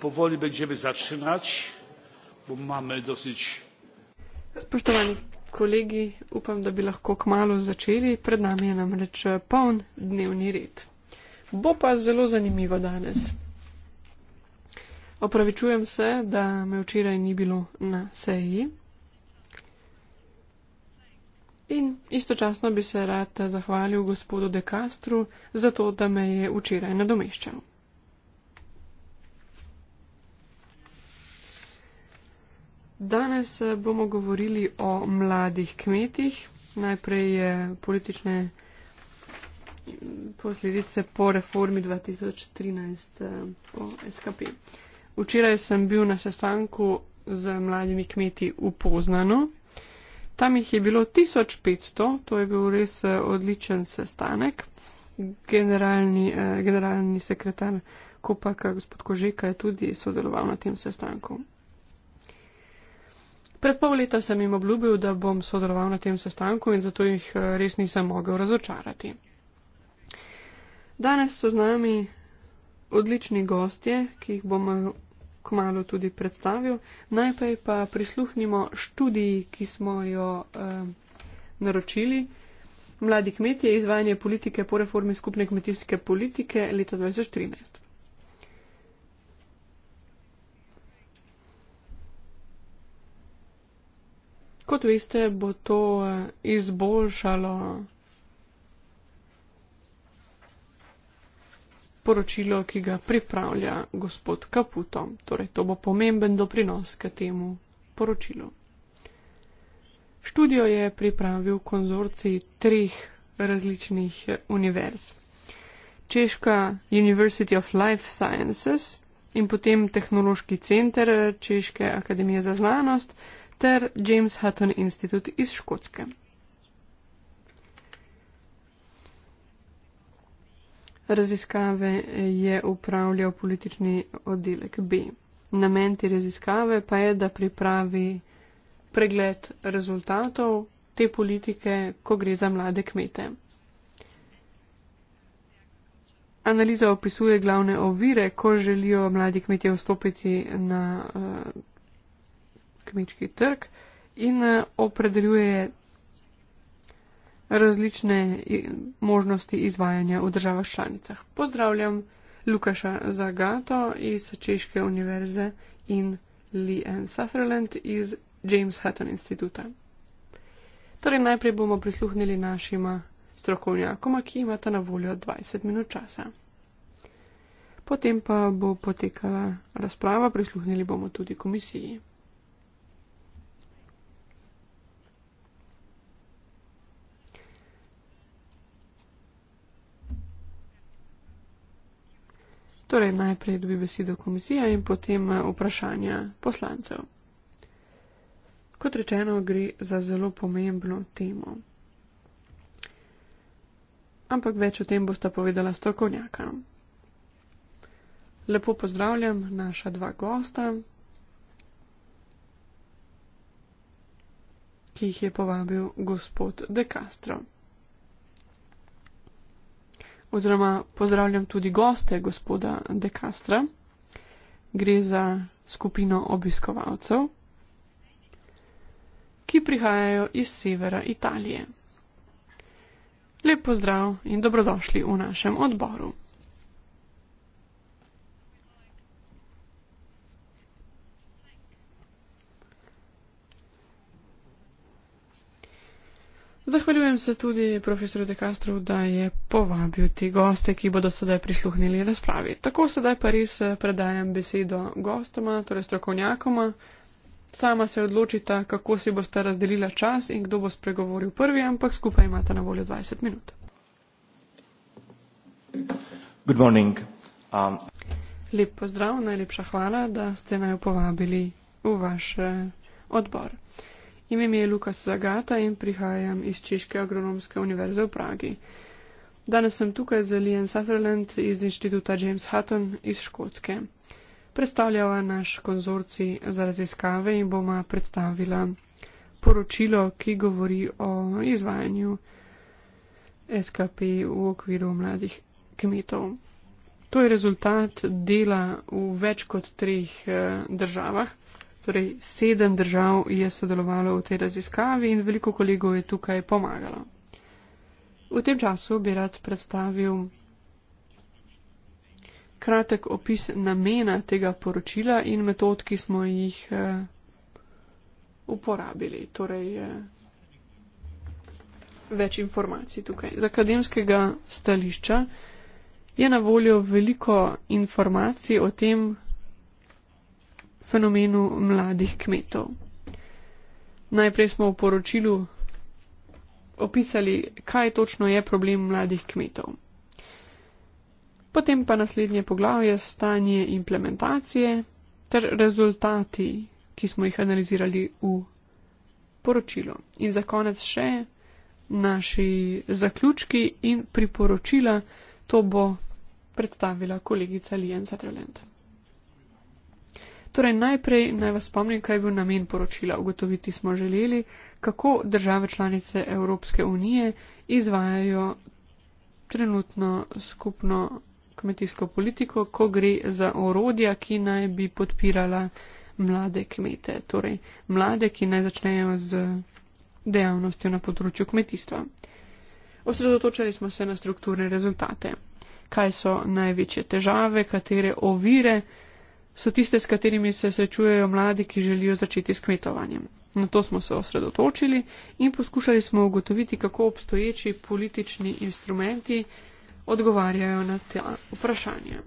powoli będziemy zaczynać bo mamy dosyć Spoštovani kolegi, upam, da bi lahko kmalo začeli, pred nami je namreč eh, poln dnevni red. Bo pa zelo zanimivo danes. Opravičujem se, da me včeraj ni bilo na seji. In istočasno bi se rad eh, zahvalil gospodu De Castru za to, da me je včeraj nadomeščal. Danes eh, bomo govorili o mladih kmetih. Najprej je politične posledice po reformi 2013 o SKP. Včeraj sem bil na sestanku z mladimi kmeti v Poznanu. Tam jih je bilo 1500, to je bil res eh, odličen sestanek. Generalni, eh, generalni sekretar Kopaka, gospod Kožeka, je tudi sodeloval na tem sestanku. Pred pol leta sem jim obljubil, da bom sodeloval na tem sestanku in zato jih eh, res nisem mogel razočarati. Danes so z nami odlični gostje, ki jih bom eh, kmalo tudi predstavil. Najprej pa prisluhnimo študiji, ki smo jo eh, naročili. Mladi kmetje, izvajanje politike po reformi skupne kmetijske politike leta 2013. Kot veste, bo to eh, izboljšalo poročilo, ki ga pripravlja gospod Kaputo. Torej, to bo pomemben doprinos k temu poročilu. Študijo je pripravil konzorci trih različnih eh, univerz. Češka University of Life Sciences in potem Tehnološki center Češke akademije za znanost, ter James Hutton Institute iz Škotske. Raziskave je upravljal politični oddelek B. Namen te raziskave pa je, da pripravi pregled rezultatov te politike, ko gre za mlade kmete. Analiza opisuje glavne ovire, ko želijo mladi kmetje vstopiti na uh, kmečki trg in eh, opredeljuje različne možnosti izvajanja v državah članicah. Pozdravljam Lukaša Zagato iz Češke univerze in Lee Ann Sutherland iz James Hutton instituta. Torej najprej bomo prisluhnili našima strokovnjakoma, ki imata na voljo 20 minut časa. Potem pa bo potekala razprava, prisluhnili bomo tudi komisiji. Torej najprej dobi besedo komisija in potem eh, vprašanja poslancev. Kot rečeno, gre za zelo pomembno temo. Ampak več o tem boste povedala strokovnjaka. Lepo pozdravljam naša dva gosta, ki jih je povabil gospod De Castro oziroma pozdravljam tudi goste gospoda De Castra. Gre za skupino obiskovalcev, ki prihajajo iz severa Italije. Lep pozdrav in dobrodošli v našem odboru. Zahvaljujem se tudi profesorju De Castro, da je povabil ti goste, ki bodo sedaj prisluhnili razpravi. Tako sedaj pa res eh, predajam besedo gostoma, torej strokovnjakoma. Sama se odločita, kako si boste razdelila čas in kdo bo spregovoril prvi, ampak skupaj imate na voljo 20 minut. Um. Lep pozdrav, najlepša hvala, da ste naj povabili v vaš eh, odbor. Ime mi je Luka Sagata in prihajam iz Češke agronomske univerze v Pragi. Danes sem tukaj z Lian Sutherland iz inštituta James Hutton iz Škotske. Predstavljava naš konzorci za raziskave in boma predstavila poročilo, ki govori o izvajanju SKP v okviru mladih kmetov. To je rezultat dela v več kot treh eh, državah. Torej, sedem držav je sodelovalo v tej raziskavi in veliko kolegov je tukaj pomagalo. V tem času bi rad predstavil kratek opis namena tega poročila in metod, ki smo jih eh, uporabili. Torej, eh, več informacij tukaj. Z akademskega stališča je na voljo veliko informacij o tem, fenomenu mladih kmetov. Najprej smo v poročilu opisali, kaj točno je problem mladih kmetov. Potem pa naslednje poglavje stanje implementacije ter rezultati, ki smo jih analizirali v poročilu. In za konec še naši zaključki in priporočila, to bo predstavila kolegica Lijan Zatrelenta. Torej, najprej naj vas spomnim, kaj je bil namen poročila. Ugotoviti smo želeli, kako države članice Evropske unije izvajajo trenutno skupno kmetijsko politiko, ko gre za orodja, ki naj bi podpirala mlade kmete. Torej, mlade, ki naj začnejo z dejavnostjo na področju kmetijstva. Osredotočali smo se na strukturne rezultate. Kaj so največje težave, katere ovire so tiste, s katerimi se srečujejo mladi, ki želijo začeti s kmetovanjem. Na to smo se osredotočili in poskušali smo ugotoviti, kako obstoječi politični instrumenti odgovarjajo na ta vprašanja.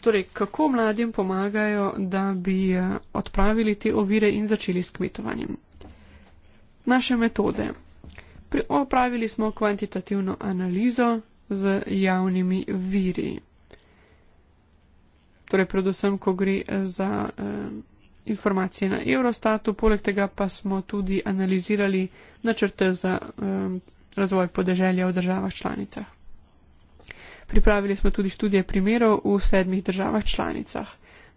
Torej, kako mladim pomagajo, da bi eh, odpravili te ovire in začeli s kmetovanjem. Naše metode. Pri, opravili smo kvantitativno analizo z javnimi viri torej predvsem, ko gre eh, za eh, informacije na Eurostatu, poleg tega pa smo tudi analizirali načrte za eh, razvoj podeželja v državah članicah. Pripravili smo tudi študije primerov v sedmih državah članicah.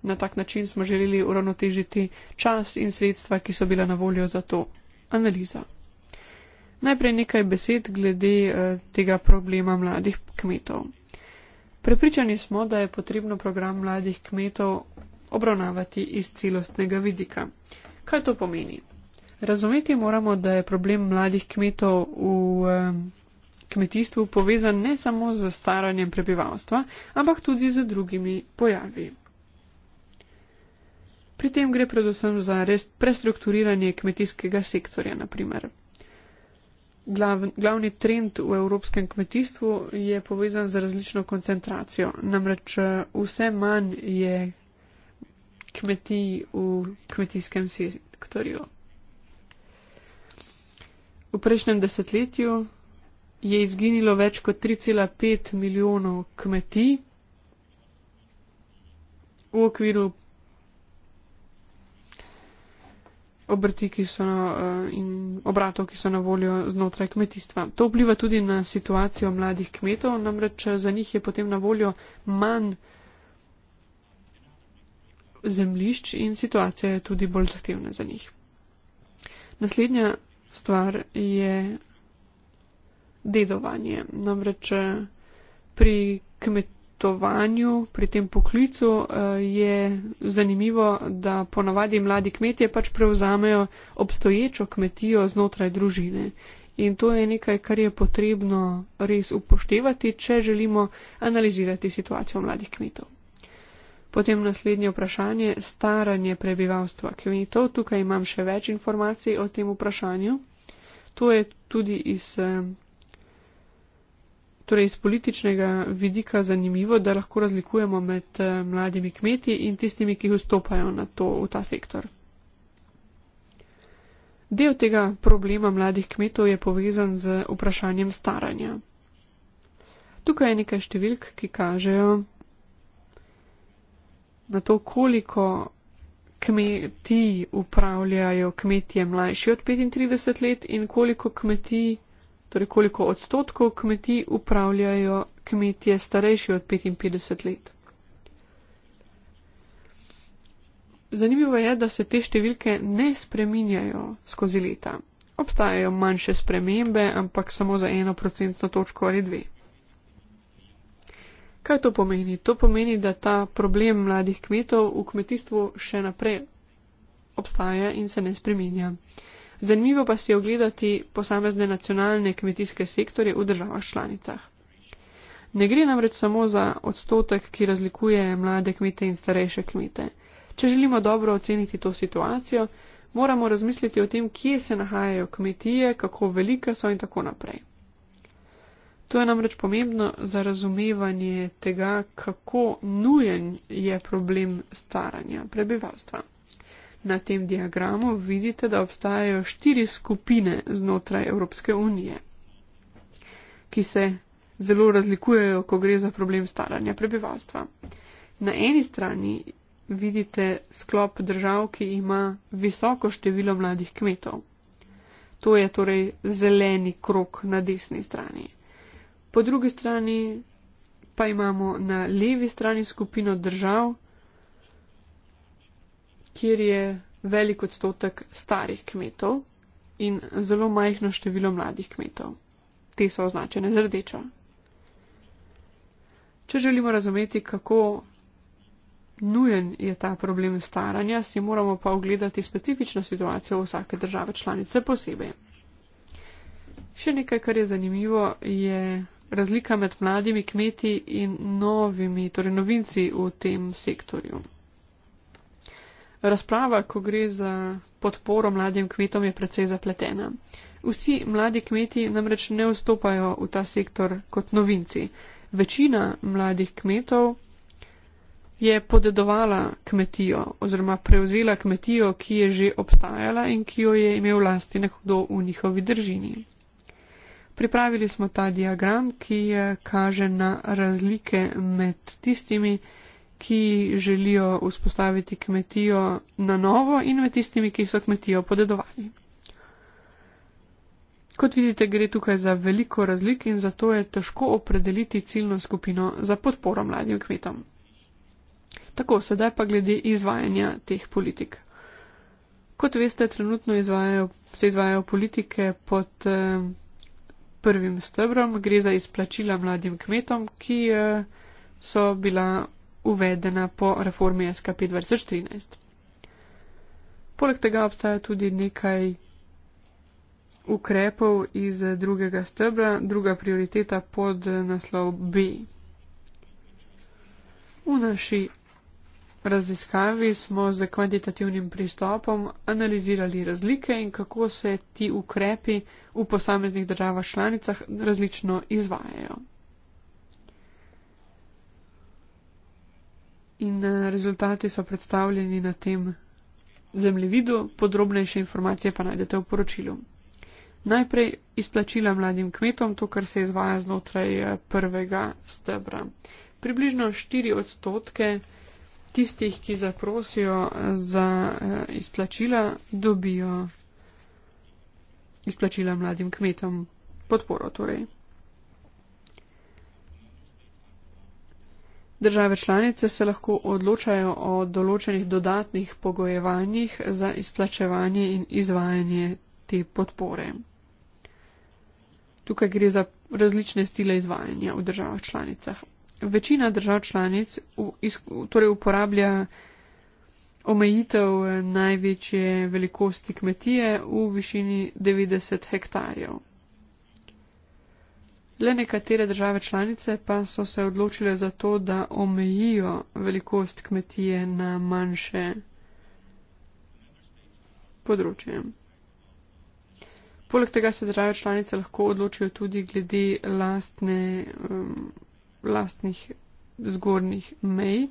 Na tak način smo želeli uravnotežiti čas in sredstva, ki so bila na voljo za to analizo. Najprej nekaj besed glede eh, tega problema mladih kmetov. Prepričani smo, da je potrebno program mladih kmetov obravnavati iz celostnega vidika. Kaj to pomeni? Razumeti moramo, da je problem mladih kmetov v kmetijstvu povezan ne samo z staranjem prebivalstva, ampak tudi z drugimi pojavi. Pri tem gre predvsem za res prestrukturiranje kmetijskega sektorja, naprimer glaven, glavni trend v evropskem kmetijstvu je povezan z različno koncentracijo. Namreč eh, vse manj je kmetij v kmetijskem sektorju. V prejšnjem desetletju je izginilo več kot 3,5 milijonov kmetij v okviru obrti, ki so eh, in obratov, ki so na voljo znotraj kmetijstva. To vpliva tudi na situacijo mladih kmetov, namreč eh, za njih je potem na voljo manj zemlišč in situacija je tudi bolj zahtevna za njih. Naslednja stvar je dedovanje. Namreč eh, pri kmetijstvu kmetovanju, pri tem poklicu, eh, je zanimivo, da ponavadi mladi kmetje pač prevzamejo obstoječo kmetijo znotraj družine. In to je nekaj, kar je potrebno res upoštevati, če želimo analizirati situacijo mladih kmetov. Potem naslednje vprašanje, staranje prebivalstva kmetov. Tukaj imam še več informacij o tem vprašanju. To je tudi iz eh, torej iz političnega vidika zanimivo, da lahko razlikujemo med eh, mladimi kmeti in tistimi, ki vstopajo na to, v ta sektor. Del tega problema mladih kmetov je povezan z vprašanjem staranja. Tukaj je nekaj številk, ki kažejo na to, koliko kmetij upravljajo kmetje mlajši od 35 let in koliko kmetij torej koliko odstotkov kmetij upravljajo kmetje starejši od 55 let. Zanimivo je, da se te številke ne spreminjajo skozi leta. Obstajajo manjše spremembe, ampak samo za eno procentno točko ali dve. Kaj to pomeni? To pomeni, da ta problem mladih kmetov v kmetijstvu še naprej obstaja in se ne spreminja. Zanimivo pa si je ogledati posamezne nacionalne kmetijske sektorje v državah članicah. Ne gre namreč samo za odstotek, ki razlikuje mlade kmete in starejše kmete. Če želimo dobro oceniti to situacijo, moramo razmisliti o tem, kje se nahajajo kmetije, kako velike so in tako naprej. To je namreč pomembno za razumevanje tega, kako nujen je problem staranja prebivalstva na tem diagramu vidite, da obstajajo štiri skupine znotraj Evropske unije, ki se zelo razlikujejo, ko gre za problem staranja prebivalstva. Na eni strani vidite sklop držav, ki ima visoko število mladih kmetov. To je torej zeleni krok na desni strani. Po drugi strani pa imamo na levi strani skupino držav, kjer je velik odstotek starih kmetov in zelo majhno število mladih kmetov. Te so označene z rdečo. Če želimo razumeti, kako nujen je ta problem staranja, si moramo pa ogledati specifično situacijo vsake države članice posebej. Še nekaj, kar je zanimivo, je razlika med mladimi kmeti in novimi, torej novinci v tem sektorju. Razprava, ko gre za podporo mladim kmetom, je precej zapletena. Vsi mladi kmeti namreč ne vstopajo v ta sektor kot novinci. Večina mladih kmetov je podedovala kmetijo oziroma prevzela kmetijo, ki je že obstajala in ki jo je imel lasti nekdo v njihovi držini. Pripravili smo ta diagram, ki eh, kaže na razlike med tistimi, ki ki želijo vzpostaviti kmetijo na novo in med tistimi, ki so kmetijo podedovali. Kot vidite, gre tukaj za veliko razlik in zato je težko opredeliti ciljno skupino za podporo mladim kmetom. Tako, sedaj pa glede izvajanja teh politik. Kot veste, trenutno izvajajo, se izvajajo politike pod eh, prvim stebrom, gre za izplačila mladim kmetom, ki eh, so bila uvedena po reformi SKP 2013. Poleg tega obstaja tudi nekaj ukrepov iz drugega stebra, druga prioriteta pod naslov B. V naši raziskavi smo z kvantitativnim pristopom analizirali razlike in kako se ti ukrepi v posameznih državah članicah različno izvajajo. in eh, rezultati so predstavljeni na tem zemljevidu, podrobnejše informacije pa najdete v poročilu. Najprej izplačila mladim kmetom, to, kar se izvaja znotraj eh, prvega stebra. Približno 4 odstotke tistih, ki zaprosijo eh, za izplačila, dobijo izplačila mladim kmetom podporo. Torej. Države članice se lahko odločajo o določenih dodatnih pogojevanjih za izplačevanje in izvajanje te podpore. Tukaj gre za različne stile izvajanja v državah članicah. Večina držav članic torej uporablja omejitev največje velikosti kmetije v višini 90 hektarjev. Le nekatere države članice pa so se odločile za to, da omejijo velikost kmetije na manjše področje. Poleg tega se države članice lahko odločijo tudi glede lastne, um, lastnih zgornjih mej.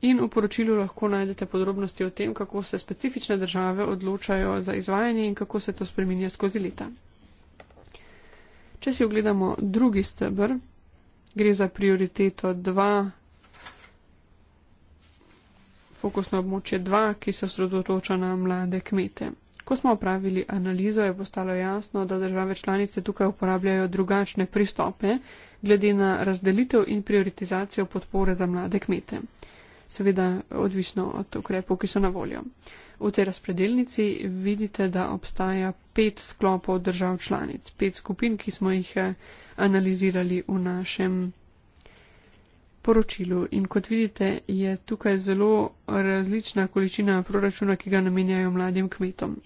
In v poročilu lahko najdete podrobnosti o tem, kako se specifične države odločajo za izvajanje in kako se to spreminja skozi leta. Če si ogledamo drugi stebr, gre za prioriteto 2, fokusno območje 2, ki se osredotoča na mlade kmete. Ko smo opravili analizo, je postalo jasno, da države članice tukaj uporabljajo drugačne pristope glede na razdelitev in prioritizacijo podpore za mlade kmete. Seveda, odvisno od ukrepov, ki so na voljo. V tej razpredelnici vidite, da obstaja pet sklopov držav članic, pet skupin, ki smo jih eh, analizirali v našem poročilu. In kot vidite, je tukaj zelo različna količina proračuna, ki ga namenjajo mladim kmetom.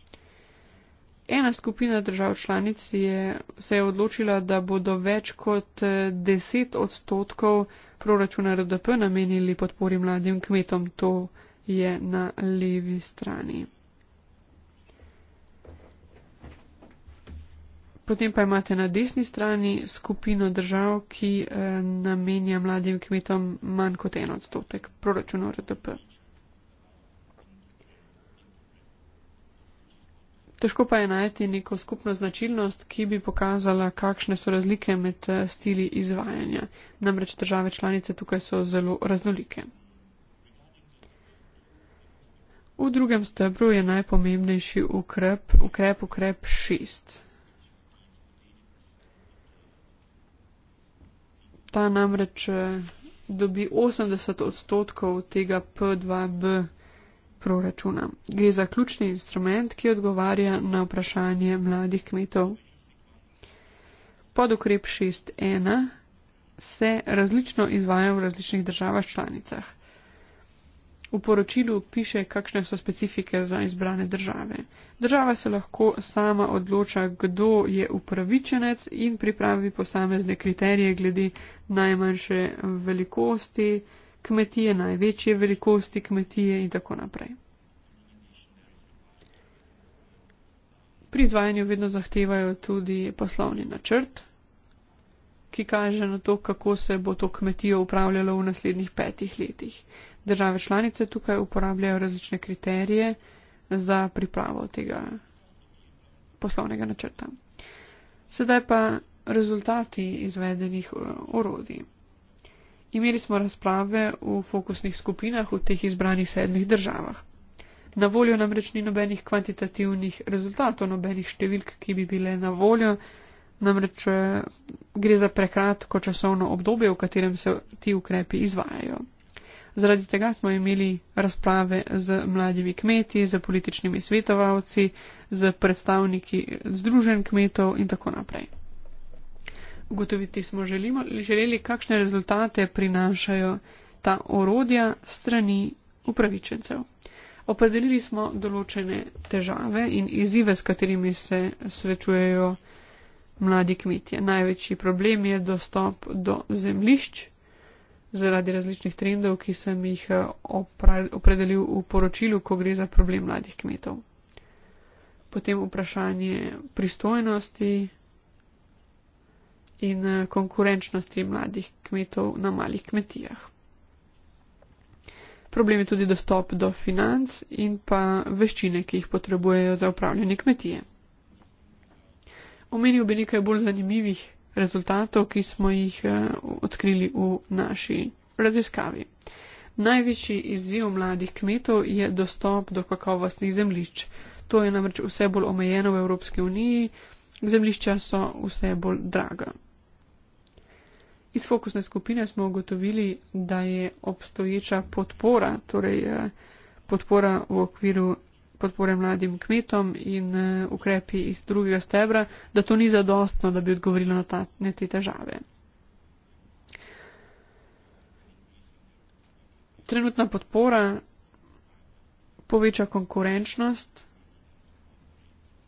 Ena skupina držav članic je, se je odločila, da bodo več kot 10 eh, odstotkov proračuna RDP namenili podpori mladim kmetom. To je na levi strani. Potem pa imate na desni strani skupino držav, ki eh, namenja mladim kmetom manj kot en odstotek proračuna RDP. Težko pa je najti neko skupno značilnost, ki bi pokazala, kakšne so razlike med eh, stili izvajanja. Namreč države članice tukaj so zelo raznolike. V drugem stebru je najpomembnejši ukrep, ukrep, ukrep šest. Ta namreč eh, dobi 80 odstotkov tega P2B proračuna. Gre za ključni instrument, ki odgovarja na vprašanje mladih kmetov. Pod ukrep 6.1 se različno izvaja v različnih državah članicah. V poročilu piše, kakšne so specifike za izbrane države. Država se lahko sama odloča, kdo je upravičenec in pripravi posamezne kriterije glede najmanjše velikosti kmetije, največje velikosti kmetije in tako naprej. Pri izvajanju vedno zahtevajo tudi poslovni načrt, ki kaže na to, kako se bo to kmetijo upravljalo v naslednjih petih letih države članice tukaj uporabljajo različne kriterije za pripravo tega poslovnega načrta. Sedaj pa rezultati izvedenih eh, orodij. Imeli smo razprave v fokusnih skupinah v teh izbranih sedmih državah. Na voljo namreč ni nobenih kvantitativnih rezultatov, nobenih številk, ki bi bile na voljo, namreč eh, gre za prekratko časovno obdobje, v katerem se ti ukrepi izvajajo. Zaradi tega smo imeli razprave z mladimi kmeti, z političnimi svetovalci, z predstavniki združen kmetov in tako naprej. Ugotoviti smo želimo, želeli, kakšne rezultate prinašajo ta orodja strani upravičencev. Opredelili smo določene težave in izzive, s katerimi se srečujejo mladi kmetje. Največji problem je dostop do zemlišč, zaradi različnih trendov, ki sem jih eh, opredelil v poročilu, ko gre za problem mladih kmetov. Potem vprašanje pristojnosti in eh, konkurenčnosti mladih kmetov na malih kmetijah. Problem je tudi dostop do financ in pa veščine, ki jih potrebujejo za upravljanje kmetije. Omenil bi nekaj bolj zanimivih rezultatov, ki smo jih eh, odkrili v naši raziskavi. Največji izziv mladih kmetov je dostop do kakovostnih zemljišč. To je namreč vse bolj omejeno v Evropski uniji, zemljišča so vse bolj draga. Iz fokusne skupine smo ugotovili, da je obstoječa podpora, torej eh, podpora v okviru podpore mladim kmetom in eh, ukrepi iz drugega stebra, da to ni zadostno, da bi odgovorilo na, ta, na te težave. Trenutna podpora poveča konkurenčnost,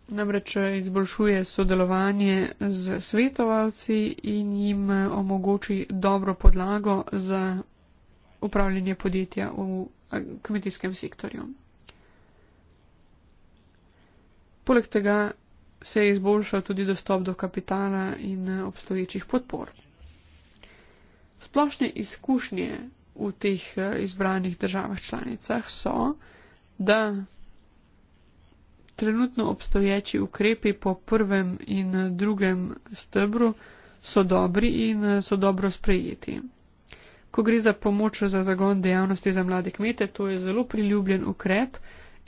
namreč eh, izboljšuje sodelovanje z svetovalci in jim eh, omogoči dobro podlago za upravljanje podjetja v kmetijskem sektorju. Poleg tega se je izboljšal tudi dostop do kapitala in eh, obstoječih podpor. Splošne izkušnje v teh eh, izbranih državah članicah so, da trenutno obstoječi ukrepi po prvem in eh, drugem stebru so dobri in so dobro sprejeti. Ko gre za pomoč za zagon dejavnosti za mlade kmete, to je zelo priljubljen ukrep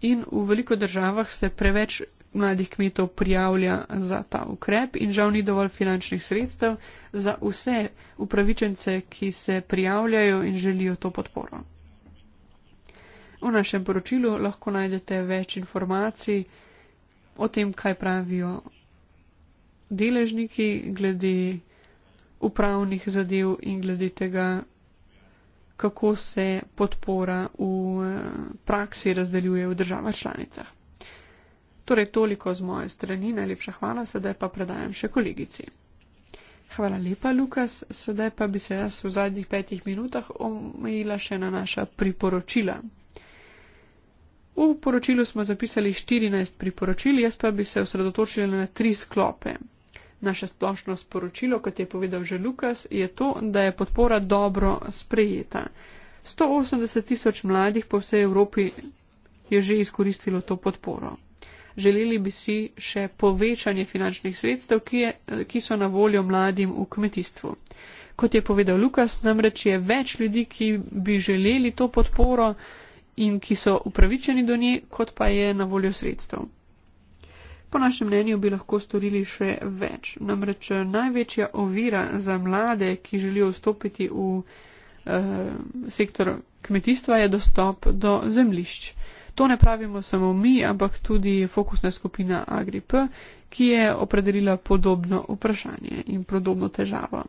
in v veliko državah se preveč mladih kmetov prijavlja za ta ukrep in žal ni dovolj finančnih sredstev za vse upravičence, ki se prijavljajo in želijo to podporo. V našem poročilu lahko najdete več informacij o tem, kaj pravijo deležniki glede upravnih zadev in glede tega, kako se podpora v eh, praksi razdeljuje v državah članicah. Torej toliko z moje strani, najlepša hvala, sedaj pa predajam še kolegici. Hvala lepa, Lukas. Sedaj pa bi se jaz v zadnjih petih minutah omejila še na naša priporočila. V poročilu smo zapisali 14 priporočil, jaz pa bi se osredotočila na tri sklope. Naše splošno sporočilo, kot je povedal že Lukas, je to, da je podpora dobro sprejeta. 180 tisoč mladih po vsej Evropi je že izkoristilo to podporo. Želeli bi si še povečanje finančnih sredstev, ki, je, ki so na voljo mladim v kmetijstvu. Kot je povedal Lukas, namreč je več ljudi, ki bi želeli to podporo in ki so upravičeni do nje, kot pa je na voljo sredstev. Po našem mnenju bi lahko storili še več. Namreč eh, največja ovira za mlade, ki želijo vstopiti v eh, sektor kmetijstva, je dostop do zemlišč. To ne pravimo samo mi, ampak tudi fokusna skupina AgriP, ki je opredelila podobno vprašanje in podobno težavo.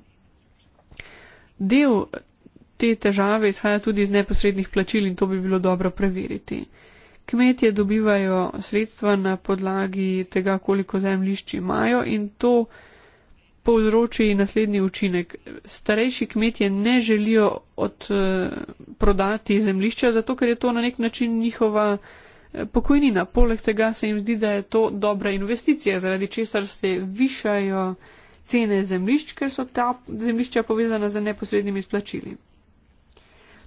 Del te težave izhaja tudi iz neposrednih plačil in to bi bilo dobro preveriti. Kmetje dobivajo sredstva na podlagi tega, koliko zemljišč imajo in to povzroči naslednji učinek. Starejši kmetje ne želijo odprodati eh, zemlišča, zato ker je to na nek način njihova eh, pokojnina. Poleg tega se jim zdi, da je to dobra investicija, zaradi česar se višajo cene zemlišč, ker so ta zemlišča povezana z neposrednimi splačili.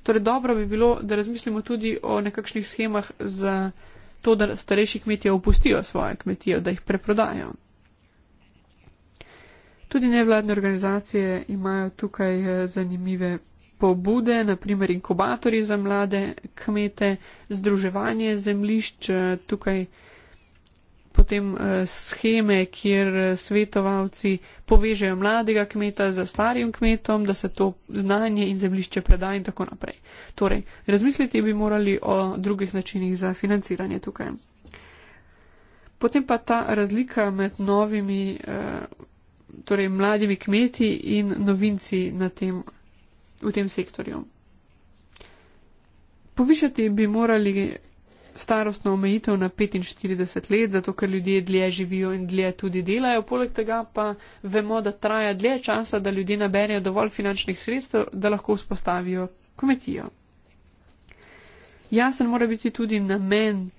Torej, dobro bi bilo, da razmislimo tudi o nekakšnih schemah za to, da starejši kmetje opustijo svoje kmetije, da jih preprodajo. Tudi nevladne organizacije imajo tukaj eh, zanimive pobude, naprimer inkubatori za mlade kmete, združevanje zemlišč, eh, tukaj potem eh, scheme, kjer svetovalci povežejo mladega kmeta za starim kmetom, da se to znanje in zemlišče preda in tako naprej. Torej, razmisliti bi morali o drugih načinih za financiranje tukaj. Potem pa ta razlika med novimi eh, torej mladimi kmeti in novinci na tem, v tem sektorju. Povišati bi morali starostno omejitev na 45 let, zato ker ljudje dlje živijo in dlje tudi delajo. Poleg tega pa vemo, da traja dlje časa, da ljudje naberejo dovolj finančnih sredstev, da lahko vzpostavijo kmetijo. Jasen mora biti tudi namen,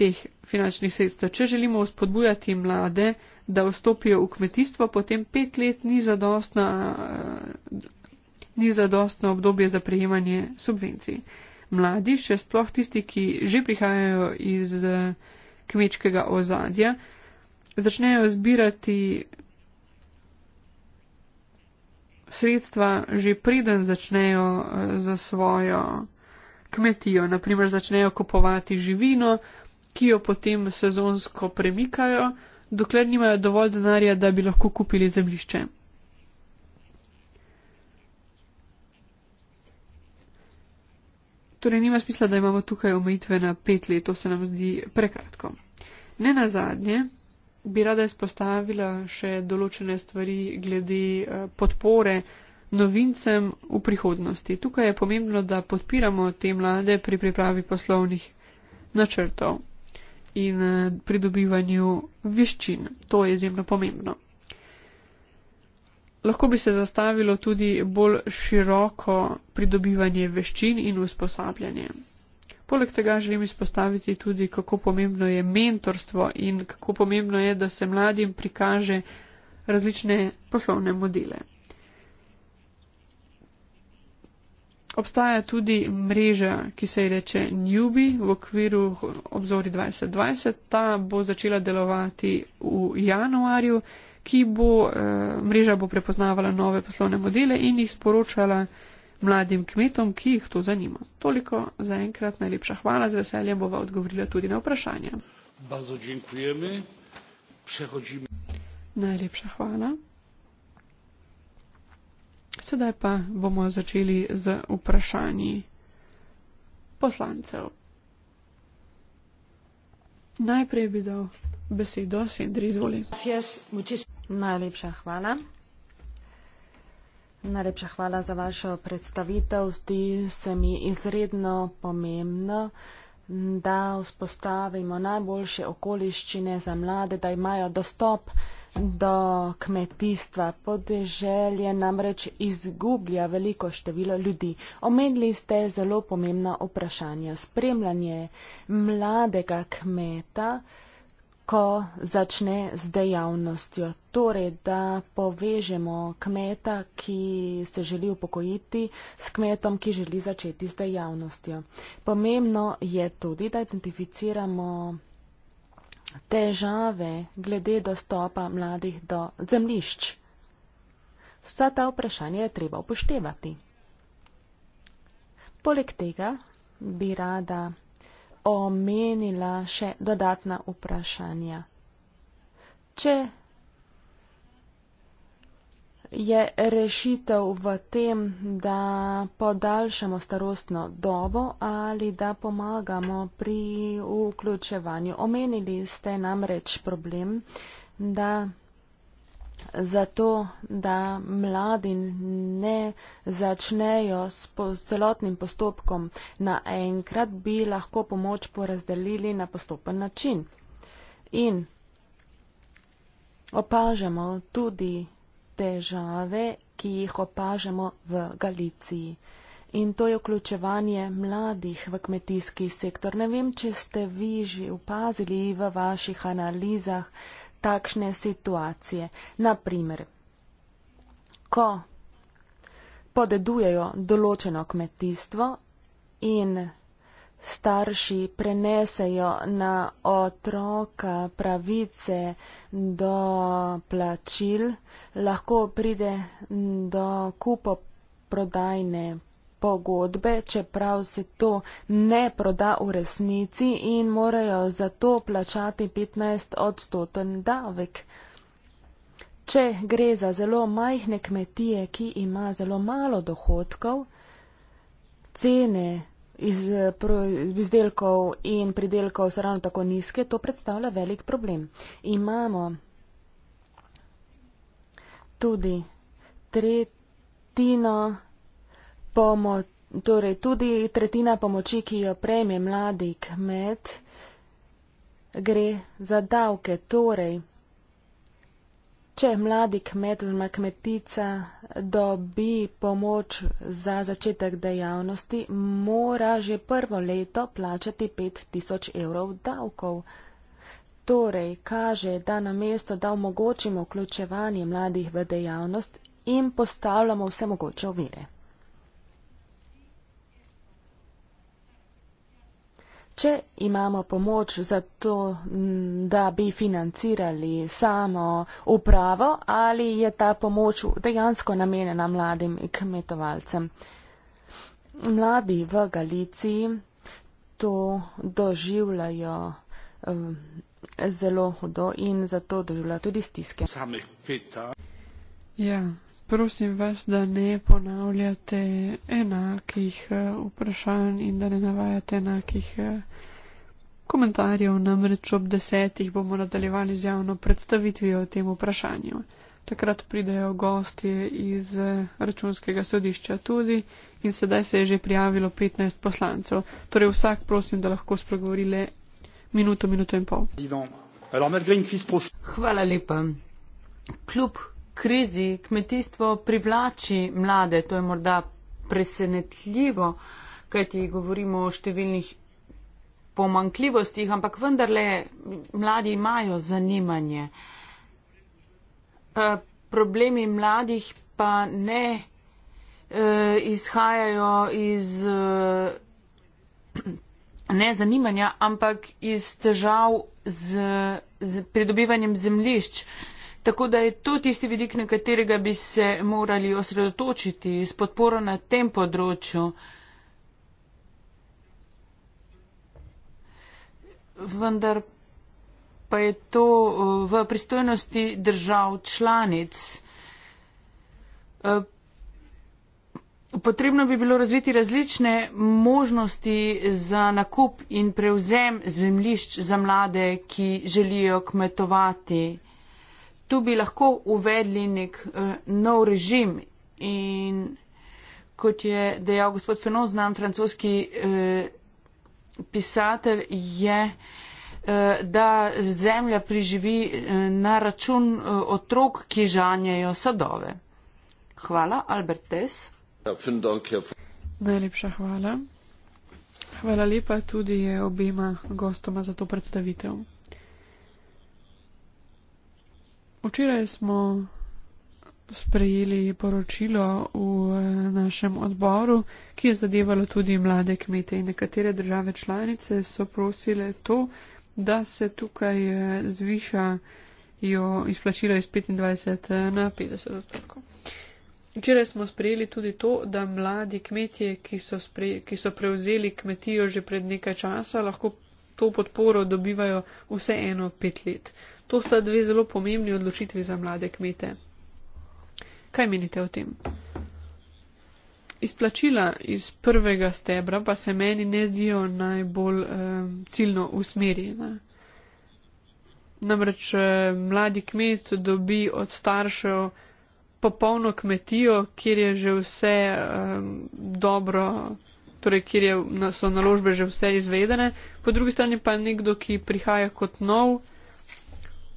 teh finančnih sredstev. Če želimo spodbujati mlade, da vstopijo v kmetijstvo, potem pet let ni zadostna. Eh, ni zadostno obdobje za prejemanje subvencij. Mladi, še sploh tisti, ki že prihajajo iz eh, kmečkega ozadja, začnejo zbirati sredstva že preden začnejo eh, za svojo kmetijo. Naprimer, začnejo kupovati živino, ki jo potem sezonsko premikajo, dokler nimajo dovolj denarja, da bi lahko kupili zemlišče. Torej, nima smisla, da imamo tukaj omejitve na pet let, to se nam zdi prekratko. Ne na zadnje, bi rada izpostavila še določene stvari glede eh, podpore novincem v prihodnosti. Tukaj je pomembno, da podpiramo te mlade pri pripravi poslovnih načrtov in eh, pridobivanju veščin. To je izjemno pomembno. Lahko bi se zastavilo tudi bolj široko pridobivanje veščin in usposabljanje. Poleg tega želim izpostaviti tudi, kako pomembno je mentorstvo in kako pomembno je, da se mladim prikaže različne poslovne modele. Obstaja tudi mreža, ki se ji reče Newbie v okviru obzori 2020. Ta bo začela delovati v januarju, ki bo, eh, mreža bo prepoznavala nove poslovne modele in jih sporočala mladim kmetom, ki jih to zanima. Toliko za enkrat, najlepša hvala, z veseljem bova odgovorila tudi na vprašanje. Najlepša hvala. Sedaj pa bomo začeli z vprašanji poslancev. Najprej bi dal besedo Sindri, izvoli. Najlepša hvala. Najlepša hvala za vašo predstavitev. Zdi se mi izredno pomembno, da vzpostavimo najboljše okoliščine za mlade, da imajo dostop do kmetijstva. Podeželje namreč izgublja veliko število ljudi. Omenili ste zelo pomembna vprašanja. Spremljanje mladega kmeta, ko začne z dejavnostjo. Torej, da povežemo kmeta, ki se želi upokojiti, s kmetom, ki želi začeti z dejavnostjo. Pomembno je tudi, da identificiramo težave glede dostopa mladih do zemlišč. Vsa ta vprašanja je treba upoštevati. Poleg tega bi rada omenila še dodatna vprašanja. Če je rešitev v tem, da podaljšamo starostno dobo ali da pomagamo pri vključevanju. Omenili ste namreč problem, da zato, da mladi ne začnejo s celotnim postopkom naenkrat, bi lahko pomoč porazdelili na postopen način. In opažamo tudi težave, ki jih opažamo v Galiciji. In to je vključevanje mladih v kmetijski sektor. Ne vem, če ste vi že upazili v vaših analizah takšne situacije. Naprimer, ko podedujejo določeno kmetijstvo in starši prenesejo na otroka pravice do plačil, lahko pride do kupoprodajne pogodbe, čeprav se to ne proda v resnici in morajo za to plačati 15 odstoten davek. Če gre za zelo majhne kmetije, ki ima zelo malo dohodkov, cene iz, iz eh, izdelkov in pridelkov so ravno tako nizke, to predstavlja velik problem. Imamo tudi tretjino pomoči. Torej, tudi tretjina pomoči, ki jo prejme mladi kmet, gre za davke. Torej, Če mladi kmet oziroma kmetica dobi pomoč za začetek dejavnosti, mora že prvo leto plačati 5000 evrov davkov. Torej, kaže, da na mesto, da omogočimo vključevanje mladih v dejavnost, jim postavljamo vse mogoče ovire. Če imamo pomoč za to, da bi financirali samo upravo, ali je ta pomoč dejansko namenjena mladim kmetovalcem? Mladi v Galiciji to doživljajo zelo hudo in zato doživljajo tudi stiske. Ja, prosim vas, da ne ponavljate enakih eh, vprašanj in da ne navajate enakih eh, komentarjev, namreč ob desetih bomo nadaljevali z javno predstavitvijo o tem vprašanju. Takrat pridejo gostje iz eh, računskega sodišča tudi in sedaj se je že prijavilo 15 poslancev. Torej vsak prosim, da lahko spregovori le minuto, minuto in pol. Hvala lepa. Kljub krizi kmetijstvo privlači mlade. To je morda presenetljivo, kajti govorimo o številnih pomankljivostih, ampak vendarle mladi imajo zanimanje. Eh, problemi mladih pa ne eh, izhajajo iz eh, ne zanimanja, ampak iz težav z, z pridobivanjem zemlišč. Tako da je to tisti vidik, na katerega bi se morali osredotočiti s podporo na tem področju. Vendar pa je to uh, v pristojnosti držav članic. Uh, potrebno bi bilo razviti različne možnosti za nakup in prevzem zemlišč za mlade, ki želijo kmetovati tu bi lahko uvedli nek uh, nov režim in kot je dejal gospod Fenon, znam francoski uh, pisatelj, je, uh, da zemlja priživi uh, na račun uh, otrok, ki žanjajo sadove. Hvala, Albert Tess. Ja, Najlepša hvala. Hvala lepa tudi obima gostoma za to predstavitev. Včeraj smo sprejeli poročilo v eh, našem odboru, ki je zadevalo tudi mlade kmete in nekatere države članice so prosile to, da se tukaj eh, zviša jo izplačila iz 25 eh, na 50 odstotkov. Včeraj smo sprejeli tudi to, da mladi kmetje, ki so, spre, ki so prevzeli kmetijo že pred nekaj časa, lahko to podporo dobivajo vse eno pet let. To sta dve zelo pomembni odločitvi za mlade kmete. Kaj menite o tem? Izplačila iz prvega stebra pa se meni ne zdijo najbolj eh, ciljno usmerjena. Namreč eh, mladi kmet dobi od staršev popolno kmetijo, kjer je že vse eh, dobro, torej kjer je, so naložbe že vse izvedene, po drugi strani pa nekdo, ki prihaja kot nov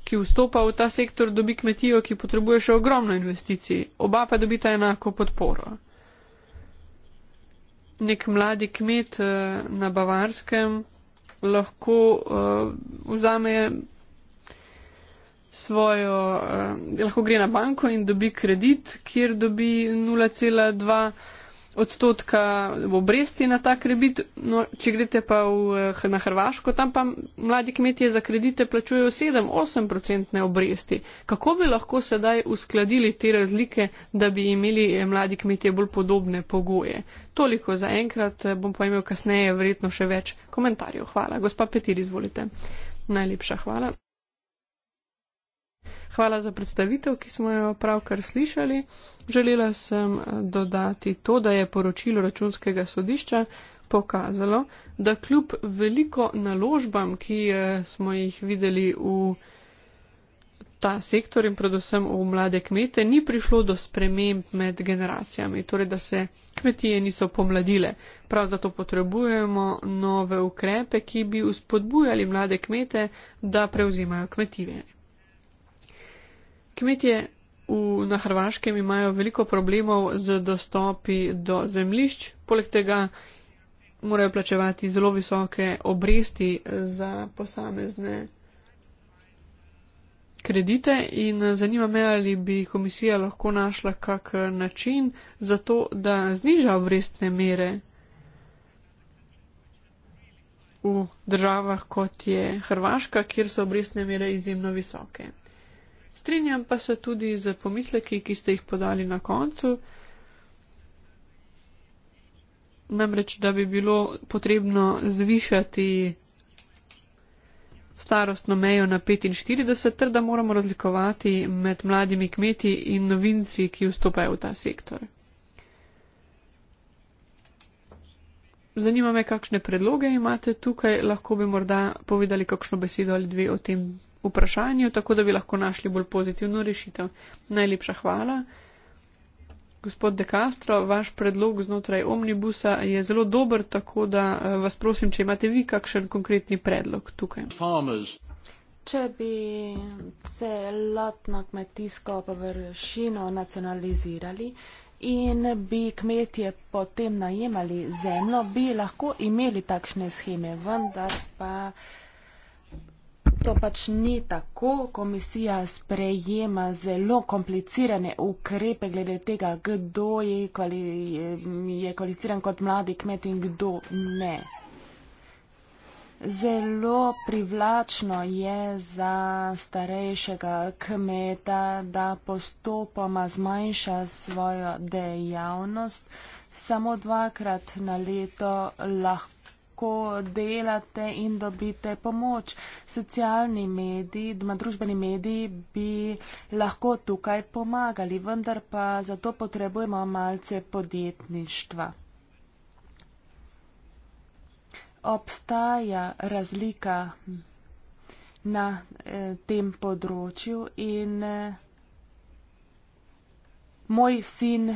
ki vstopa v ta sektor, dobi kmetijo, ki potrebuje še ogromno investicij, oba pa dobita enako podporo. Nek mladi kmet eh, na Bavarskem lahko uh, vzame svojo, uh, lahko gre na banko in dobi kredit, kjer dobi 0,2 odstotka obresti na ta kredit, no, če greste pa v, eh, na Hrvaško, tam pa mladi kmetje za kredite plačujejo 7-8-procentne obresti. Kako bi lahko sedaj uskladili te razlike, da bi imeli eh, mladi kmetje bolj podobne pogoje? Toliko za enkrat, eh, bom pa imel kasneje verjetno še več komentarjev. Hvala. Gospa Petir, izvolite. Najlepša hvala. Hvala za predstavitev, ki smo jo pravkar slišali. Želela sem eh, dodati to, da je poročilo računskega sodišča pokazalo, da kljub veliko naložbam, ki eh, smo jih videli v ta sektor in predvsem v mlade kmete, ni prišlo do sprememb med generacijami, torej da se kmetije niso pomladile. Prav zato potrebujemo nove ukrepe, ki bi uspodbujali mlade kmete, da prevzimajo kmetivje. Kmetje v, na Hrvaškem imajo veliko problemov z dostopi do zemlišč, poleg tega morajo plačevati zelo visoke obresti za posamezne kredite in zanima me, ali bi komisija lahko našla kak način za to, da zniža obrestne mere v državah kot je Hrvaška, kjer so obrestne mere izjemno visoke. Strinjam pa se tudi z pomisleki, ki ste jih podali na koncu. Namreč, da bi bilo potrebno zvišati starostno mejo na 45, ter da moramo razlikovati med mladimi kmeti in novinci, ki vstopajo v ta sektor. Zanima me, kakšne predloge imate tukaj, lahko bi morda povedali kakšno besedo ali dve o tem vprašanju, tako da bi lahko našli bolj pozitivno rešitev. Najlepša hvala. Gospod De Castro, vaš predlog znotraj omnibusa je zelo dober, tako da eh, vas prosim, če imate vi kakšen konkretni predlog tukaj. Farmers. Če bi celotno kmetijsko površino nacionalizirali in bi kmetje potem najemali zemljo, bi lahko imeli takšne scheme, vendar pa to pač ni tako. Komisija sprejema zelo komplicirane ukrepe glede tega, kdo je, kvali, je kvalificiran kot mladi kmet in kdo ne. Zelo privlačno je za starejšega kmeta, da postopoma zmanjša svojo dejavnost. Samo dvakrat na leto lahko lahko delate in dobite pomoč. Socialni mediji, družbeni mediji bi lahko tukaj pomagali, vendar pa zato potrebujemo malce podjetništva. Obstaja razlika na eh, tem področju in eh, Moj sin eh,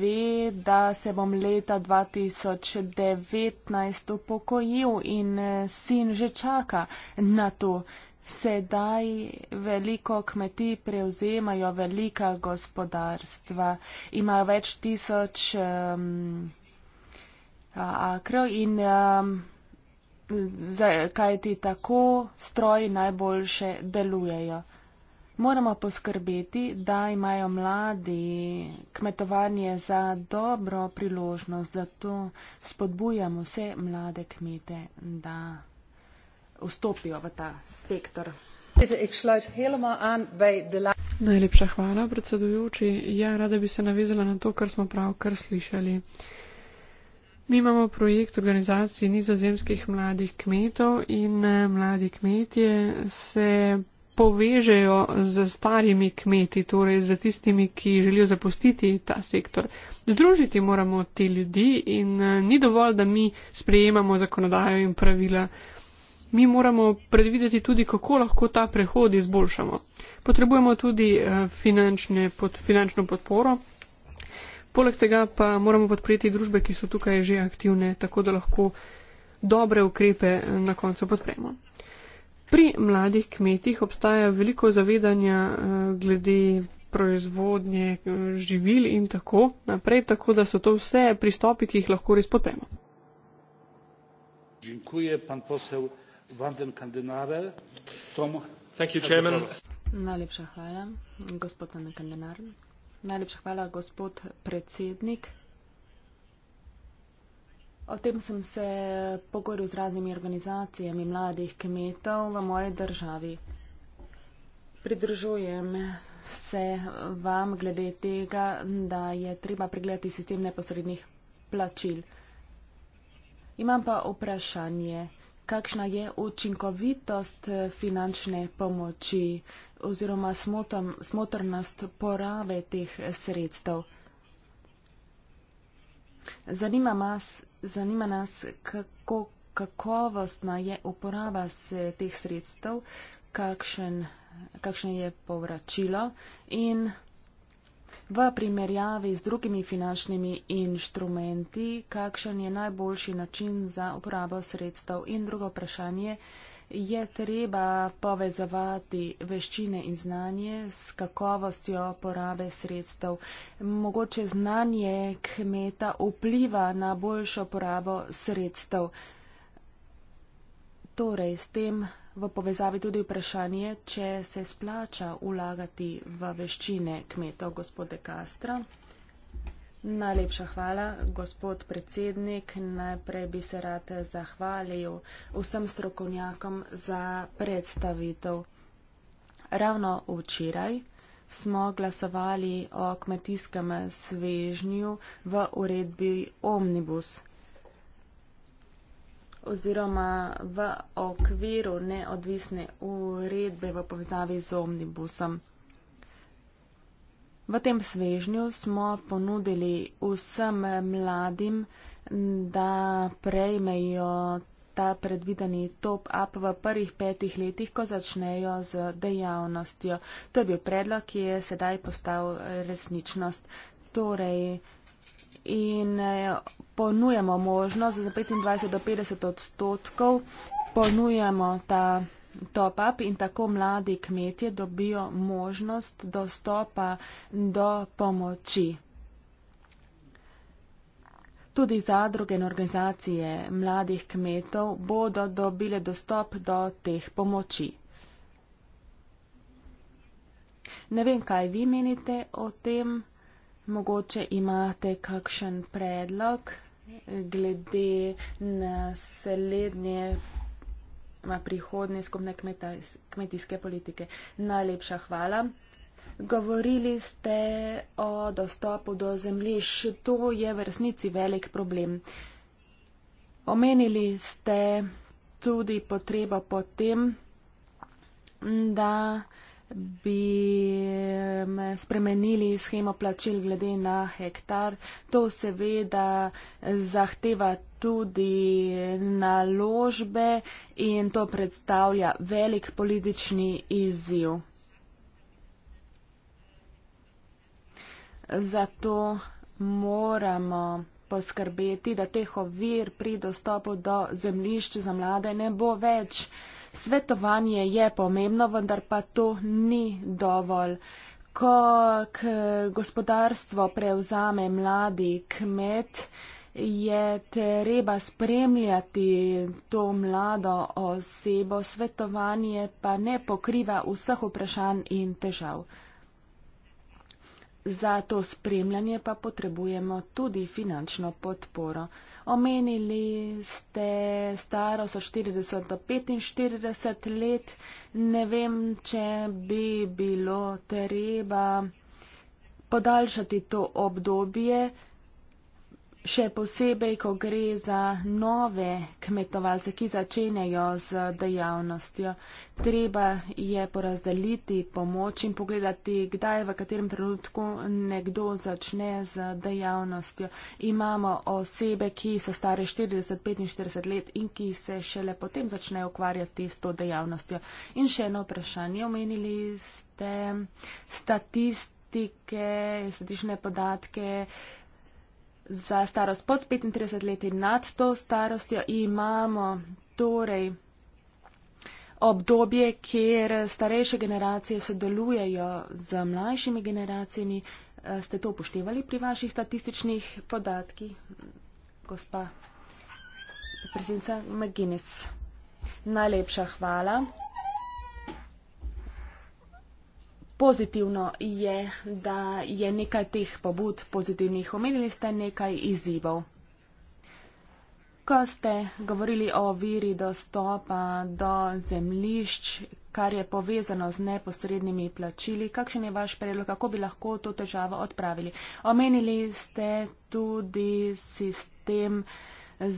ve, da se bom leta 2019 upokojil in eh, sin že čaka na to. Sedaj veliko kmetij prevzemajo velika gospodarstva, imajo več tisoč um, akrov in um, kaj ti tako stroji najboljše delujejo. Moramo poskrbeti, da imajo mladi kmetovanje za dobro priložnost, zato spodbujamo vse mlade kmete, da vstopijo v ta sektor. Najlepša hvala, predsedujoči. Ja, rada bi se navezala na to, kar smo pravkar slišali. Mi imamo projekt organizacije nizozemskih mladih kmetov in eh, mladi kmetje se povežejo z starimi kmeti, torej z tistimi, ki želijo zapustiti ta sektor. Združiti moramo te ljudi in eh, ni dovolj, da mi sprejemamo zakonodajo in pravila. Mi moramo predvideti tudi, kako lahko ta prehod izboljšamo. Potrebujemo tudi eh, pod, finančno podporo. Poleg tega pa moramo podpreti družbe, ki so tukaj že aktivne, tako da lahko dobre ukrepe eh, na koncu podpremo. Pri mladih kmetih obstaja veliko zavedanja eh, glede proizvodnje eh, živil in tako naprej, tako da so to vse pristopi, ki jih lahko res potemo. Najlepša hvala, gospod Vandenkandenar. Najlepša hvala, gospod predsednik. O tem sem se pogovoril z raznimi organizacijami mladih kmetov v moji državi. Pridružujem se vam glede tega, da je treba pregledati sistem neposrednih plačil. Imam pa vprašanje, kakšna je učinkovitost finančne pomoči oziroma smotr, smotrnost porave teh sredstev. Zanima, mas, zanima nas, kako kakovostna je uporaba se teh sredstev, kakšen, kakšne je povračilo in v primerjavi z drugimi finančnimi inštrumenti, kakšen je najboljši način za uporabo sredstev in drugo vprašanje je treba povezovati veščine in znanje s kakovostjo porabe sredstev. Mogoče znanje kmeta vpliva na boljšo porabo sredstev. Torej, s tem v povezavi tudi vprašanje, če se splača ulagati v veščine kmetov, gospode Kastra. Najlepša hvala, gospod predsednik. Najprej bi se rad zahvalil vsem strokovnjakom za predstavitev. Ravno včeraj smo glasovali o kmetijskem svežnju v uredbi Omnibus oziroma v okviru neodvisne uredbe v povezavi z Omnibusom. V tem svežnju smo ponudili vsem mladim, da prejmejo ta predvideni top-up v prvih petih letih, ko začnejo z dejavnostjo. To je bil predlog, ki je sedaj postal resničnost. Torej, in eh, ponujemo možnost za 25 do 50 odstotkov, ponujemo ta top up in tako mladi kmetje dobijo možnost dostopa do pomoči. Tudi zadruge in organizacije mladih kmetov bodo dobile dostop do teh pomoči. Ne vem, kaj vi menite o tem. Mogoče imate kakšen predlog glede naslednje na prihodne skupne kmetijske politike. Najlepša hvala. Govorili ste o dostopu do zemljišč. To je v resnici velik problem. Omenili ste tudi potrebo po tem, da bi spremenili schemo plačil glede na hektar. To seveda zahteva tudi naložbe in to predstavlja velik politični izziv. Zato moramo poskrbeti, da teh ovir pri dostopu do zemlišč za mlade ne bo več. Svetovanje je pomembno, vendar pa to ni dovolj. Ko gospodarstvo prevzame mladi kmet, je treba spremljati to mlado osebo, svetovanje pa ne pokriva vseh vprašanj in težav. Za to spremljanje pa potrebujemo tudi finančno podporo. Omenili ste staro so 40 do 45 let. Ne vem, če bi bilo treba podaljšati to obdobje še posebej, ko gre za nove kmetovalce, ki začenjajo z dejavnostjo. Treba je porazdeliti pomoč in pogledati, kdaj v katerem trenutku nekdo začne z dejavnostjo. Imamo osebe, ki so stare 40-45 let in ki se šele potem začnejo ukvarjati s to dejavnostjo. In še eno vprašanje, omenili ste statistike, statične podatke za starost pod 35 let in nad to starostjo imamo torej obdobje, kjer starejše generacije sodelujejo z mlajšimi generacijami. Eh, ste to upoštevali pri vaših statističnih podatkih, gospa predsednica McGuinness? Najlepša hvala. Pozitivno je, da je nekaj teh pobud pozitivnih, omenili ste nekaj izzivov. Ko ste govorili o viri dostopa do zemlišč, kar je povezano z neposrednimi plačili, kakšen je vaš predlog, kako bi lahko to težavo odpravili? Omenili ste tudi sistem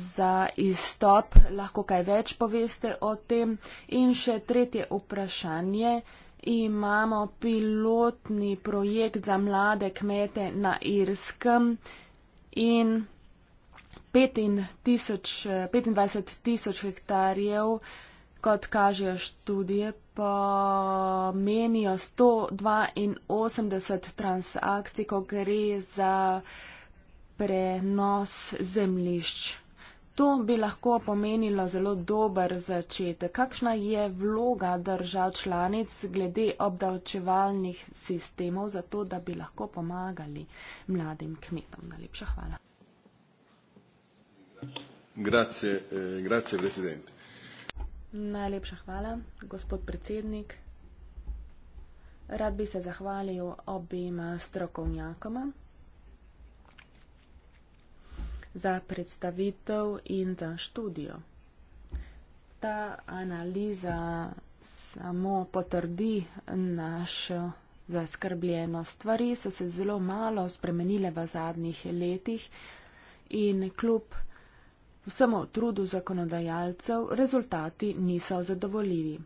za izstop, lahko kaj več poveste o tem. In še tretje vprašanje imamo pilotni projekt za mlade kmete na Irskem in 5000, 25 tisoč hektarjev, kot kažejo študije, pomenijo 182 transakcij, ko gre za prenos zemlišč. To bi lahko pomenilo zelo dober začetek. Kakšna je vloga držav članic glede obdavčevalnih sistemov za to, da bi lahko pomagali mladim kmetom? Najlepša hvala. Grazie, eh, grazie, president. Najlepša hvala, gospod predsednik. Rad bi se zahvalil obima strokovnjakoma za predstavitev in za študijo. Ta analiza samo potrdi našo zaskrbljenost. Stvari so se zelo malo spremenile v zadnjih letih in kljub vsemu trudu zakonodajalcev rezultati niso zadovoljivi.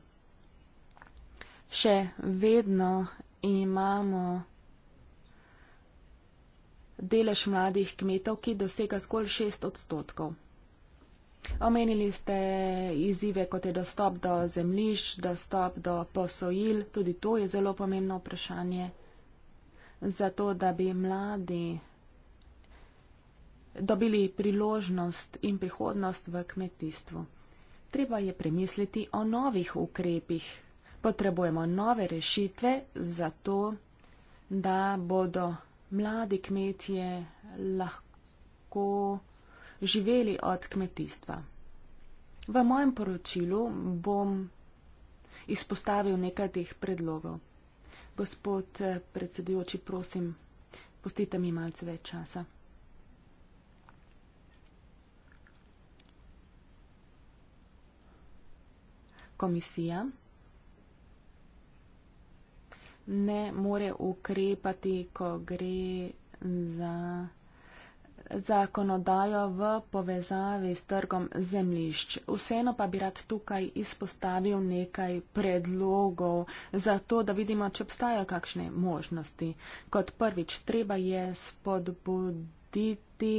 Še vedno imamo delež mladih kmetov, ki dosega skolj 6 odstotkov. Omenili ste izzive, kot je dostop do zemljišč, dostop do posojil, tudi to je zelo pomembno vprašanje, zato da bi mladi dobili priložnost in prihodnost v kmetijstvu. Treba je premisliti o novih ukrepih. Potrebujemo nove rešitve, zato da bodo mladi kmetje lahko živeli od kmetijstva. V mojem poročilu bom izpostavil nekaj teh predlogov. Gospod eh, predsedujoči, prosim, pustite mi malce več časa. Komisija ne more ukrepati, ko gre za zakonodajo v povezavi s trgom zemljišč. Vseeno pa bi rad tukaj izpostavil nekaj predlogov za to, da vidimo, če obstajajo kakšne možnosti. Kot prvič, treba je spodbuditi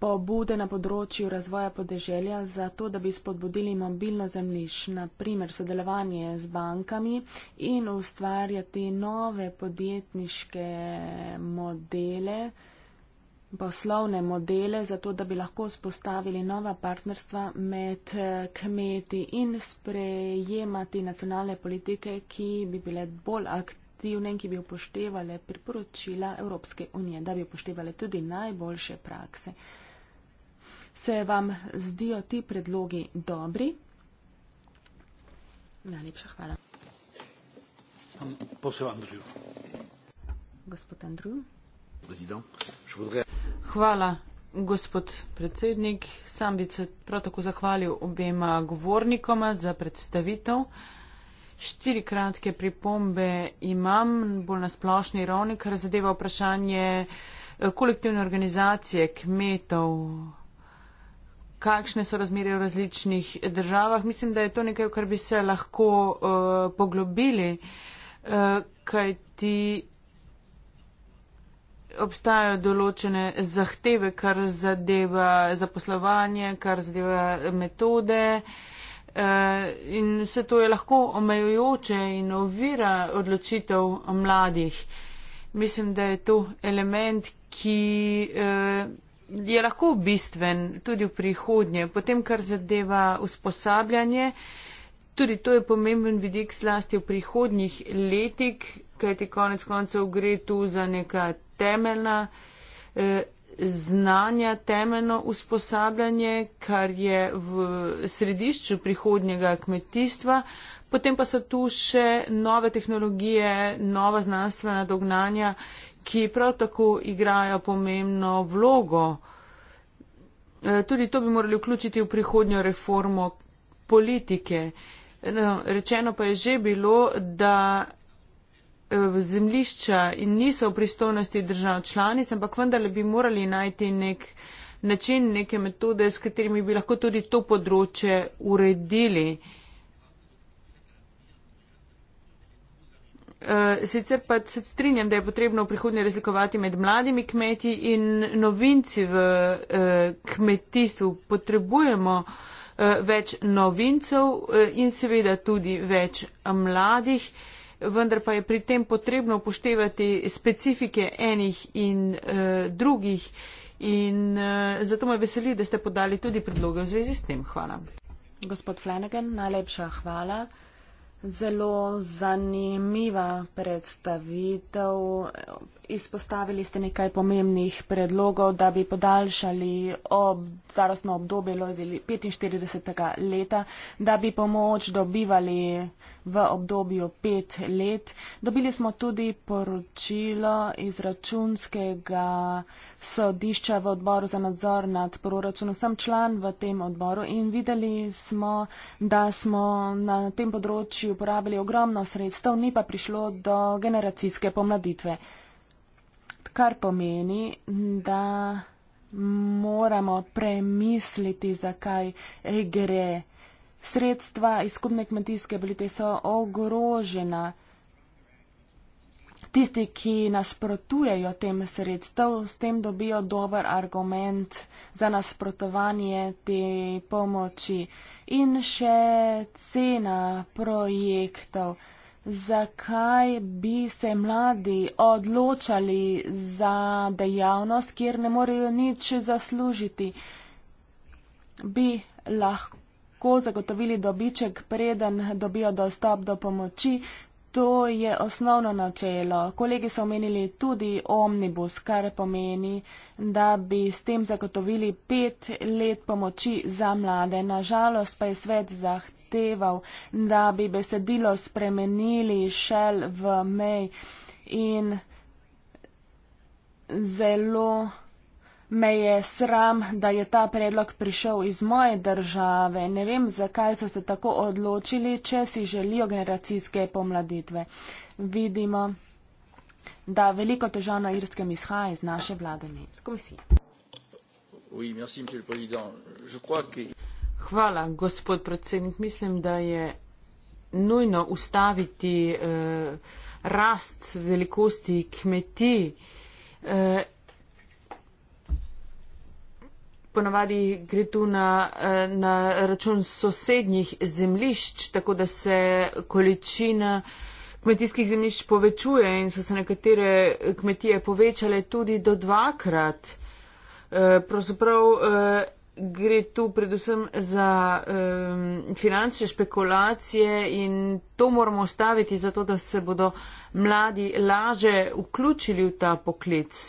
pobude na področju razvoja podeželja za to, da bi spodbudili mobilno zemljišč, naprimer sodelovanje z bankami in ustvarjati nove podjetniške modele, poslovne modele, za to, da bi lahko spostavili nova partnerstva med eh, kmeti in sprejemati nacionalne politike, ki bi bile bolj aktivne. Aktivne, ki bi upoštevali priporočila Evropske unije, da bi upoštevali tudi najboljše prakse. Se vam zdijo ti predlogi dobri? Najlepša hvala. Gospod Andrew. Hvala, gospod predsednik. Sam bi se prav tako zahvalil obema govornikoma za predstavitev. Štiri kratke pripombe imam, bolj na splošni ravni, kar zadeva vprašanje eh, kolektivne organizacije kmetov kakšne so razmere v različnih državah. Mislim, da je to nekaj, kar bi se lahko uh, poglobili, uh, eh, kaj ti obstajajo določene zahteve, kar zadeva zaposlovanje, kar zadeva metode. Eh, in vse to je lahko omejujoče in ovira odločitev mladih. Mislim, da je to element, ki je lahko bistven tudi v prihodnje, potem kar zadeva usposabljanje. Tudi to je pomemben vidik zlasti v prihodnjih letih, kajti konec koncev gre tu za neka temeljna eh, znanja, temeljno usposabljanje, kar je v središču prihodnjega kmetijstva. Potem pa so tu še nove tehnologije, nova znanstvena dognanja, ki prav tako igrajo pomembno vlogo. E, tudi to bi morali vključiti v prihodnjo reformo politike. E, no, rečeno pa je že bilo, da e, zemlišča niso v pristojnosti držav članic, ampak vendarle bi morali najti nek način, neke metode, s katerimi bi lahko tudi to področje uredili. Eh, sicer pa se strinjam, da je potrebno v prihodnje razlikovati med mladimi kmeti in novinci v eh, kmetijstvu. Potrebujemo eh, več novincev in seveda tudi več mladih, vendar pa je pri tem potrebno upoštevati specifike enih in drugih. In zato me veseli, da ste podali tudi predloge v zvezi s tem. Hvala. Gospod Flanagan, najlepša hvala. Zelo zanimiva predstavitev izpostavili ste nekaj pomembnih predlogov, da bi podaljšali ob zarostno obdobje lojdeli 45. leta, da bi pomoč dobivali v obdobju pet let. Dobili smo tudi poročilo iz računskega sodišča v odboru za nadzor nad proračunom. Sem član v tem odboru in videli smo, da smo na tem področju porabili ogromno sredstev, ni pa prišlo do generacijske pomladitve kar pomeni, da moramo premisliti, zakaj gre. Sredstva izkupne kmetijske bolite so ogrožena. Tisti, ki nasprotujejo tem sredstvom, s tem dobijo dober argument za nasprotovanje te pomoči. In še cena projektov zakaj bi se mladi odločali za dejavnost, kjer ne morejo nič zaslužiti, bi lahko zagotovili dobiček, preden dobijo dostop do pomoči. To je osnovno načelo. Kolegi so omenili tudi omnibus, kar pomeni, da bi s tem zagotovili pet let pomoči za mlade. Nažalost pa je svet zahtev zahteval, da bi besedilo spremenili šel v mej in zelo me je sram, da je ta predlog prišel iz moje države. Ne vem, zakaj so se tako odločili, če si želijo generacijske pomladitve. Vidimo, da veliko težav na irskem izhaja iz naše vladanje. Oui, merci, monsieur le Président. Je crois que... Hvala, gospod predsednik. Mislim, da je nujno ustaviti eh, rast velikosti kmetij. Eh, ponavadi gre tu na, eh, na račun sosednjih zemlišč, tako da se količina kmetijskih zemlišč povečuje in so se nekatere kmetije povečale tudi do dvakrat. Eh, pravzaprav. Eh, gre tu predvsem za um, finančne špekulacije in to moramo ostaviti zato, da se bodo mladi laže vključili v ta poklic.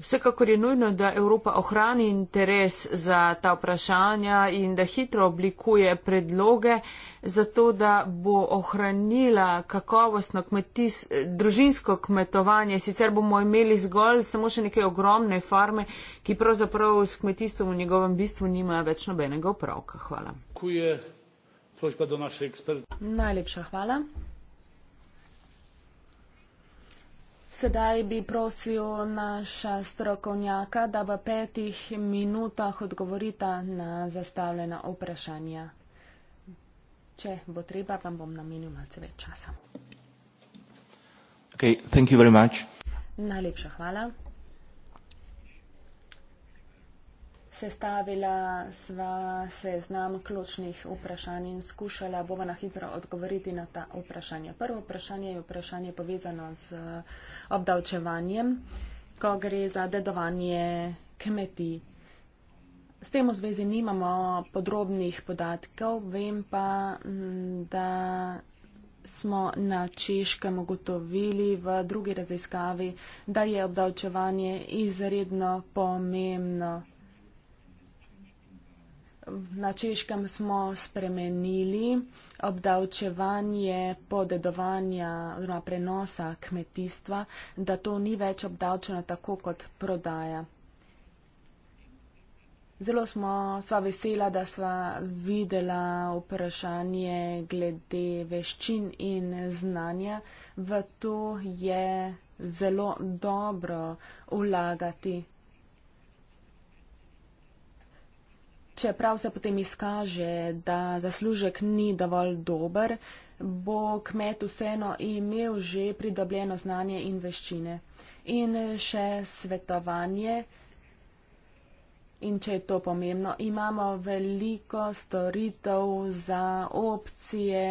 Vsekakor je nujno, da Evropa ohrani interes za ta vprašanja in da hitro oblikuje predloge za to, da bo ohranila kakovostno kmetis, družinsko kmetovanje. Sicer bomo imeli zgolj samo še neke ogromne farme, ki pravzaprav s kmetijstvom v njegovem bistvu nima več nobenega opravka. Hvala. Najlepša hvala. Sedaj bi prosil naša strokovnjaka, da v petih minutah odgovorita na zastavljena vprašanja. Če bo treba, vam bom namenil malce več časa. Okay, thank you very much. Najlepša hvala. sestavila sva seznam ključnih vprašanj in skušala bova na hitro odgovoriti na ta vprašanja. Prvo vprašanje je vprašanje povezano z eh, obdavčevanjem, ko gre za dedovanje kmetij. S tem v zvezi nimamo podrobnih podatkov, vem pa, mm, da smo na Češkem ugotovili v drugi raziskavi, da je obdavčevanje izredno pomembno na češkem smo spremenili obdavčevanje podedovanja oziroma prenosa kmetijstva, da to ni več obdavčeno tako kot prodaja. Zelo smo sva vesela, da sva videla vprašanje glede veščin in znanja. V to je zelo dobro vlagati. čeprav se potem izkaže, da zaslužek ni dovolj dober, bo kmet vseeno imel že pridobljeno znanje in veščine. In še svetovanje. In če je to pomembno, imamo veliko storitev za opcije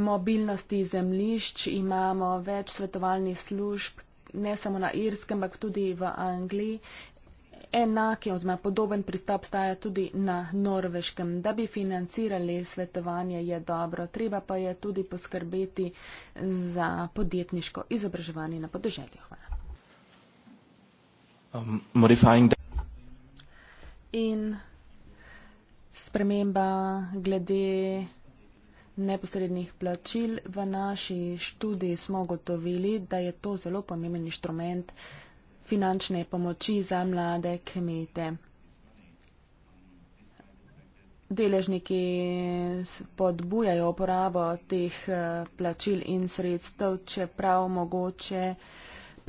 mobilnosti zemlišč, imamo več svetovalnih služb, ne samo na Irskem, ampak tudi v Angliji enak oziroma podoben pristop staja tudi na norveškem. Da bi financirali svetovanje je dobro, treba pa je tudi poskrbeti za podjetniško izobraževanje na podeželju. Hvala. Um, In sprememba glede neposrednih plačil v naši študiji smo gotovili, da je to zelo pomemben inštrument finančne pomoči za mlade kmete. Deležniki spodbujajo uporabo teh eh, plačil in sredstev, čeprav mogoče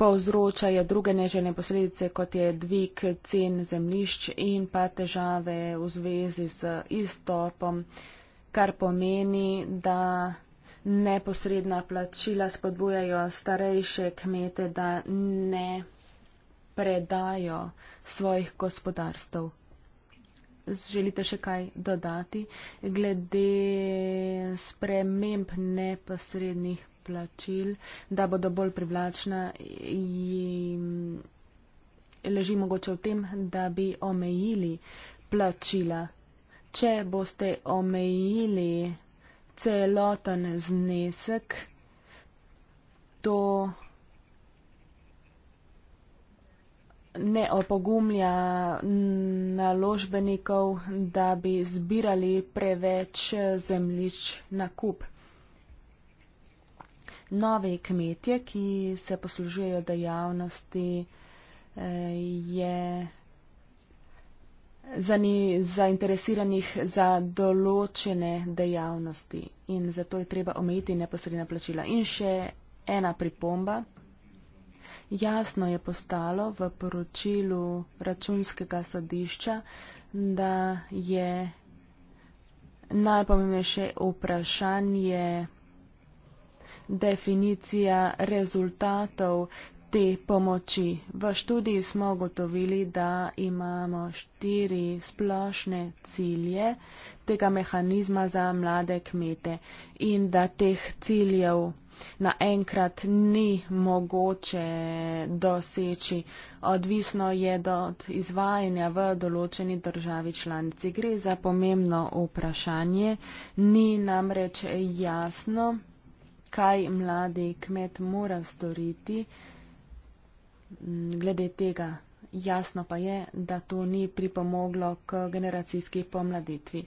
povzročajo druge neželjene posledice, kot je dvig cen zemlišč in pa težave v zvezi z izstopom, kar pomeni, da neposredna plačila spodbujajo starejše kmete, da ne predajo svojih gospodarstv. Želite še kaj dodati glede sprememb neposrednih plačil, da bodo bolj privlačna in leži mogoče v tem, da bi omejili plačila. Če boste omejili celoten znesek, to ne opogumlja naložbenikov, da bi zbirali preveč zemlič na kup. Novi kmetje, ki se poslužujejo dejavnosti, eh, je zainteresiranih za določene dejavnosti in zato je treba omejiti neposredna plačila. In še ena pripomba. Jasno je postalo v poročilu računskega sodišča, da je najpomembnejše vprašanje definicija rezultatov te pomoči. V študiji smo ugotovili, da imamo štiri splošne cilje tega mehanizma za mlade kmete in da teh ciljev naenkrat ni mogoče doseči. Odvisno je od izvajanja v določeni državi članici. Gre za pomembno vprašanje. Ni namreč jasno, kaj mladi kmet mora storiti glede tega. Jasno pa je, da to ni pripomoglo k generacijski pomladitvi.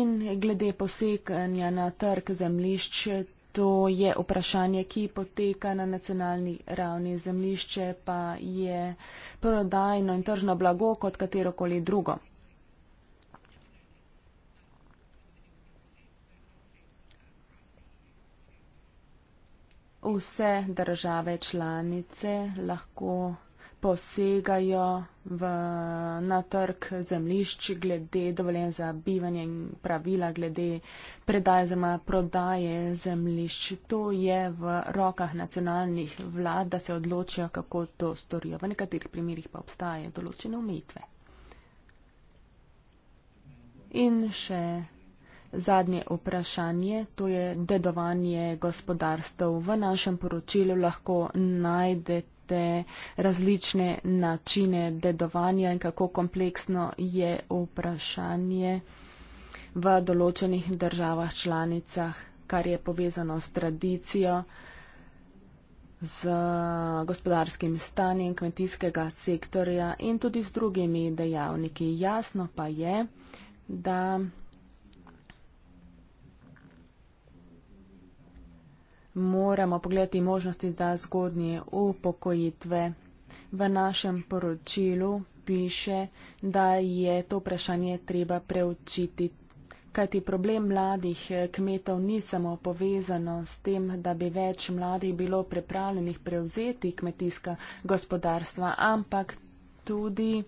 In glede posekanja na trg zemlišč, To je vprašanje, ki poteka na nacionalni ravni. Zemlišče pa je prodajno in tržno blago kot katerokoli drugo. Vse države članice lahko posegajo v, na trg zemlišč glede dovoljen za bivanje in pravila glede predaje oziroma prodaje zemlišč. To je v rokah nacionalnih vlad, da se odločijo, kako to storijo. V nekaterih primerjih pa obstajajo določene umitve. In še. Zadnje vprašanje, to je dedovanje gospodarstv. V našem poročilu lahko najdete glede različne načine dedovanja in kako kompleksno je vprašanje v določenih državah članicah, kar je povezano s tradicijo, z gospodarskim stanjem kmetijskega sektorja in tudi z drugimi dejavniki. Jasno pa je, da moramo pogledati možnosti za zgodnje upokojitve. V našem poročilu piše, da je to vprašanje treba preučiti. Kajti problem mladih eh, kmetov ni samo povezano s tem, da bi več mladih bilo prepravljenih prevzeti kmetijska gospodarstva, ampak tudi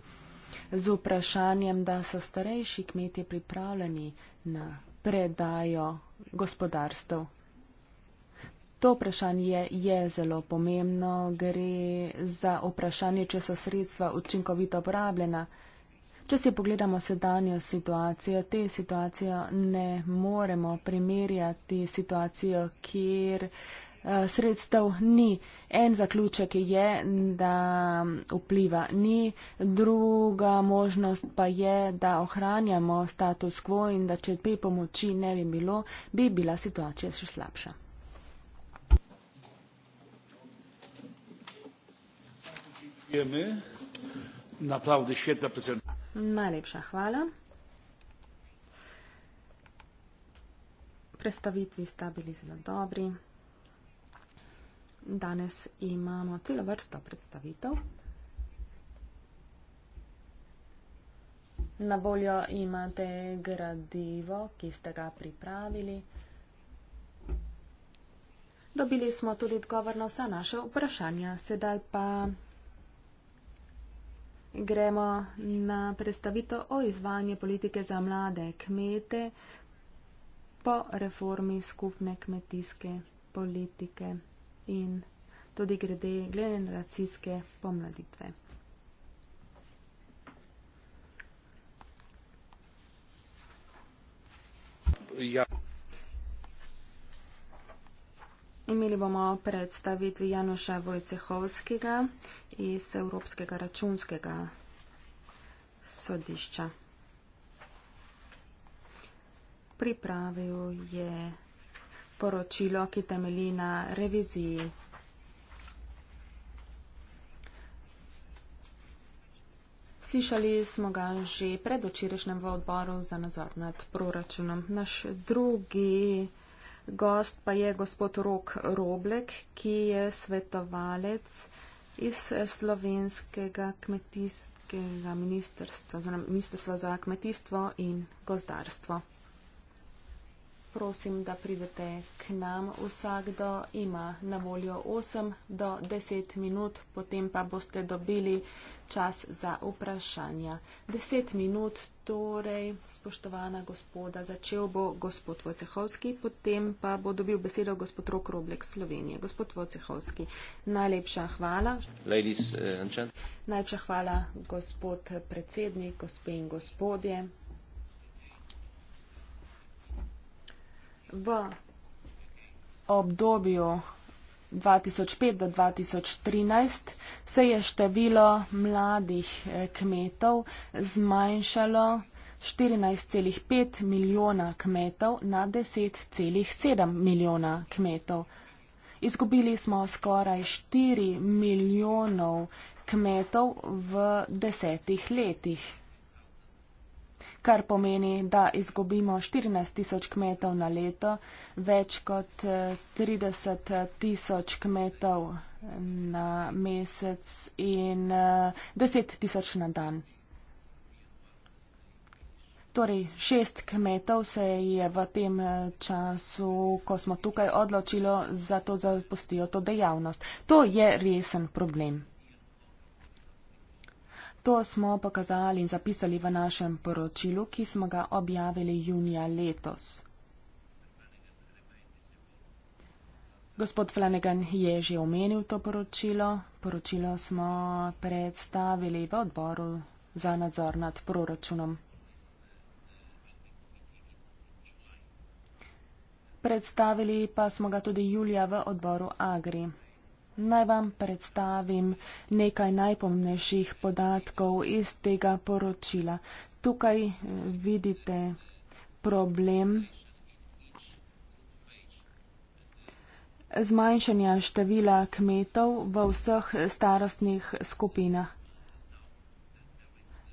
z vprašanjem, da so starejši kmeti pripravljeni na predajo gospodarstv to vprašanje je zelo pomembno. Gre za vprašanje, če so sredstva učinkovito uporabljena. Če si pogledamo sedanjo situacijo, te situacijo ne moremo primerjati situacijo, kjer eh, sredstev ni. En zaključek je, da mm, vpliva ni, druga možnost pa je, da ohranjamo status quo in da če te pomoči ne bi bilo, bi bila situacija še slabša. Dziękujemy. Naprawdę świetna prezentacja. Najlepsza chwala. Predstavitvi sta bili zelo dobri. Danes imamo celo vrsto predstavitev. Na voljo imate gradivo, ki ste ga pripravili. Dobili smo tudi odgovor na vsa naša vprašanja. Sedaj pa Gremo na predstavitev o izvajanju politike za mlade kmete po reformi skupne kmetijske politike in tudi grede generacijske pomladitve. Ja. Imeli bomo predstavitvi Janoša Vojcehovskega iz Evropskega računskega sodišča. Pripravil je poročilo, ki temelji na reviziji. Slišali smo ga že pred včerajšnjem v odboru za nadzor nad proračunom. Naš drugi Gost pa je gospod Rok Roblek, ki je svetovalec iz slovenskega kmetijskega ministrstva, znam, ministrstva za kmetijstvo in gozdarstvo. Prosim, da pridete k nam. Vsakdo ima na voljo 8 do 10 minut, potem pa boste dobili čas za vprašanja. 10 minut Torej, spoštovana gospoda, začel bo gospod Vojcehovski, potem pa bo dobil besedo gospod Rok Roblek Slovenije. Gospod Vojcehovski, najlepša hvala. Ladies, uh, najlepša hvala, gospod predsednik, gospe in gospodje. V obdobju 2005 do 2013 se je število mladih eh, kmetov zmanjšalo 14,5 milijona kmetov na 10,7 milijona kmetov. Izgubili smo skoraj 4 milijonov kmetov v desetih letih kar pomeni, da izgubimo 14 tisoč kmetov na leto, več kot 30 eh, eh, tisoč kmetov eh, na mesec in 10 tisoč na dan. Torej, šest kmetov se je v tem času, ko smo tukaj, odločilo za to, da zapustijo to dejavnost. To je resen problem. To smo pokazali in zapisali v našem poročilu, ki smo ga objavili junija letos. Gospod Flanagan je že omenil to poročilo. Poročilo smo predstavili v odboru za nadzor nad proračunom. Predstavili pa smo ga tudi julija v odboru Agri. Naj vam predstavim nekaj najpomnejših podatkov iz tega poročila. Tukaj eh, vidite problem zmanjšanja števila kmetov v vseh starostnih skupinah.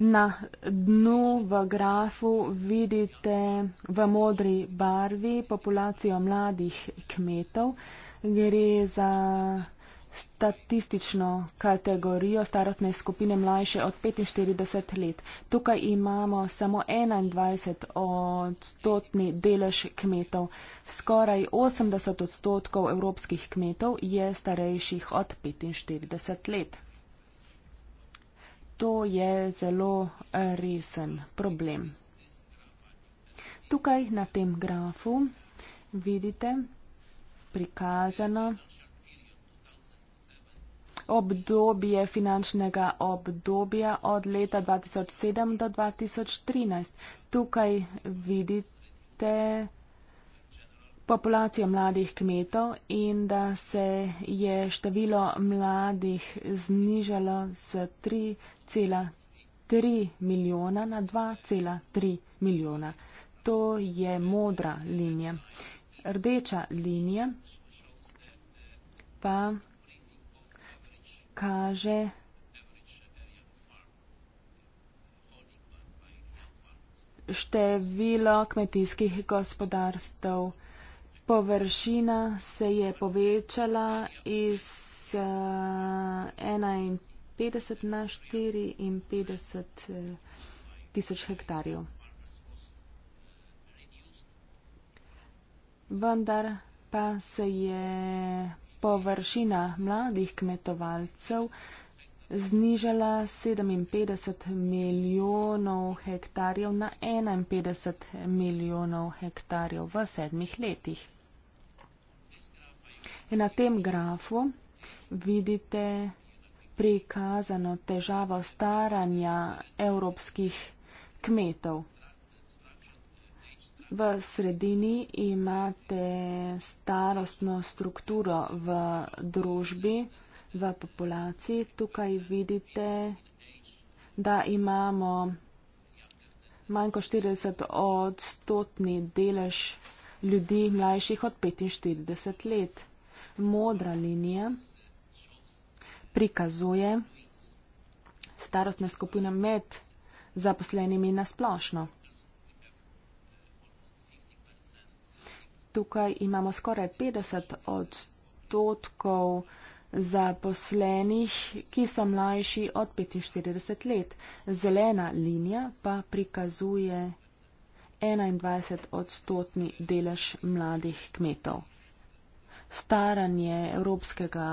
Na dnu v grafu vidite v modri barvi populacijo mladih kmetov. Gre za statistično kategorijo starostne skupine mlajše od 45 let. Tukaj imamo samo 21 odstotni delež kmetov. Skoraj 80 odstotkov evropskih kmetov je starejših od 45 let. To je zelo resen problem. Tukaj na tem grafu vidite prikazano obdobje finančnega obdobja od leta 2007 do 2013. Tukaj vidite populacijo mladih kmetov in da se je število mladih znižalo z 3,3 milijona na 2,3 milijona. To je modra linija. Rdeča linija pa kaže, Število kmetijskih gospodarstv. Površina se je povečala iz uh, eh, 51 na 54 eh, tisoč hektarjev. Vendar pa se je površina mladih kmetovalcev znižala 57 milijonov hektarjev na 51 milijonov hektarjev v sedmih letih. In na tem grafu vidite prikazano težavo staranja evropskih kmetov. V sredini imate starostno strukturo v družbi, v populaciji. Tukaj vidite, da imamo manj kot 40 odstotni delež ljudi mlajših od 45 let. Modra linija prikazuje starostne skupine med zaposlenimi na splošno. tukaj imamo skoraj 50 odstotkov zaposlenih, ki so mlajši od 45 let. Zelena linija pa prikazuje 21 odstotni delež mladih kmetov. Staranje evropskega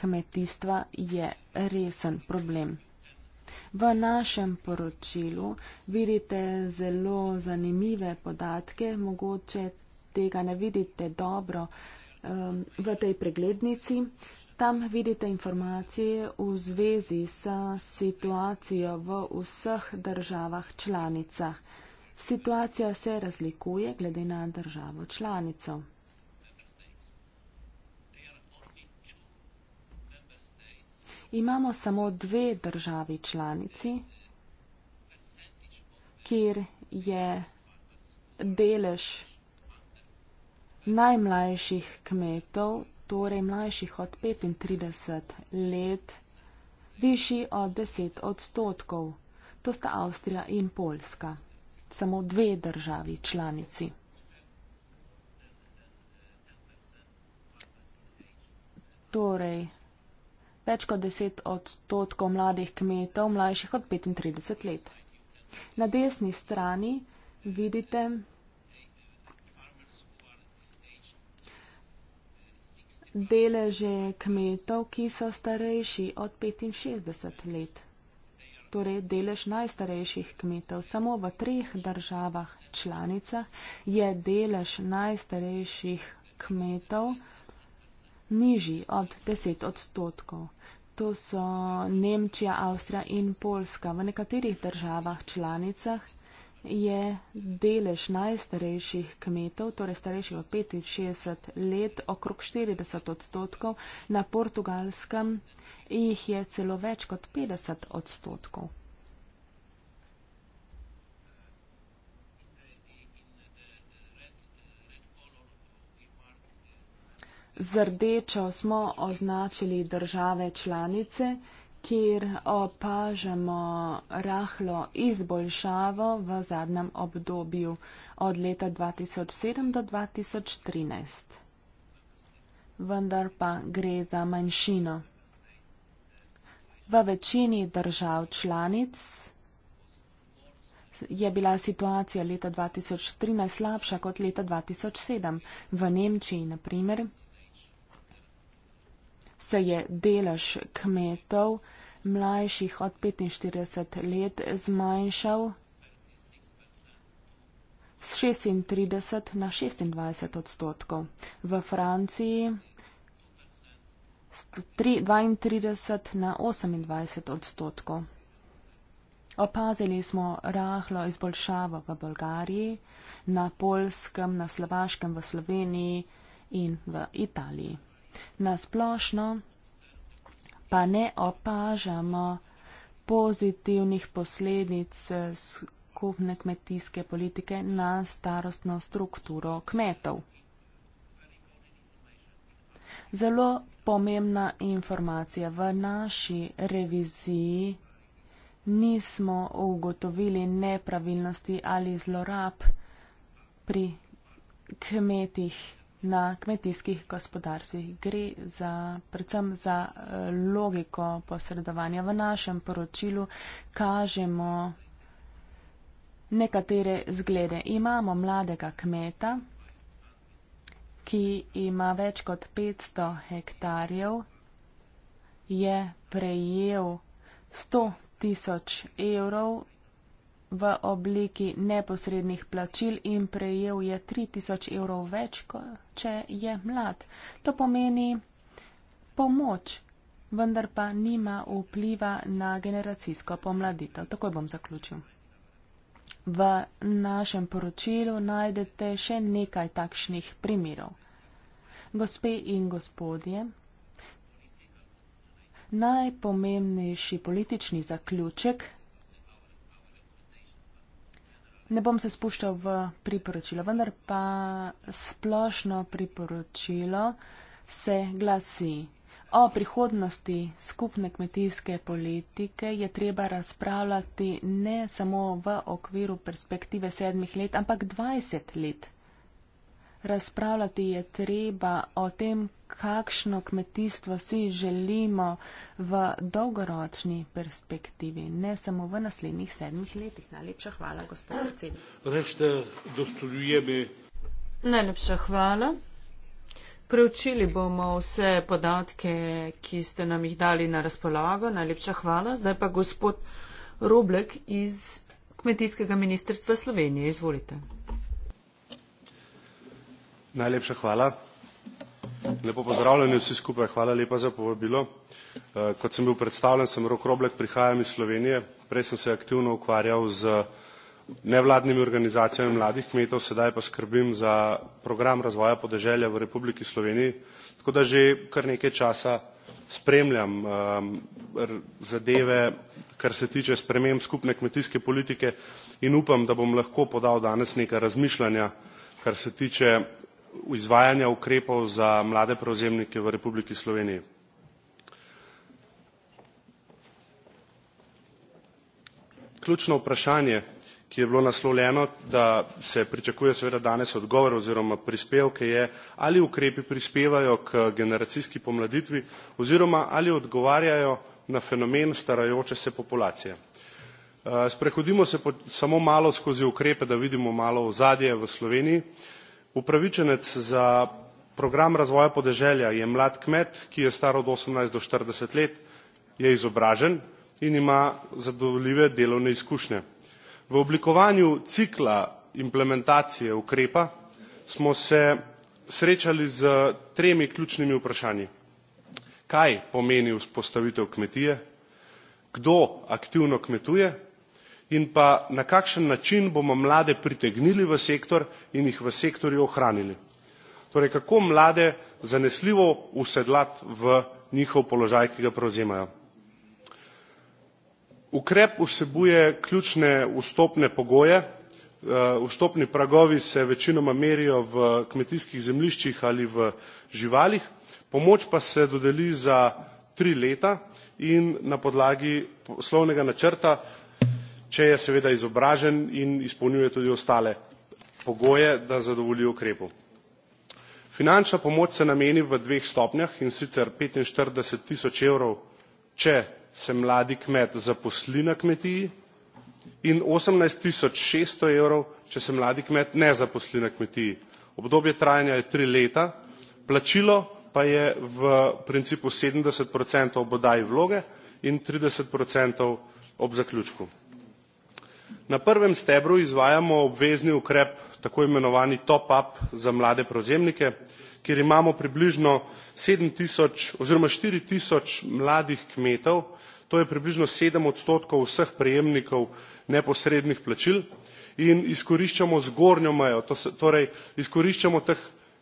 kmetijstva je resen problem. V našem poročilu vidite zelo zanimive podatke, mogoče tega ne vidite dobro um, v tej preglednici. Tam vidite informacije v zvezi s situacijo v vseh državah članicah. Situacija se razlikuje glede na državo članico. Imamo samo dve državi članici, kjer je delež najmlajših kmetov, torej mlajših od 35 let, višji od 10 odstotkov. To sta Avstrija in Poljska, samo dve državi članici. Torej, več kot 10 odstotkov mladih kmetov, mlajših od 35 let. Na desni strani vidite deleže kmetov, ki so starejši od 65 let. Torej, delež najstarejših kmetov samo v treh državah članica je delež najstarejših kmetov nižji od 10 odstotkov. To so Nemčija, Avstrija in Polska. V nekaterih državah članicah je delež najstarejših kmetov, torej starejših od 65 let, okrog 40 odstotkov, na portugalskem jih je celo več kot 50 odstotkov. Z rdečo smo označili države članice, kjer opažamo rahlo izboljšavo v zadnjem obdobju od leta 2007 do 2013. Vendar pa gre za manjšino. V večini držav članic je bila situacija leta 2013 slabša kot leta 2007. V Nemčiji, na primer, se je delež kmetov mlajših od 45 let zmanjšal z 36 na 26 odstotkov. V Franciji z 32 na 28 odstotkov. Opazili smo rahlo izboljšavo v Bolgariji, na Polskem, na Slovaškem, v Sloveniji in v Italiji. Nasplošno pa ne opažamo pozitivnih posledic eh, skupne kmetijske politike na starostno strukturo kmetov. Zelo pomembna informacija v naši reviziji. Nismo ugotovili nepravilnosti ali zlorab pri kmetih na kmetijskih gospodarstvih. Gre za, predvsem za eh, logiko posredovanja. V našem poročilu kažemo nekatere zglede. Imamo mladega kmeta, ki ima več kot 500 hektarjev, je prejel 100 tisoč evrov v obliki neposrednih plačil in prejel je 3000 evrov več, če je mlad. To pomeni pomoč, vendar pa nima vpliva na generacijsko pomladitev. Tako bom zaključil. V našem poročilu najdete še nekaj takšnih primerov. Gospe in gospodje, najpomembnejši politični zaključek Ne bom se spuščal v priporočilo, vendar pa splošno priporočilo se glasi. O prihodnosti skupne kmetijske politike je treba razpravljati ne samo v okviru perspektive sedmih let, ampak dvajset let razpravljati je treba o tem, kakšno kmetijstvo si želimo v dolgoročni perspektivi, ne samo v naslednjih sedmih letih. Najlepša hvala, gospod predsednik. Rečete, dostojuje bi. Najlepša hvala. Preučili bomo vse podatke, ki ste nam jih dali na razpolago. Najlepša hvala. Zdaj pa gospod Roblek iz Kmetijskega ministrstva Slovenije. Izvolite. Najlepša hvala. Lepo pozdravljeni vsi skupaj, hvala lepa za povabilo. Eh, kot sem bil predstavljen, sem Rok Roblek, prihajam iz Slovenije. Prej sem se aktivno ukvarjal z nevladnimi organizacijami mladih kmetov, sedaj pa skrbim za program razvoja podeželja v Republiki Sloveniji, tako da že kar nekaj časa spremljam eh, zadeve, kar se tiče sprememb skupne kmetijske politike in upam, da bom lahko podal danes neka razmišljanja, kar se tiče izvajanja ukrepov za mlade prevzemnike v Republiki Sloveniji. Ključno vprašanje, ki je bilo naslovljeno, da se pričakuje seveda danes odgovor oziroma prispevke, je, ali ukrepi prispevajo k generacijski pomladitvi oziroma ali odgovarjajo na fenomen starajoče se populacije. Eh, sprehodimo se samo malo skozi ukrepe, da vidimo malo ozadje v Sloveniji. Upravičenec za program razvoja podeželja je mlad kmet, ki je star od 18 do 40 let, je izobražen in ima zadovoljive delovne izkušnje. V oblikovanju cikla implementacije ukrepa smo se srečali z tremi ključnimi vprašanji. Kaj pomeni vzpostavitev kmetije? Kdo aktivno kmetuje? in pa na kakšen način bomo mlade pritegnili v sektor in jih v sektorju ohranili. Torej, kako mlade zanesljivo usedlat v njihov položaj, ki ga prevzemajo. Ukrep vsebuje ključne vstopne pogoje, eh, vstopni pragovi se večinoma merijo v kmetijskih zemljiščih ali v živalih, pomoč pa se dodeli za tri leta in na podlagi poslovnega načrta če je seveda izobražen in izpolnjuje tudi ostale pogoje, da zadovolji ukrepu. Finančna pomoč se nameni v dveh stopnjah in sicer 45 tisoč evrov, če se mladi kmet zaposli na kmetiji in 18 tisoč 600 evrov, če se mladi kmet ne zaposli na kmetiji. Obdobje trajanja je tri leta, plačilo pa je v principu 70% ob oddaji vloge in 30% ob zaključku. Na prvem stebru izvajamo obvezni ukrep, tako imenovani top up za mlade prevzemnike, kjer imamo približno sedem tisoč oziroma štiri tisoč mladih kmetov, to je približno sedem odstotkov vseh prejemnikov neposrednih plačil in izkoriščamo zgornjo mejo, to se torej izkoriščamo teh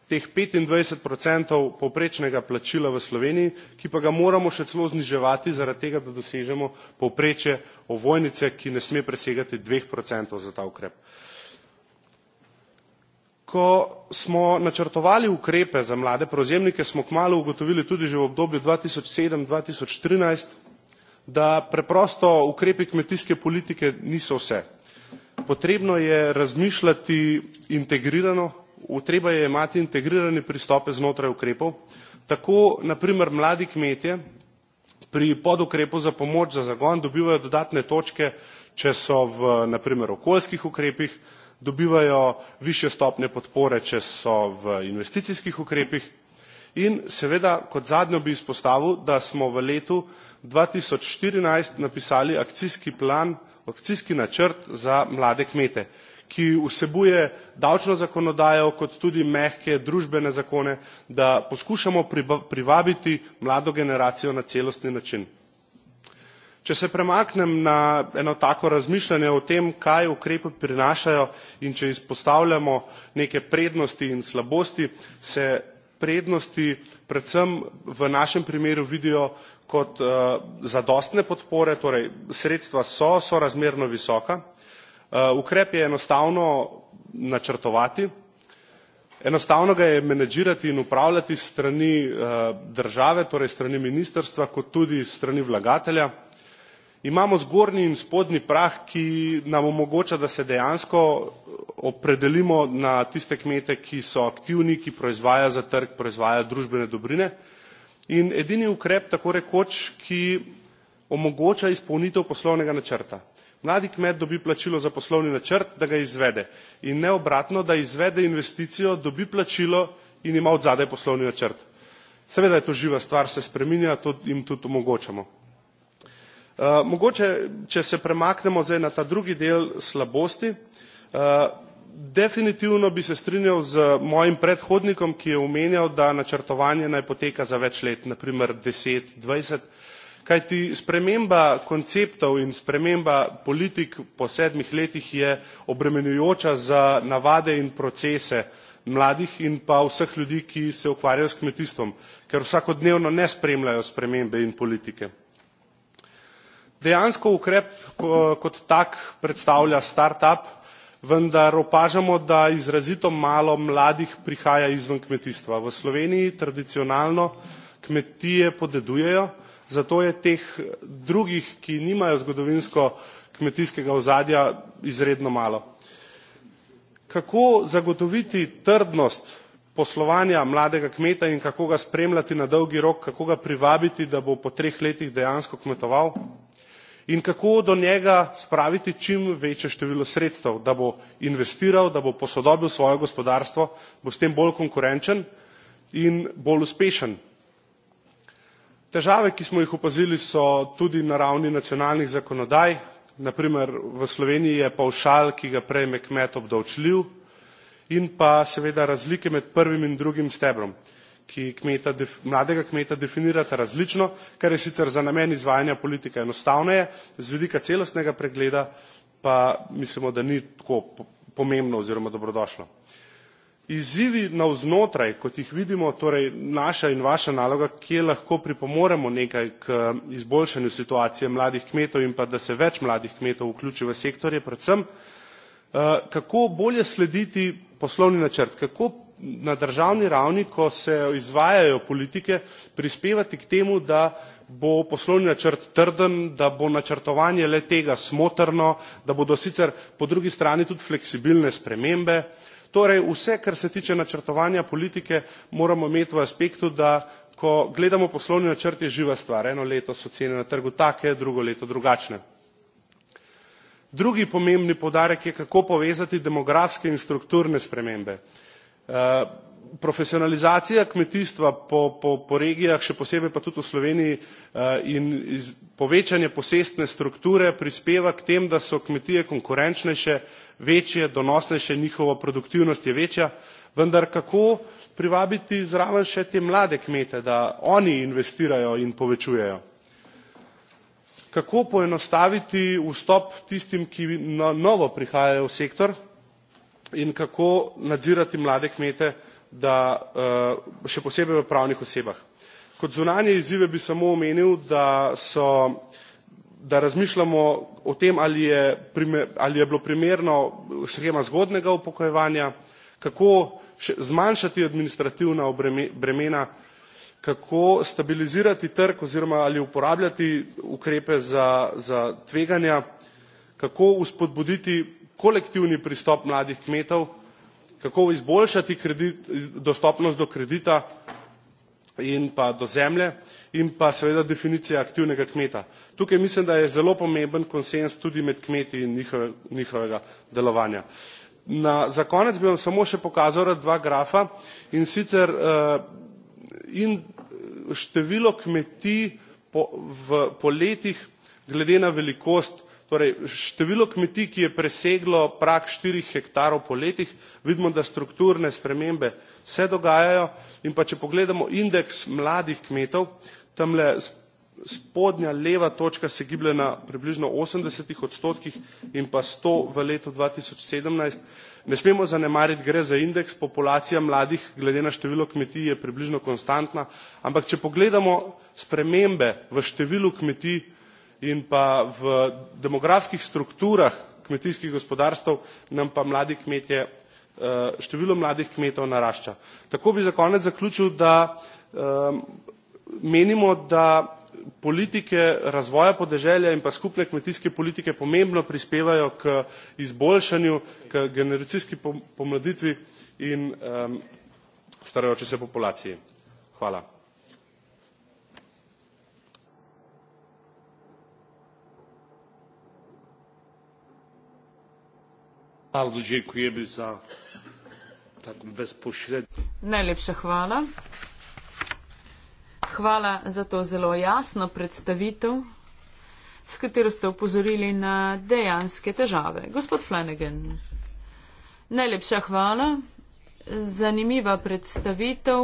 teh petindvajset procentov povprečnega plačila v sloveniji ki pa ga moramo še celo zniževati zaradi tega da dosežemo povprečje ovojnice ki ne sme presegati dveh procentov za ta ukrep ko smo načrtovali ukrepe za mlade prevzemnike smo kmalu ugotovili tudi že v obdobju dva tisoč sedem dva tisoč trinajst da preprosto ukrepi kmetijske politike niso vse potrebno je razmišljati integrirano treba je imati integrirane pristope znotraj ukrepov. Tako naprimer mladi kmetje pri podukrepu za pomoč za zagon dobivajo dodatne točke, če so v naprimer okoljskih ukrepih, dobivajo više stopne podpore, če so v investicijskih ukrepih. In seveda kot zadnjo bi izpostavil, da smo v letu 2014 napisali akcijski plan, akcijski načrt za mlade kmete, ki vsebuje davčno zakonodajo, kot tudi mehke družbene zakone, da poskušamo privabiti mlado generacijo na celostni način. Če se premaknem na eno tako razmišljanje o tem, kaj ukrepe prinašajo in če izpostavljamo neke prednosti in slabosti, se prednosti predvsem v našem primeru vidijo kot eh, zadostne podpore, torej sredstva so sorazmerno visoka, Uh, ukrep je enostavno načrtovati, enostavno ga je menedžirati in upravljati strani uh, države, torej strani ministrstva, kot tudi strani vlagatelja. Imamo zgornji in spodnji prah, ki nam omogoča, da se dejansko uh, opredelimo na tiste kmete, ki so aktivni, ki proizvajajo za trg, proizvajajo družbene dobrine. In edini ukrep, tako rekoč, ki omogoča izpolnitev poslovnega načrta. Mladi kmet dobi plačilo za poslovni načrt, da ga izvede. In ne obratno, da izvede investicijo, dobi plačilo in ima od zadaj poslovni načrt. Seveda je to živa stvar, se spreminja, to jim tudi omogočamo. Uh, mogoče, če se premaknemo zdaj na ta drugi del slabosti, uh, definitivno bi se strinjal z mojim predhodnikom, ki je omenjal, da načrtovanje naj poteka za več let, naprimer 10, 20. Uh, Kajti sprememba konceptov in sprememba politik po sedmih letih je obremenjujoča za navade in procese mladih in pa vseh ljudi, ki se ukvarjajo s kmetijstvom, ker vsakodnevno ne spremljajo spremembe in politike. Dejansko ukrep kot tak predstavlja start-up, vendar opažamo, da izrazito malo mladih prihaja izven kmetijstva. V Sloveniji tradicionalno kmetije podedujejo, zato je teh drugih, ki nimajo zgodovinsko kmetijskega ozadja, izredno malo. Kako zagotoviti trdnost poslovanja mladega kmeta in kako ga spremljati na dolgi rok, kako ga privabiti, da bo po treh letih dejansko kmetoval in kako do njega spraviti čim večje število sredstev, da bo investiral, da bo posodobil svoje gospodarstvo, bo s tem bolj konkurenčen in bolj uspešen. Težave, ki smo jih opazili, so tudi na ravni nacionalnih zakonodaj. Naprimer, v Sloveniji je pavšal, ki ga prejme kmet obdavčljiv in pa seveda razlike med prvim in drugim stebrom, ki kmeta, mladega kmeta definirata različno, kar je sicer za namen izvajanja politike enostavneje, z vidika celostnega pregleda pa mislimo, da ni tako pomembno oziroma dobrodošlo. Izzivi navznotraj, kot jih vidimo, torej naša in vaša naloga, kje lahko pripomoremo nekaj k um, izboljšanju situacije mladih kmetov in pa da se več mladih kmetov vključi v sektorje, predvsem uh, kako bolje slediti poslovni načrt, kako na državni ravni, ko se izvajajo politike, prispevati k temu, da bo poslovni načrt trden, da bo načrtovanje le tega smotrno, da bodo sicer po drugi strani tudi fleksibilne spremembe, Torej, vse, kar se tiče načrtovanja politike, moramo imeti v aspektu, da ko gledamo poslovni načrt, je živa stvar. Eno leto so cene na trgu take, drugo leto drugačne. Drugi pomembni podarek je, kako povezati demografske in strukturne spremembe. Eh, profesionalizacija kmetijstva po, po, po regijah, še posebej pa tudi v Sloveniji eh, in iz, povečanje posestne strukture prispeva k tem, da so kmetije konkurenčnejše, večje, donosnejše, njihova produktivnost je večja, vendar kako privabiti zraven še te mlade kmete, da oni investirajo in povečujejo? Kako poenostaviti vstop tistim, ki na novo prihajajo v sektor in kako nadzirati mlade kmete, da eh, še posebej v pravnih osebah. Kot zunanje izzive bi samo omenil, da, so, da razmišljamo o tem, ali je, primer, ali je bilo primerno schema zgodnega upokojevanja, kako zmanjšati administrativna bremena, kako stabilizirati trg oziroma ali uporabljati ukrepe za, za tveganja, kako uspodbuditi kolektivni pristop mladih kmetov, kako izboljšati kredit, dostopnost do kredita in pa do zemlje in pa seveda definicija aktivnega kmeta. Tukaj mislim, da je zelo pomemben konsens tudi med kmeti in njihove, njihovega delovanja. Na, za konec bi vam samo še pokazal dva grafa in sicer uh, in eh, število kmetij po, v, po letih glede na velikost Torej, število kmetij, ki je preseglo prak štirih hektarov po letih, vidimo, da strukturne spremembe se dogajajo in pa če pogledamo indeks mladih kmetov, tamle spodnja leva točka se giblje na približno 80 odstotkih in pa 100 v letu 2017. Ne smemo zanemariti, gre za indeks, populacija mladih glede na število kmetij je približno konstantna, ampak če pogledamo spremembe v številu kmetij, in pa v demografskih strukturah kmetijskih gospodarstv nam pa mladi kmetje, eh, število mladih kmetov narašča. Tako bi za konec zaključil, da eh, menimo, da politike razvoja podeželja in pa skupne kmetijske politike pomembno prispevajo k izboljšanju, k generacijski pomladitvi in eh, starajoče se populacije. Hvala. bardzo dziękujemy za taką bezpośrednią. Najlepsza chwała. Hvala za to zelo jasno predstavitev, s katero ste upozorili na dejanske težave. Gospod Flanagan, najlepša hvala, zanimiva predstavitev.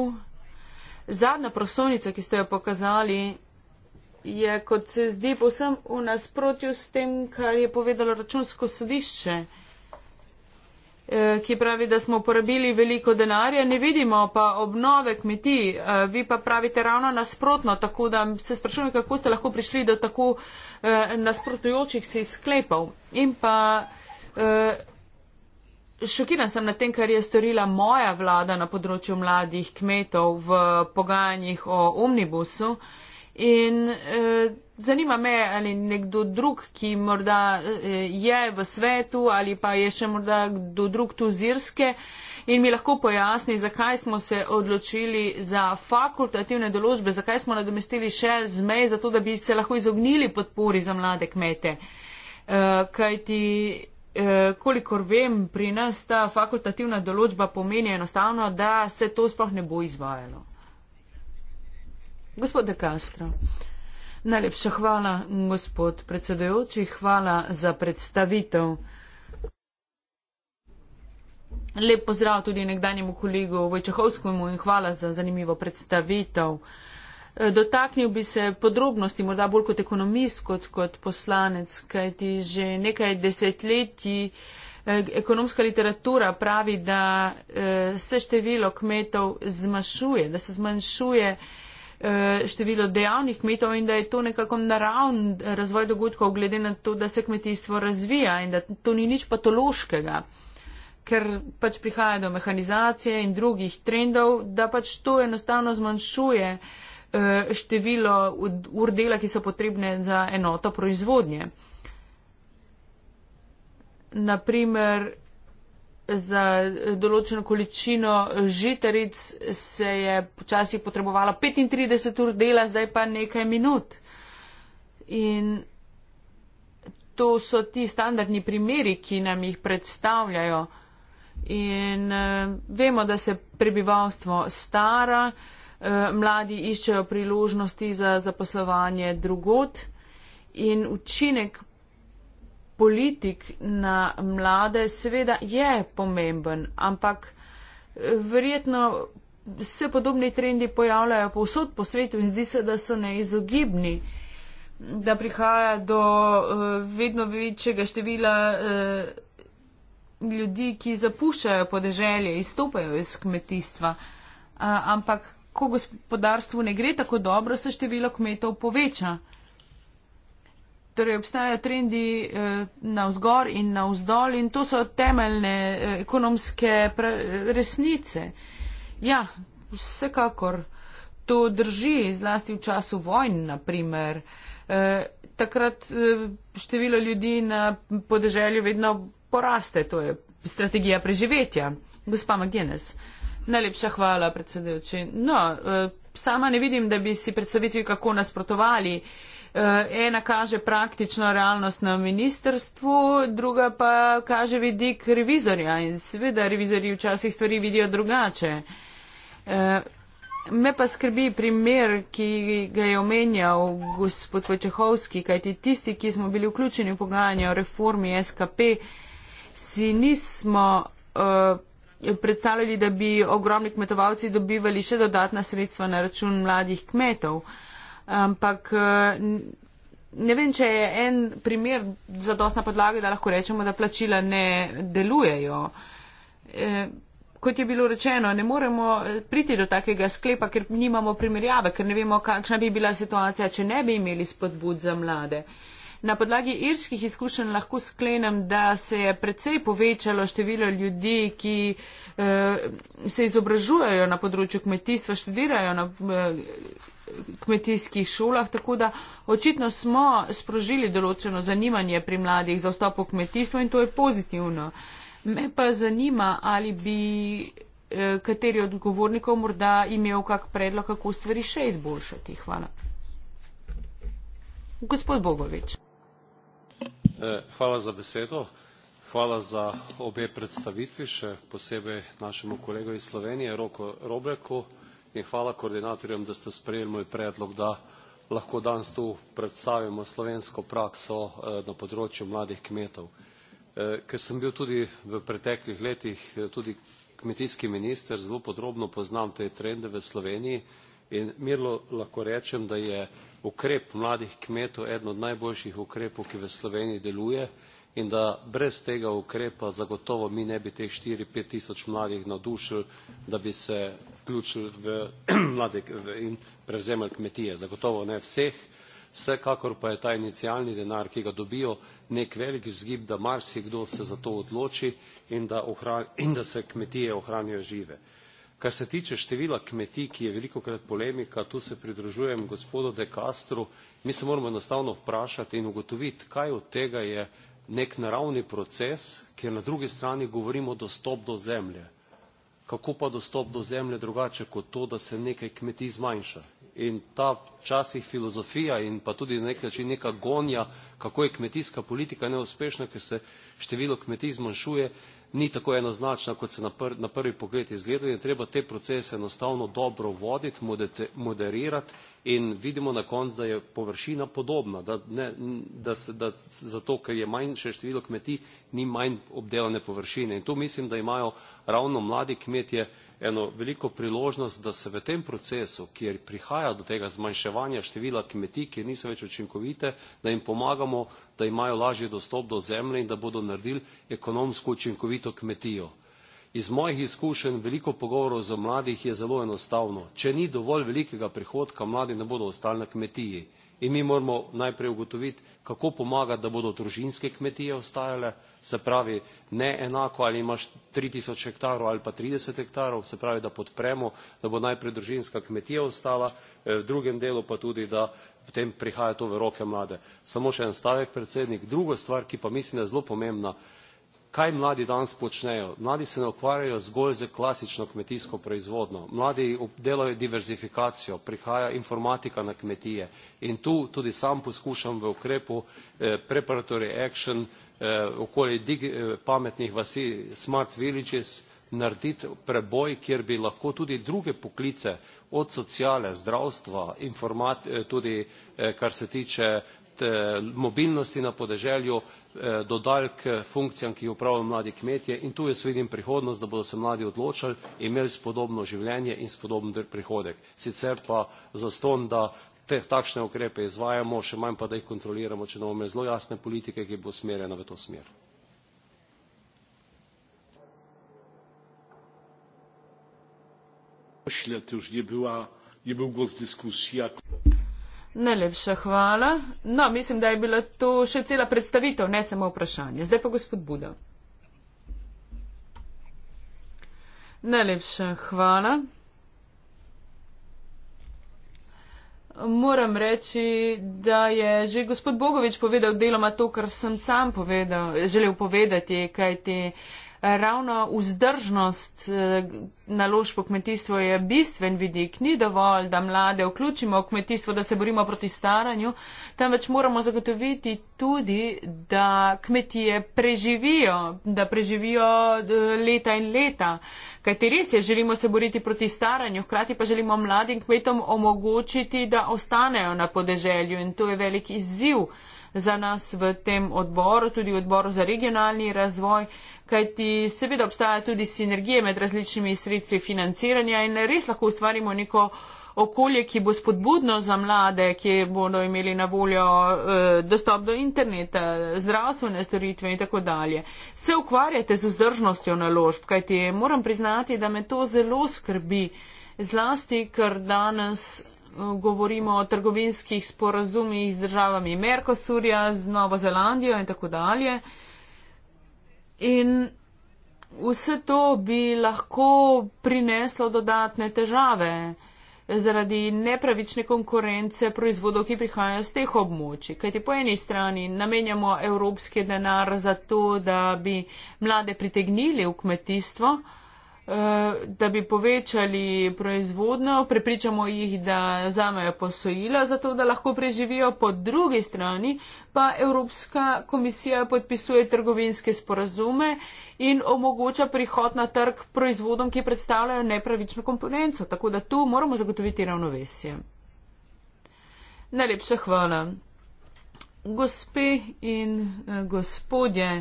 Zadnja prosovnica, ki ste jo pokazali, je, kot se zdi, povsem v nasprotju s tem, kar je povedalo računsko sodišče. Eh, ki pravi, da smo porabili veliko denarja, ne vidimo pa obnove kmetij. Eh, vi pa pravite ravno nasprotno, tako da se sprašujem, kako ste lahko prišli do tako eh, nasprotujočih si sklepov. In pa šokiran sem na tem, kar je storila moja vlada na področju mladih kmetov v pogajanjih o omnibusu. In eh, zanima me, ali nekdo drug, ki morda eh, je v svetu ali pa je še morda kdo drug tu z Irske in mi lahko pojasni, zakaj smo se odločili za fakultativne določbe, zakaj smo nadomestili še zmej, zato da bi se lahko izognili podpori za mlade kmete. Eh, kajti, eh, kolikor vem, pri nas ta fakultativna določba pomeni enostavno, da se to sploh ne bo izvajalo. Gospod De Castro, najlepša hvala, gospod predsedujoči, hvala za predstavitev. Lep pozdrav tudi nekdanjemu kolegu Vojčehovskemu in hvala za zanimivo predstavitev. Dotaknil bi se podrobnosti, morda bolj kot ekonomist, kot kot poslanec, kajti že nekaj desetletji eh, ekonomska literatura pravi, da eh, se število kmetov zmašuje, da se zmanjšuje. Eh, število dejavnih kmetov in da je to nekako naravn razvoj dogodkov, glede na to, da se kmetijstvo razvija in da to ni nič patološkega, ker pač prihaja do mehanizacije in drugih trendov, da pač to enostavno zmanjšuje eh, število ur dela, ki so potrebne za enoto proizvodnje. Naprimer, za določeno količino žitaric se je počasi potrebovalo 35 ur dela, zdaj pa nekaj minut. In to so ti standardni primeri, ki nam jih predstavljajo. In uh, vemo, da se prebivalstvo stara, uh, mladi iščejo priložnosti za zaposlovanje drugot in učinek politik na mlade seveda je pomemben, ampak eh, verjetno se podobni trendi pojavljajo povsod po svetu in zdi se, da so neizogibni, da prihaja do eh, vedno večjega števila eh, ljudi, ki zapuščajo podeželje, izstopajo iz kmetijstva. Ampak, ko gospodarstvu ne gre tako dobro, se število kmetov poveča. Torej, obstajajo trendi eh, na vzgor in na vzdolj in to so temeljne eh, ekonomske resnice. Ja, vsekakor to drži, zlasti v času vojn, naprimer. Eh, takrat število ljudi na podeželju vedno poraste, to je strategija preživetja. Gospa Magenes, najlepša hvala, predsedujoči. No, sama ne vidim, da bi si predstavitvi kako nasprotovali. Eh, ena kaže praktično realnost na ministerstvu, druga pa kaže vidik revizorja in seveda revizori včasih stvari vidijo drugače. Eh, me pa skrbi primer, ki ga je omenjal gospod Vojčehovski, kajti tisti, ki smo bili vključeni v pogajanje o reformi SKP, si nismo uh, predstavljali, da bi ogromni kmetovalci dobivali še dodatna sredstva na račun mladih kmetov. Uh, ampak eh, ne vem, če je en primer za dosta podlage, da lahko rečemo, da plačila ne delujejo. Eh, kot je bilo rečeno, ne moremo eh, priti do takega sklepa, ker nimamo primerjave, ker ne vemo, kakšna bi bila situacija, če ne bi imeli spodbud za mlade. Na podlagi irskih izkušenj lahko sklenem, da se je precej povečalo število ljudi, ki eh, se izobražujejo na področju kmetijstva, študirajo na eh, kmetijskih šolah, tako da očitno smo sprožili določeno zanimanje pri mladih za vstop v kmetijstvo in to je pozitivno. Me pa zanima, ali bi eh, kateri od govornikov morda imel kak predlog, kako stvari še izboljšati. Hvala. Gospod Bogovič. Eh, hvala za besedo. Hvala za obe predstavitvi, še posebej našemu kolegu iz Slovenije, Roko Robreku in hvala koordinatorjem, da ste sprejeli moj predlog, da lahko danes tu predstavimo slovensko prakso eh, na področju mladih kmetov. Eh, ker sem bil tudi v preteklih letih eh, tudi kmetijski minister, zelo podrobno poznam te trende v Sloveniji in mirlo lahko rečem, da je ukrep mladih kmetov eden od najboljših ukrepov, ki v Sloveniji deluje in da brez tega ukrepa zagotovo mi ne bi teh štiri, pet tisoč mladih navdušili, da bi se vključili v mlade in prevzemali kmetije. Zagotovo ne vseh, vsekakor pa je ta inicijalni denar, ki ga dobijo, nek velik vzgib, da marsikdo se za to odloči in da, ohran, in da se kmetije ohranijo žive. Kar se tiče števila kmetij, ki je veliko krat polemika, tu se pridružujem gospodu De Castru, mi se moramo enostavno vprašati in ugotoviti, kaj od tega je neki naravni proces, ker na drugi strani govorimo dostop do zemlje. Kako pa dostop do zemlje drugače kot to, da se nekaj kmetij zmanjša? In ta časih filozofija in pa tudi na neki način neka gonja, kako je kmetijska politika neuspešna, ker se število kmetij zmanjšuje, ni tako enoznačna, kot se na, pr na prvi pogled izgleda in treba te procese enostavno dobro voditi, moderirati in vidimo na koncu, da je površina podobna, da, ne, da, se, da zato, ker je manjše število kmetij, ni manj obdelane površine. In tu mislim, da imajo ravno mladi kmetje eno veliko priložnost, da se v tem procesu, kjer prihaja do tega zmanjševanja števila kmetij, ki niso več učinkovite, da jim pomagamo da imajo lažji dostop do zemlje in da bodo naredili ekonomsko učinkovito kmetijo. Iz mojih izkušenj, veliko pogovorov z mladih je zelo enostavno. Če ni dovolj velikega prihodka, mladi ne bodo ostali na kmetiji. In mi moramo najprej ugotoviti, kako pomagati, da bodo družinske kmetije ostajale, se pravi, ne enako, ali imaš 3000 hektarov ali pa 30 hektarov, se pravi, da podpremo, da bo najprej družinska kmetija ostala, eh, v drugem delu pa tudi, da potem prihaja to v roke mlade. Samo še en stavek, predsednik. Druga stvar, ki pa mislim, da je zelo pomembna, kaj mladi danes počnejo? Mladi se ne ukvarjajo zgolj z klasično kmetijsko proizvodno. Mladi delajo diverzifikacijo, prihaja informatika na kmetije in tu tudi sam poskušam v ukrepu eh, Preparatory Action eh, okoli dig, eh, pametnih vasi, smart villages, narediti preboj, kjer bi lahko tudi druge poklice od sociale, zdravstva, informat, eh, tudi eh, kar se tiče te, mobilnosti na podeželju, eh, dodali k funkcijam, ki jih upravljajo mladi kmetje in tu jaz vidim prihodnost, da bodo se mladi odločali, imeli spodobno življenje in spodoben prihodek. Sicer pa zaston, da te, takšne ukrepe izvajamo, še manj pa, da jih kontroliramo, če bomo imeli zelo jasne politike, ki bo smerjena v to smer. Najlepša hvala. No, mislim, da je bila to še cela predstavitev, ne samo vprašanje. Zdaj pa gospod Buda. Najlepša hvala. moram reči, da je že gospod Bogovič povedal deloma to, kar sem sam povedal, želel povedati, kaj ti. Te ravno vzdržnost eh, naložb v kmetijstvo je bistven vidik. Ni dovolj, da mlade vključimo v kmetijstvo, da se borimo proti staranju, temveč moramo zagotoviti tudi, da kmetije preživijo, da preživijo eh, leta in leta. Kajti res je, želimo se boriti proti staranju, hkrati pa želimo mladim kmetom omogočiti, da ostanejo na podeželju in to je velik izziv za nas v tem odboru, tudi odboru za regionalni razvoj, kajti seveda obstaja tudi sinergije med različnimi sredstvi financiranja in res lahko ustvarimo neko okolje, ki bo spodbudno za mlade, ki bodo imeli na voljo eh, dostop do interneta, zdravstvene storitve in tako dalje. Se ukvarjate z vzdržnostjo naložb, kajti moram priznati, da me to zelo skrbi. Zlasti, ker danes govorimo o trgovinskih sporazumih z državami Merkosurja, z Novo Zelandijo in tako dalje. In vse to bi lahko prineslo dodatne težave zaradi nepravične konkurence proizvodov, ki prihajajo z teh območij. Kajti po eni strani namenjamo evropski denar za to, da bi mlade pritegnili v kmetijstvo, Eh, da bi povečali proizvodno, prepričamo jih, da vzamejo posojila, zato da lahko preživijo. Po drugi strani pa Evropska komisija podpisuje trgovinske sporazume in omogoča prihod na trg proizvodom, ki predstavljajo nepravično konkurenco. Tako da tu moramo zagotoviti ravnovesje. Najlepša hvala. Gospe in eh, gospodje,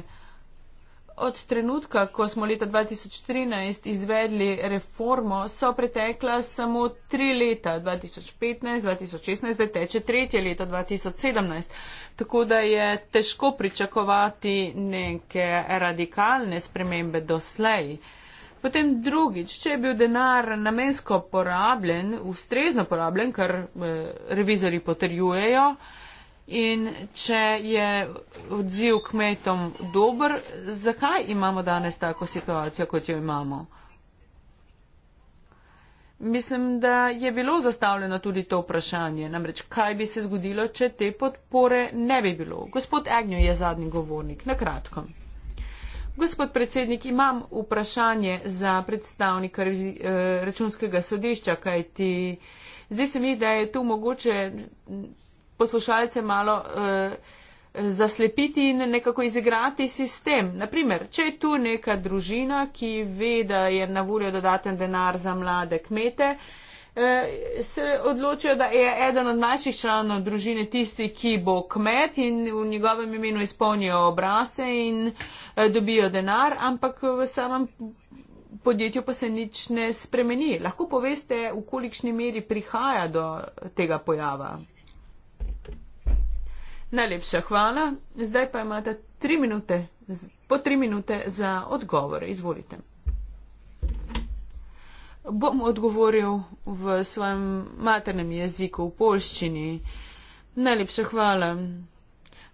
Od trenutka, ko smo leta 2013 izvedli reformo, so pretekla samo tri leta, 2015, 2016, zdaj teče tretje leto 2017. Tako da je težko pričakovati neke radikalne spremembe doslej. Potem drugič, če je bil denar namensko porabljen, ustrezno porabljen, kar eh, revizori potrjujejo, eh, In če je odziv kmetom dober, zakaj imamo danes tako situacijo, kot jo imamo? Mislim, da je bilo zastavljeno tudi to vprašanje, namreč kaj bi se zgodilo, če te podpore ne bi bilo. Gospod Agnjo je zadnji govornik, na kratko. Gospod predsednik, imam vprašanje za predstavnika eh, računskega sodišča, kaj ti. Zdi se mi, da je tu mogoče poslušalce malo uh, zaslepiti in nekako izigrati sistem. Naprimer, če je tu neka družina, ki ve, da je na voljo dodaten denar za mlade kmete, eh, se odločijo, da je eden od naših članov družine tisti, ki bo kmet in v njegovem imenu izpolnijo obrase in eh, dobijo denar, ampak v samem podjetju pa se nič ne spremeni. Lahko poveste, v kolikšni meri prihaja do tega pojava? Najlepša hvala. Zdaj pa imate tri minute, po tri minute za odgovore. Izvolite. Bom odgovoril v svojem maternem jeziku, v polščini. Najlepša hvala.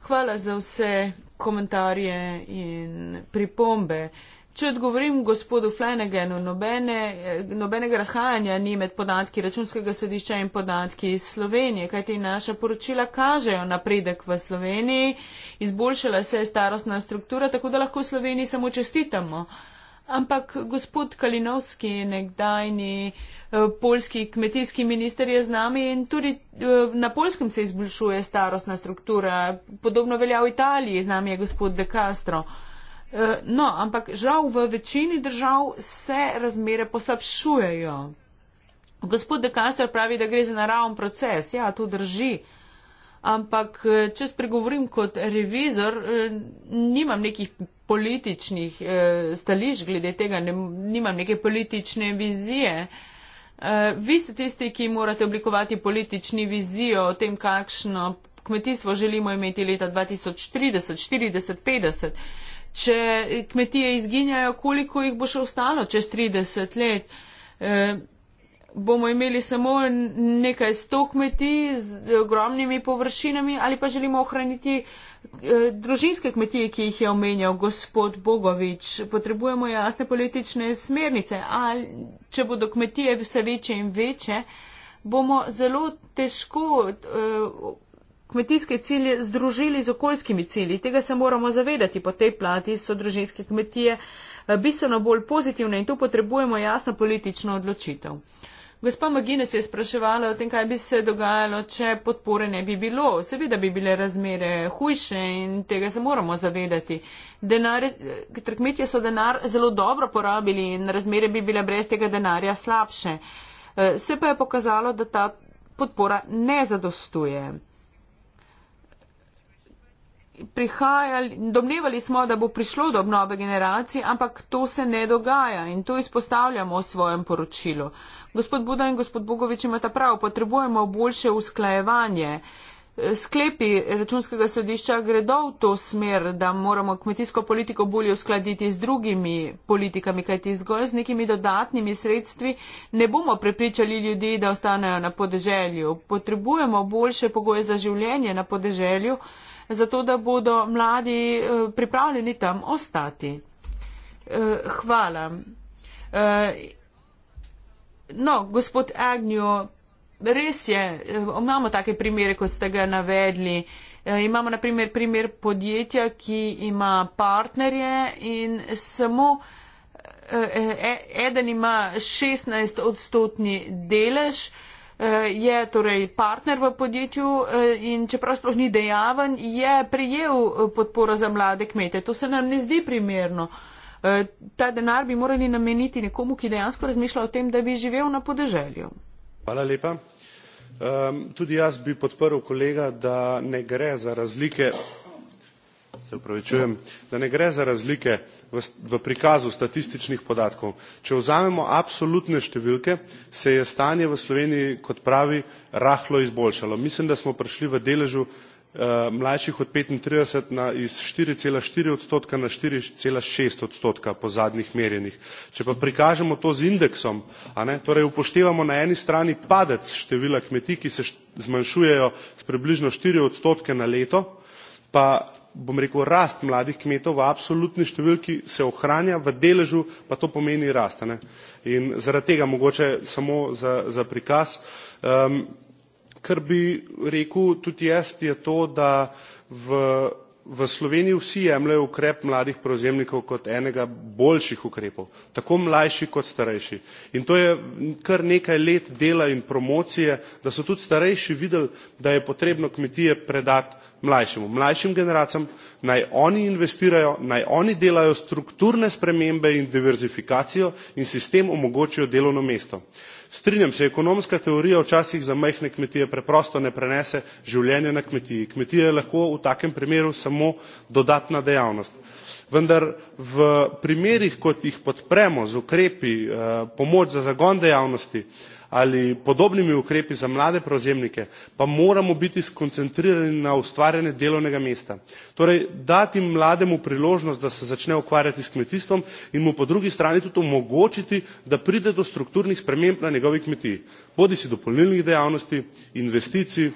Hvala za vse komentarje in pripombe. Uh, Če odgovorim gospodu Flanaganu, nobene, nobenega razhajanja ni med podatki računskega sodišča in podatki iz Slovenije, kajti naša poročila kažejo napredek v Sloveniji, izboljšala se je starostna struktura, tako da lahko Sloveniji samo čestitamo. Ampak gospod Kalinovski, nekdajni eh, polski kmetijski minister, je z nami in tudi eh, na polskem se izboljšuje starostna struktura. Podobno velja v Italiji, z nami je gospod De Castro. Eh, no, ampak žal v večini držav se razmere poslabšujejo. Gospod De Castor pravi, da gre za naravn proces. Ja, to drži. Ampak, eh, če spregovorim kot revizor, eh, nimam nekih političnih stališč glede tega, nimam neke politične vizije. Vi ste tisti, ki morate oblikovati politični vizijo o tem, kakšno kmetijstvo želimo imeti leta 2030, 40, 50 če kmetije izginjajo, koliko jih bo še ostalo čez 30 let. E, bomo imeli samo nekaj sto kmetij z ogromnimi površinami ali pa želimo ohraniti e, družinske kmetije, ki jih je omenjal gospod Bogovič. Potrebujemo jasne politične smernice. A če bodo kmetije vse večje in večje, bomo zelo težko. E, kmetijske cilje združili z okoljskimi cilji. Tega se moramo zavedati. Po tej plati so družinske kmetije eh, bistveno bolj pozitivne in tu potrebujemo jasno politično odločitev. Gospa Maginec je spraševala o tem, kaj bi se dogajalo, če podpore ne bi bilo. Seveda bi bile razmere hujše in tega se moramo zavedati. Trkmetje eh, so denar zelo dobro porabili in razmere bi bile brez tega denarja slabše. Eh, se pa je pokazalo, da ta podpora ne zadostuje prihajali, domnevali smo, da bo prišlo do obnove generacij, ampak to se ne dogaja in to izpostavljamo v svojem poročilu. Gospod Buda in gospod Bogovič imata prav, potrebujemo boljše usklajevanje. Sklepi računskega sodišča gredo v to smer, da moramo kmetijsko politiko bolje uskladiti z drugimi politikami, kajti zgolj z nekimi dodatnimi sredstvi ne bomo prepričali ljudi, da ostanejo na podeželju. Potrebujemo boljše pogoje za življenje na podeželju zato da bodo mladi eh, pripravljeni tam ostati. Eh, hvala. Eh, no, gospod Agnew, res je, imamo take primere, kot ste ga navedli. Imamo na primer primer podjetja, ki ima partnerje in samo e, e, eden ima 16 odstotni delež. Eh, je torej partner v podjetju eh, in čeprav sploh ni dejaven, je prijel eh, podporo za mlade kmete. To se nam ne zdi primerno. Ta denar bi morali nameniti nekomu, ki dejansko razmišlja o tem, da bi živel na podeželju. Hvala lepa. Um, tudi jaz bi podprl kolega, da ne gre za razlike, se upravičujem, da ne gre za razlike v, v prikazu statističnih podatkov. Če vzamemo absolutne številke, se je stanje v Sloveniji, kot pravi, rahlo izboljšalo. Mislim, da smo prišli v deležu eh, mlajših od 35 na iz 4,4 odstotka na 4,6 odstotka po zadnjih merjenih. Če pa prikažemo to z indeksom, a ne, torej upoštevamo na eni strani padec števila kmetij, ki se zmanjšujejo s približno 4 odstotke na leto, pa bom rekel, rast mladih kmetov v absolutni številki se ohranja, v deležu pa to pomeni rast. Ne? In zaradi tega mogoče samo za, za prikaz. Um, kar bi rekel tudi jaz, je to, da v, v Sloveniji vsi jemljajo ukrep mladih prevzemnikov kot enega boljših ukrepov, tako mlajši kot starejši. In to je kar nekaj let dela in promocije, da so tudi starejši videli, da je potrebno kmetije predati mlajšim, mlajšim generacijam, naj oni investirajo, naj oni delajo strukturne spremembe in diverzifikacijo in sistem omogočijo delovno mesto. Strinjam se, ekonomska teorija včasih za majhne kmetije preprosto ne prenese življenje na kmetiji. Kmetija je lahko v takem primeru samo dodatna dejavnost. Vendar v primerih, kot jih podpremo z ukrepi, eh, pomoč za zagon dejavnosti, ali podobnimi ukrepi za mlade prevzemnike, pa moramo biti skoncentrirani na ustvarjanje delovnega mesta. Torej, dati mlademu priložnost, da se začne ukvarjati s kmetijstvom in mu po drugi strani tudi omogočiti, da pride do strukturnih sprememb na njegovi kmetiji, bodi si dopolnilnih dejavnosti, investicij,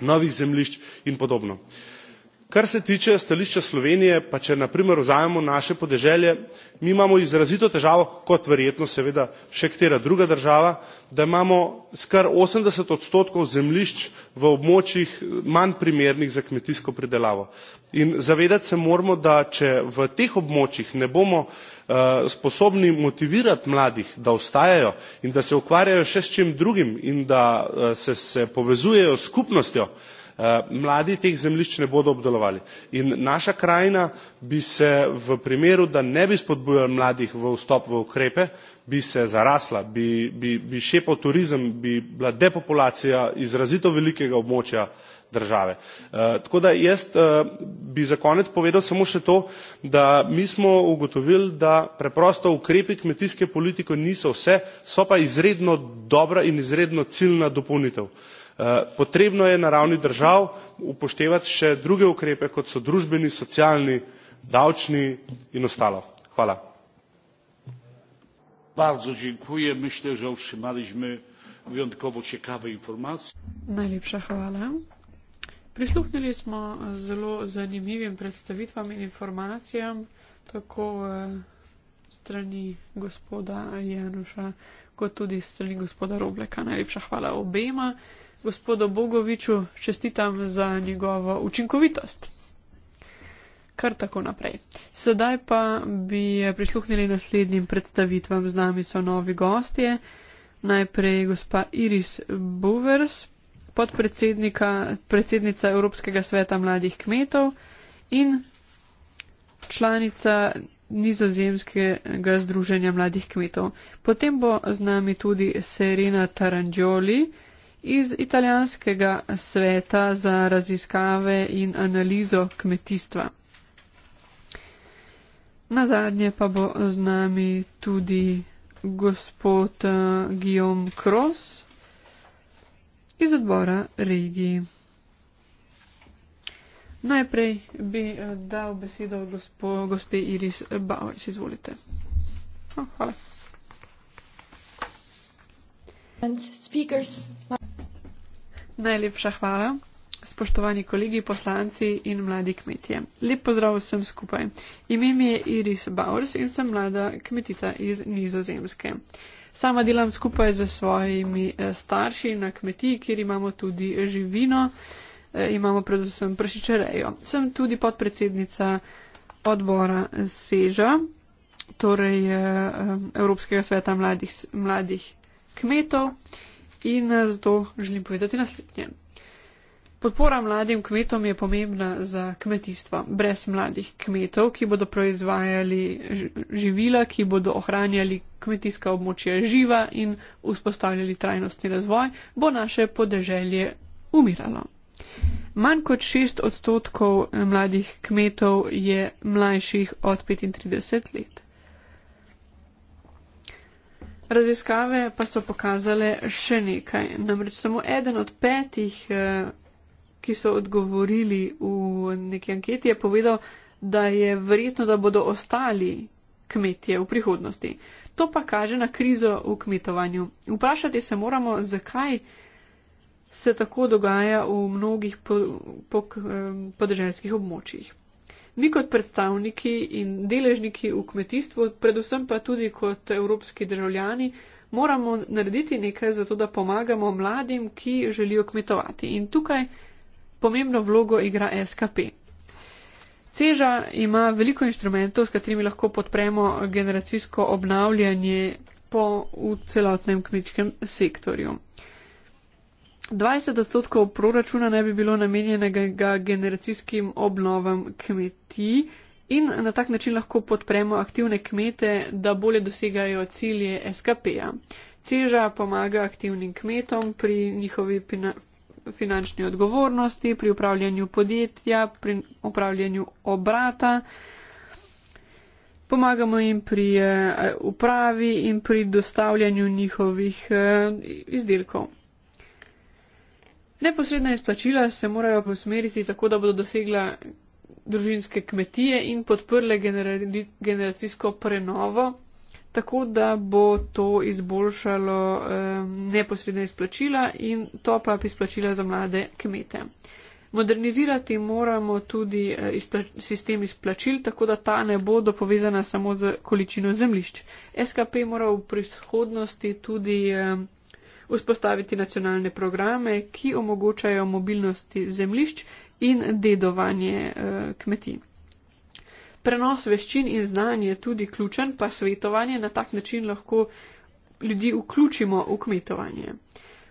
novih zemljišč in podobno. Kar se tiče stališča Slovenije, pa če na primer vzamemo naše podeželje, mi imamo izrazito težavo, kot verjetno seveda še katera druga država, da imamo skar 80 odstotkov zemljišč v območjih manj primernih za kmetijsko pridelavo. In zavedati se moramo, da če v teh območjih ne bomo eh, sposobni motivirati mladih, da ostajajo in da se ukvarjajo še s čim drugim in da eh, se, se povezujejo s skupnostjo, Eh, mladi teh zemljišč ne bodo obdelovali. In naša krajina bi se v primeru, da ne bi spodbujali mladih v vstop v ukrepe, bi se zarasla, bi, bi, bi šepal turizem, bi bila depopulacija izrazito velikega območja države. E, tako da jaz e, bi za konec povedal samo še to, da mi smo ugotovili, da preprosto ukrepi kmetijske politike niso vse, so pa izredno dobra in izredno ciljna dopolnitev. Eh, potrebno je na ravni držav upoštevati še druge ukrepe, kot so družbeni, socialni, davčni in ostalo. Hvala. Bardzo dziękuję. Myślę, że otrzymaliśmy wyjątkowo ciekawe informacje. Najlepsza chwała. Prysluchnęliśmy z zanimiwym przedstawitwami i informacjom, tako e, strani gospoda Janusza, kot tudi strani gospoda Robleka. Najlepsza chwała obejma gospodu Bogoviču čestitam za njegovo učinkovitost. Kar tako naprej. Sedaj pa bi prisluhnili naslednjim predstavitvam z nami so novi gostje. Najprej gospa Iris Bovers, podpredsednica Evropskega sveta mladih kmetov in članica nizozemskega združenja mladih kmetov. Potem bo z nami tudi Serena Taranđoli, iz italijanskega sveta za raziskave in analizo kmetijstva. Na zadnje pa bo z nami tudi gospod eh, Guillaume Cross iz odbora regiji. Najprej bi eh, dal besedo gospo, gospe Iris Bauer, izvolite. Oh, hvala. And speakers. Najlepša hvala. Spoštovani kolegi poslanci in mladi kmetje. Lep pozdrav vsem skupaj. Ime mi je Iris Bowers in sem mlada kmetica iz Nizozemske. Sama delam skupaj z svojimi eh, starši na kmetiji, kjer imamo tudi živino, eh, imamo predvsem pršičerejo. Sem tudi podpredsednica odbora Seža, torej eh, Evropskega sveta mladih, mladih kmetov in eh, zato želim povedati naslednje. Podpora mladim kmetom je pomembna za kmetijstvo. Brez mladih kmetov, ki bodo proizvajali živila, ki bodo ohranjali kmetijska območja živa in vzpostavljali trajnostni razvoj, bo naše podeželje umiralo. Manj kot 6 odstotkov eh, mladih kmetov je mlajših od 35 let. Raziskave pa so pokazale še nekaj. Namreč samo eden od petih, eh, ki so odgovorili v neki anketi, je povedal, da je verjetno, da bodo ostali kmetje v prihodnosti. To pa kaže na krizo v kmetovanju. Vprašati se moramo, zakaj se tako dogaja v mnogih eh, podeželskih območjih mi kot predstavniki in deležniki v kmetijstvu, predvsem pa tudi kot evropski državljani, moramo narediti nekaj zato, da pomagamo mladim, ki želijo kmetovati. In tukaj pomembno vlogo igra SKP. Ceža ima veliko inštrumentov, s katerimi lahko podpremo generacijsko obnavljanje po celotnem kmečkem sektorju. 20 odstotkov proračuna naj bi bilo namenjenega generacijskim obnovam kmetij in na tak način lahko podpremo aktivne kmete, da bolje dosegajo cilje SKP-ja. Ceža pomaga aktivnim kmetom pri njihovi finančni odgovornosti, pri upravljanju podjetja, pri upravljanju obrata. Pomagamo jim pri eh, upravi in pri dostavljanju njihovih eh, izdelkov. Neposredna izplačila se morajo posmeriti tako, da bodo dosegla družinske kmetije in podprle generacijsko prenovo, tako da bo to izboljšalo eh, neposredna izplačila in to pa izplačila za mlade kmete. Modernizirati moramo tudi eh, izpla sistem izplačil, tako da ta ne bo dopovezana samo z količino zemlišč. SKP mora v prihodnosti tudi. Eh, vzpostaviti nacionalne programe, ki omogočajo mobilnosti zemlišč in dedovanje eh, kmetij. Prenos veščin in znanje je tudi ključen, pa svetovanje na tak način lahko ljudi vključimo v kmetovanje.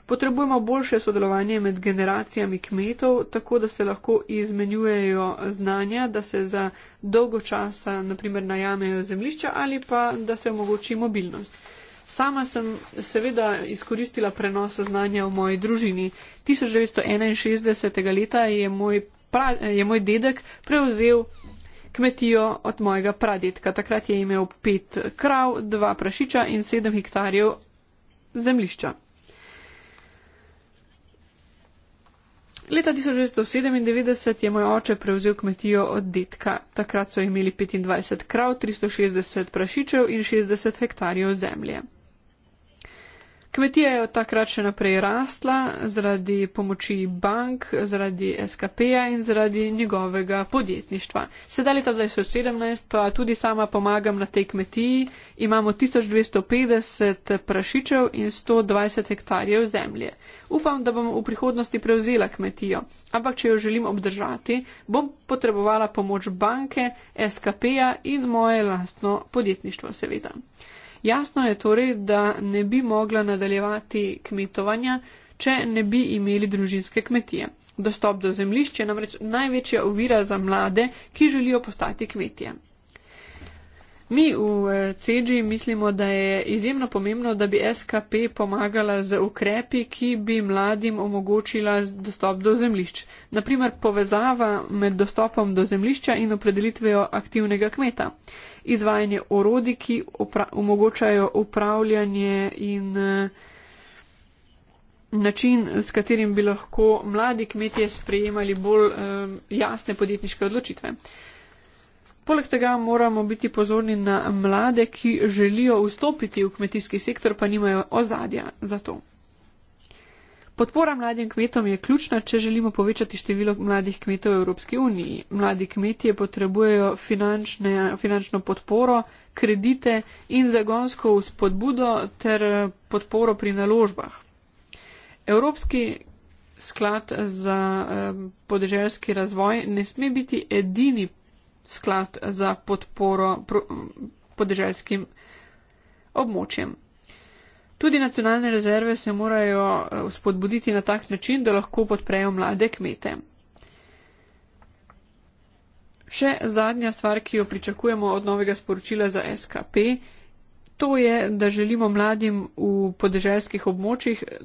Potrebujemo boljše sodelovanje med generacijami kmetov, tako da se lahko izmenjujejo znanja, da se za dolgo časa, naprimer, najamejo zemlišča ali pa da se omogoči mobilnost. Uh, Sama sem seveda izkoristila prenos znanja v moji družini. 1961. leta je moj, pra, je moj dedek prevzel kmetijo od mojega pradetka. Takrat je imel pet krav, dva prašiča in sedem hektarjev zemlišča. Leta 1997 je moj oče prevzel kmetijo od detka. Takrat so imeli 25 krav, 360 prašičev in 60 hektarjev zemlje. Kmetija je od takrat še naprej rastla zaradi pomoči bank, zaradi SKP-ja in zaradi njegovega podjetništva. Sedaj leta 2017 pa tudi sama pomagam na tej kmetiji. Imamo 1250 prašičev in 120 hektarjev zemlje. Upam, da bom v prihodnosti prevzela kmetijo, ampak če jo želim obdržati, bom potrebovala pomoč banke, SKP-ja in moje lastno podjetništvo seveda. Jasno je torej, da ne bi mogla nadaljevati kmetovanja, če ne bi imeli družinske kmetije. Dostop do zemljišča je namreč največja ovira za mlade, ki želijo postati kmetije. Mi v eh, CEDŽI mislimo, da je izjemno pomembno, da bi SKP pomagala z ukrepi, ki bi mladim omogočila dostop do zemljišč. Naprimer, povezava med dostopom do zemljišča in opredelitvejo aktivnega kmeta izvajanje orodij, ki omogočajo upravljanje in eh, način, s katerim bi lahko mladi kmetje sprejemali bolj eh, jasne podjetniške odločitve. Poleg tega moramo biti pozorni na mlade, ki želijo vstopiti v kmetijski sektor, pa nimajo ozadja za to. Podpora mladim kmetom je ključna, če želimo povečati število mladih kmetov v Evropski uniji. Mladi kmetje potrebujejo finančne, finančno podporo, kredite in zagonsko spodbudo ter eh, podporo pri naložbah. Evropski sklad za eh, podeželski razvoj ne sme biti edini sklad za podporo podeželskim območjem. Tudi nacionalne rezerve se morajo eh, spodbuditi na tak način, da lahko podprejo mlade kmete. Še zadnja stvar, ki jo pričakujemo od novega sporočila za SKP, to je, da želimo mladim v podeželskih območjih eh,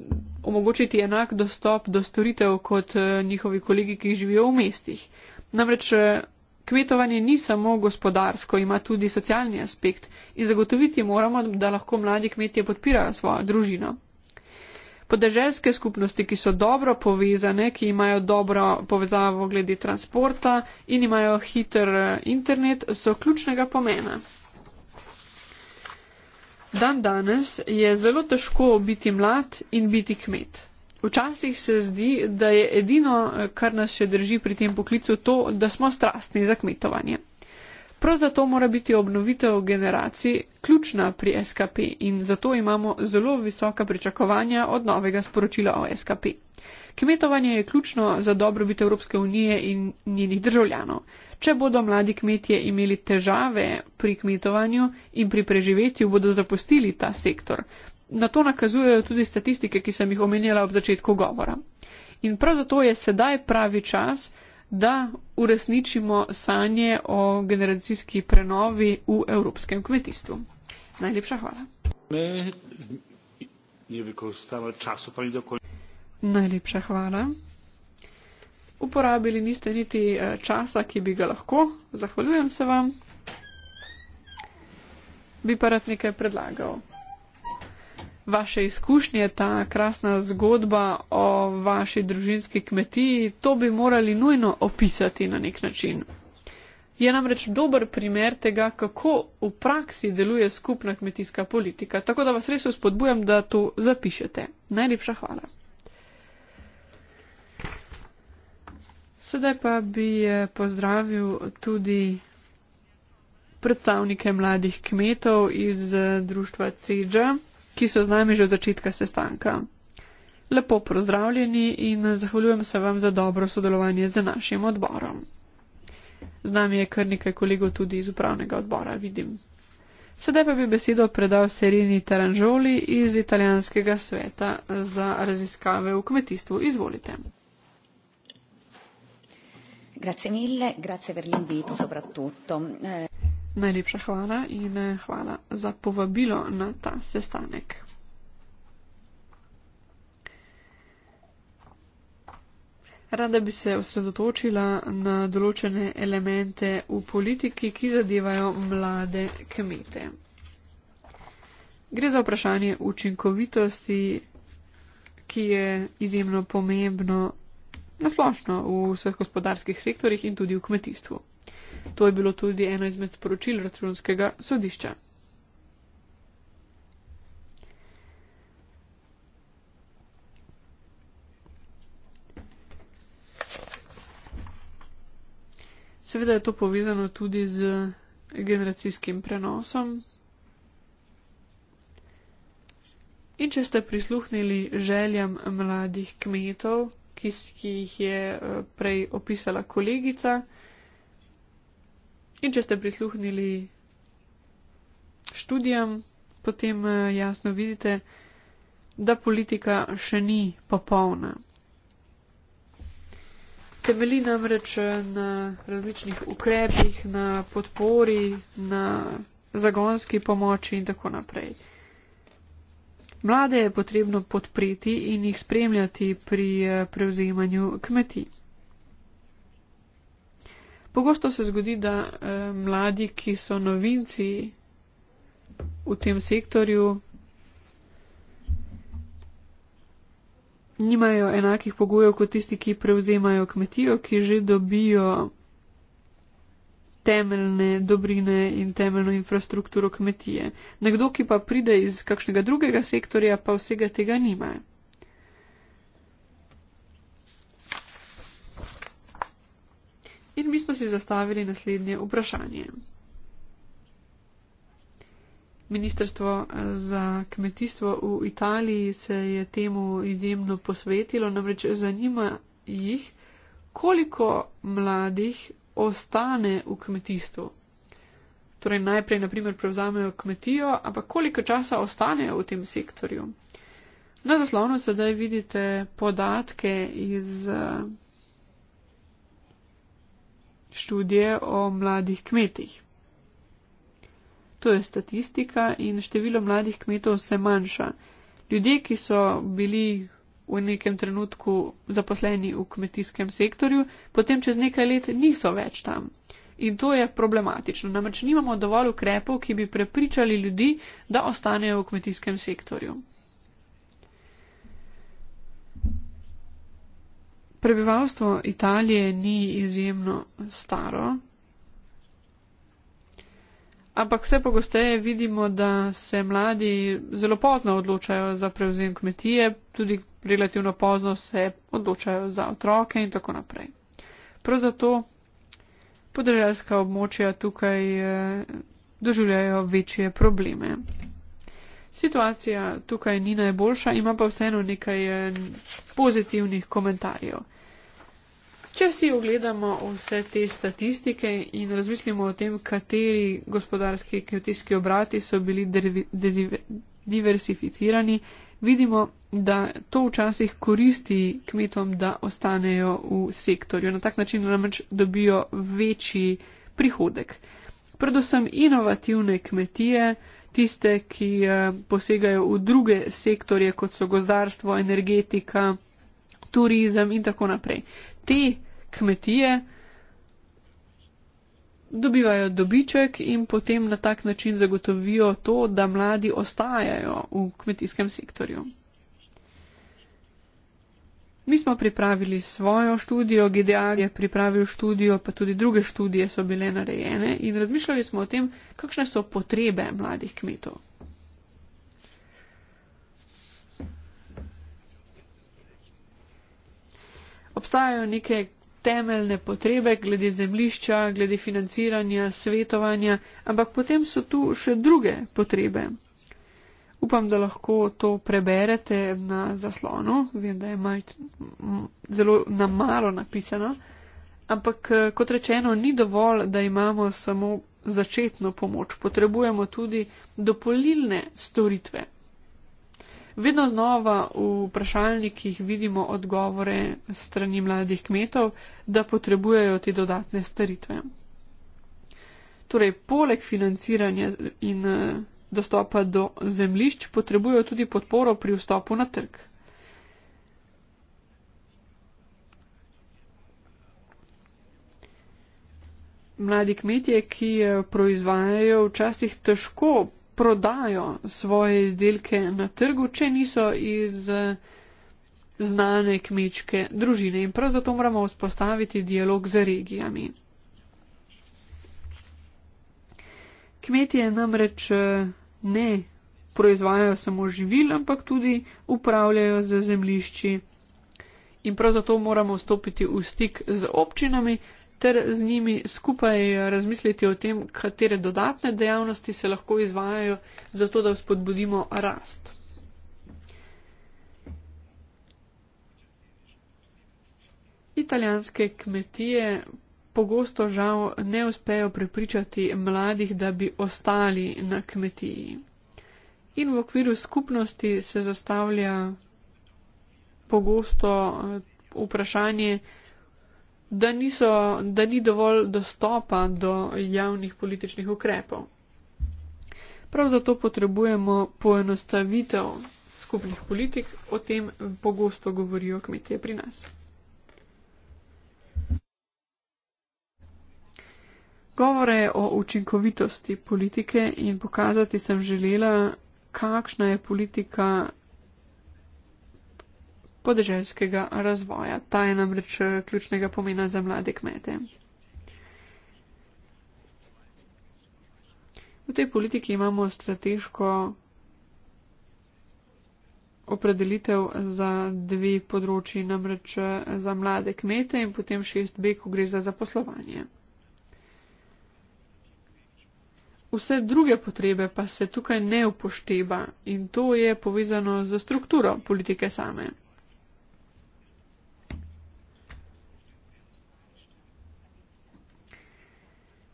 omogočiti enak dostop do storitev kot eh, njihovi kolegi, ki živijo v mestih. Namreč Kmetovanje ni samo gospodarsko, ima tudi socialni aspekt in zagotoviti moramo, da lahko mladi kmetje podpirajo svojo družino. Podeželske skupnosti, ki so dobro povezane, ki imajo dobro povezavo glede transporta in imajo hiter eh, internet, so ključnega pomena. Dan danes je zelo težko biti mlad in biti kmet. Včasih se zdi, da je edino, kar nas še drži pri tem poklicu, to, da smo strastni za kmetovanje. Prav zato mora biti obnovitev generacij ključna pri SKP in zato imamo zelo visoka pričakovanja od novega sporočila o SKP. Kmetovanje je ključno za dobrobit Evropske unije in njenih državljanov. Če bodo mladi kmetje imeli težave pri kmetovanju in pri preživetju, bodo zapustili ta sektor na to nakazujejo tudi statistike, ki sem jih omenjala ob začetku govora. In prav zato je sedaj pravi čas, da uresničimo sanje o generacijski prenovi v evropskem kmetijstvu. Najlepša hvala. Najlepša hvala. Uporabili niste niti eh, časa, ki bi ga lahko. Zahvaljujem se vam. Bi pa rad nekaj predlagal vaše izkušnje, ta krasna zgodba o vaši družinski kmetiji, to bi morali nujno opisati na nek način. Je namreč dober primer tega, kako v praksi deluje skupna kmetijska politika, tako da vas res vzpodbujam, da to zapišete. Najlepša hvala. Sedaj pa bi eh, pozdravil tudi predstavnike mladih kmetov iz eh, društva CEJA ki so z nami že od začetka sestanka. Lepo pozdravljeni in zahvaljujem se vam za dobro sodelovanje z našim odborom. Z nami je kar nekaj kolegov tudi iz upravnega odbora, vidim. Sedaj pa bi besedo predal Serini Taranžoli iz italijanskega sveta za raziskave v kmetijstvu. Izvolite. Grazie mille, grazie per l'invito soprattutto. Eh... Najlepša hvala in eh, hvala za povabilo na ta sestanek. Rada bi se osredotočila na določene elemente v politiki, ki zadevajo mlade kmete. Gre za vprašanje učinkovitosti, ki je izjemno pomembno nasplošno v vseh gospodarskih sektorjih in tudi v kmetijstvu. To je bilo tudi eno izmed sporočil računskega sodišča. Seveda je to povezano tudi z generacijskim prenosom. In če ste prisluhnili željam mladih kmetov, ki, ki jih je eh, prej opisala kolegica, In če ste prisluhnili študijam, potem eh, jasno vidite, da politika še ni popolna. Temeli namreč eh, na različnih ukrepih, na podpori, na zagonski pomoči in tako naprej. Mlade je potrebno podpreti in jih spremljati pri eh, prevzemanju kmetij. Pogosto se zgodi, da eh, mladi, ki so novinci v tem sektorju, nimajo enakih pogojev kot tisti, ki prevzemajo kmetijo, ki že dobijo temeljne dobrine in temeljno infrastrukturo kmetije. Nekdo, ki pa pride iz kakšnega drugega sektorja, pa vsega tega nima. in mi smo si zastavili naslednje vprašanje. Ministrstvo eh, za kmetijstvo v Italiji se je temu izjemno posvetilo, namreč zanima jih, koliko mladih ostane v kmetijstvu. Torej najprej, naprimer, prevzamejo kmetijo, ampak koliko časa ostanejo v tem sektorju. Na zaslonu sedaj vidite podatke iz eh, študije o mladih kmetih. To je statistika in število mladih kmetov se manjša. Ljudje, ki so bili v nekem trenutku zaposleni v kmetijskem sektorju, potem čez nekaj let niso več tam. In to je problematično. Namreč nimamo dovolj ukrepov, ki bi prepričali ljudi, da ostanejo v kmetijskem sektorju. Prebivalstvo Italije ni izjemno staro, ampak vse pogosteje vidimo, da se mladi zelo pozno odločajo za prevzem kmetije, tudi relativno pozno se odločajo za otroke in tako naprej. Prav zato podeljalska območja tukaj eh, doživljajo večje probleme. Situacija tukaj ni najboljša, ima pa vseeno nekaj eh, pozitivnih komentarjev. Če si ogledamo vse te statistike in razmislimo o tem, kateri gospodarski kritijski obrati so bili diversificirani, vidimo, da to včasih koristi kmetom, da ostanejo v sektorju. Na tak način namreč dobijo večji prihodek. Predvsem inovativne kmetije tiste, ki eh, posegajo v druge sektorje, kot so gozdarstvo, energetika, turizem in tako naprej. Te kmetije dobivajo dobiček in potem na tak način zagotovijo to, da mladi ostajajo v kmetijskem sektorju. Mi smo pripravili svojo študijo, GDR je pripravil študijo, pa tudi druge študije so bile narejene in razmišljali smo o tem, kakšne so potrebe mladih kmetov. Obstajajo neke temeljne potrebe glede zemlišča, glede financiranja, svetovanja, ampak potem so tu še druge potrebe. Upam, da lahko to preberete na zaslonu, vem, da je maj, zelo namalo napisano, ampak eh, kot rečeno, ni dovolj, da imamo samo začetno pomoč, potrebujemo tudi dopolnilne storitve. Vedno znova v vprašalnikih vidimo odgovore strani mladih kmetov, da potrebujejo te dodatne storitve. Torej, poleg financiranja in eh, dostopa do zemlišč potrebujejo tudi podporo pri vstopu na trg. Mladi kmetje, ki eh, proizvajajo, včasih težko prodajo svoje izdelke na trgu, če niso iz eh, znane kmečke družine in prav zato moramo vzpostaviti dialog z regijami. Kmetje namreč eh, ne proizvajajo samo živil, ampak tudi upravljajo z zemlišči. In prav zato moramo stopiti v stik z občinami ter z njimi skupaj razmisliti o tem, katere dodatne dejavnosti se lahko izvajajo, zato da spodbudimo rast. Italijanske kmetije pogosto žal ne uspejo prepričati mladih, da bi ostali na kmetiji. In v okviru skupnosti se zastavlja pogosto eh, vprašanje, da, niso, da ni dovolj dostopa do javnih političnih ukrepov. Prav zato potrebujemo poenostavitev skupnih politik, o tem pogosto govorijo kmetije pri nas. Govore o učinkovitosti politike in pokazati sem želela, kakšna je politika podeželskega razvoja. Ta je namreč eh, ključnega pomena za mlade kmete. V tej politiki imamo strateško opredelitev za dve področji, namreč eh, za mlade kmete in potem 6b, ko gre za zaposlovanje. vse druge potrebe pa se tukaj ne upošteva in to je povezano z strukturo politike same.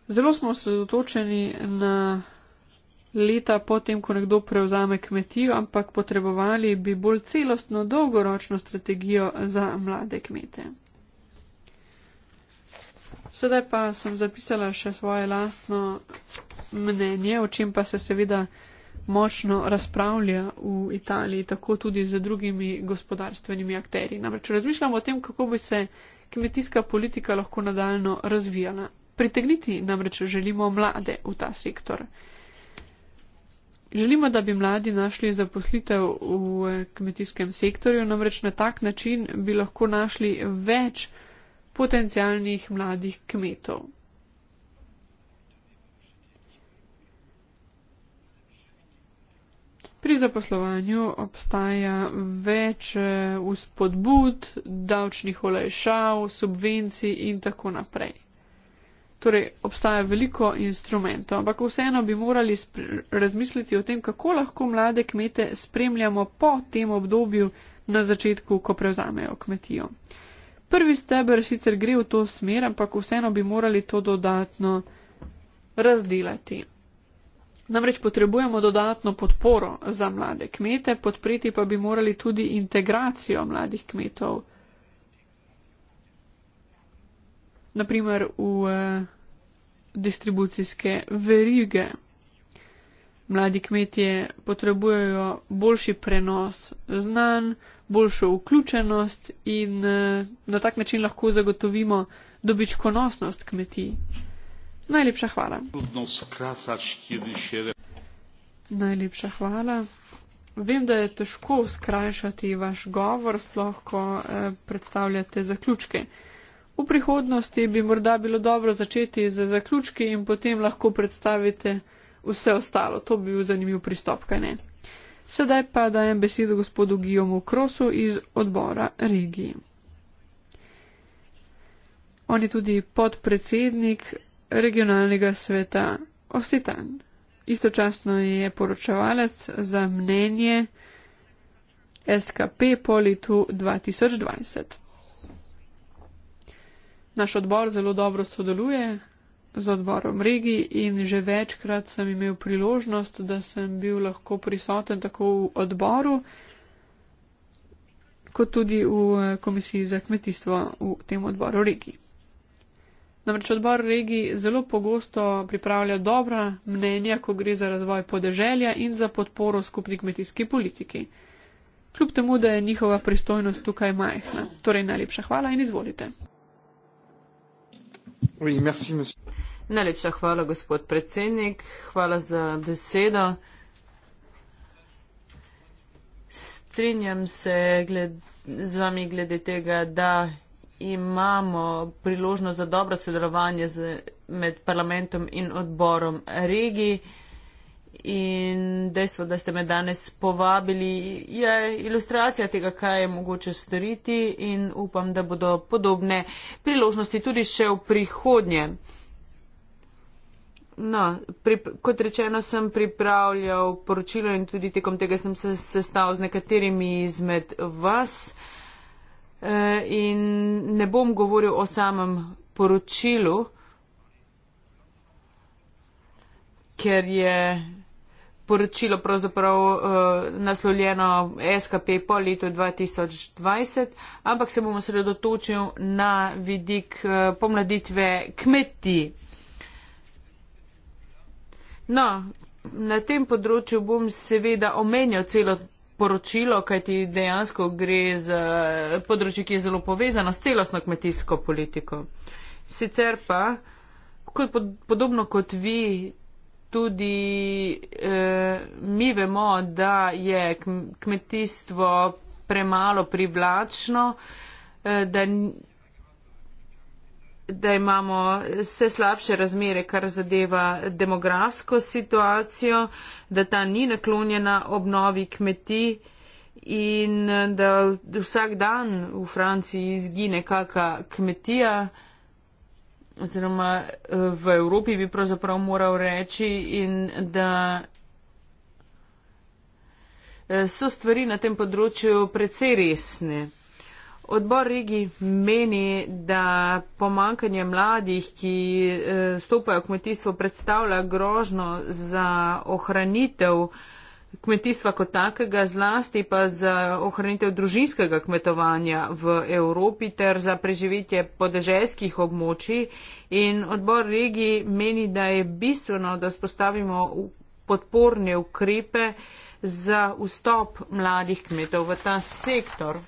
Zelo smo osredotočeni na leta potem, ko nekdo prevzame kmetijo, ampak potrebovali bi bolj celostno dolgoročno strategijo za mlade kmete. Sedaj pa sem zapisala še svoje lastno mnenje, o čem pa se seveda močno razpravlja v Italiji, tako tudi z drugimi gospodarstvenimi akteri. Namreč razmišljamo o tem, kako bi se kmetijska politika lahko nadaljno razvijala. Pritegniti namreč želimo mlade v ta sektor. Želimo, da bi mladi našli zaposlitev v kmetijskem sektorju, namreč na tak način bi lahko našli več potencialnih mladih kmetov. Pri zaposlovanju obstaja več eh, vzpodbud, davčnih olajšav, subvencij in tako naprej. Torej, obstaja veliko instrumentov, ampak vseeno bi morali razmisliti o tem, kako lahko mlade kmete spremljamo po tem obdobju na začetku, ko prevzamejo kmetijo prvi steber sicer gre v to smer, ampak vseeno bi morali to dodatno razdelati. Namreč potrebujemo dodatno podporo za mlade kmete, podpreti pa bi morali tudi integracijo mladih kmetov. Naprimer v eh, distribucijske verige. Mladi kmetje potrebujejo boljši prenos znanj, boljšo vključenost in eh, na tak način lahko zagotovimo dobičkonosnost kmetij. Najlepša hvala. Najlepša hvala. Vem, da je težko skrajšati vaš govor, sploh ko eh, predstavljate zaključke. V prihodnosti bi morda bilo dobro začeti z zaključki in potem lahko predstavite vse ostalo. To bi bil zanimiv pristop, kaj ne? Sedaj pa dajem besedo gospodu Gijomu Krosu iz odbora regiji. On je tudi podpredsednik regionalnega sveta Ostitan. Istočasno je poročevalec za mnenje SKP po letu 2020. Naš odbor zelo dobro sodeluje, z odborom regij in že večkrat sem imel priložnost, da sem bil lahko prisoten tako v odboru, kot tudi v eh, komisiji za kmetijstvo v tem odboru regij. Namreč odbor regij zelo pogosto pripravlja dobra mnenja, ko gre za razvoj podeželja in za podporo skupni kmetijski politiki. Kljub temu, da je njihova pristojnost tukaj majhna. Torej, najlepša hvala in izvolite. Oui, merci, Najlepša hvala, gospod predsednik. Hvala za besedo. Strinjam se gled, z vami glede tega, da imamo priložnost za dobro sodelovanje z, med parlamentom in odborom regij. In dejstvo, da ste me danes povabili, je ilustracija tega, kaj je mogoče storiti in upam, da bodo podobne priložnosti tudi še v prihodnje no, prip, kot rečeno, sem pripravljal poročilo in tudi tekom tega sem se sestal z nekaterimi izmed vas. E, in ne bom govoril o samem poročilu, ker je poročilo pravzaprav e, naslovljeno SKP po letu 2020, ampak se bom osredotočil na vidik e, pomladitve kmetij. No, na tem področju bom seveda omenjal celo poročilo, kajti dejansko gre za področje, ki je zelo povezano s celostno kmetijsko politiko. Sicer pa, kot pod, podobno kot vi, tudi eh, mi vemo, da je kmetijstvo premalo privlačno, eh, da da imamo vse slabše razmere, kar zadeva demografsko situacijo, da ta ni naklonjena obnovi kmetij in da vsak dan v Franciji izgine kaka kmetija oziroma v Evropi bi pravzaprav moral reči in da so stvari na tem področju precej resne. Odbor regi meni, da pomankanje mladih, ki eh, stopajo v kmetijstvo, predstavlja grožno za ohranitev kmetijstva kot takega, zlasti pa za ohranitev družinskega kmetovanja v Evropi ter za preživetje podeželskih območij. In odbor regi meni, da je bistveno, da spostavimo podporne ukrepe za vstop mladih kmetov v ta sektor.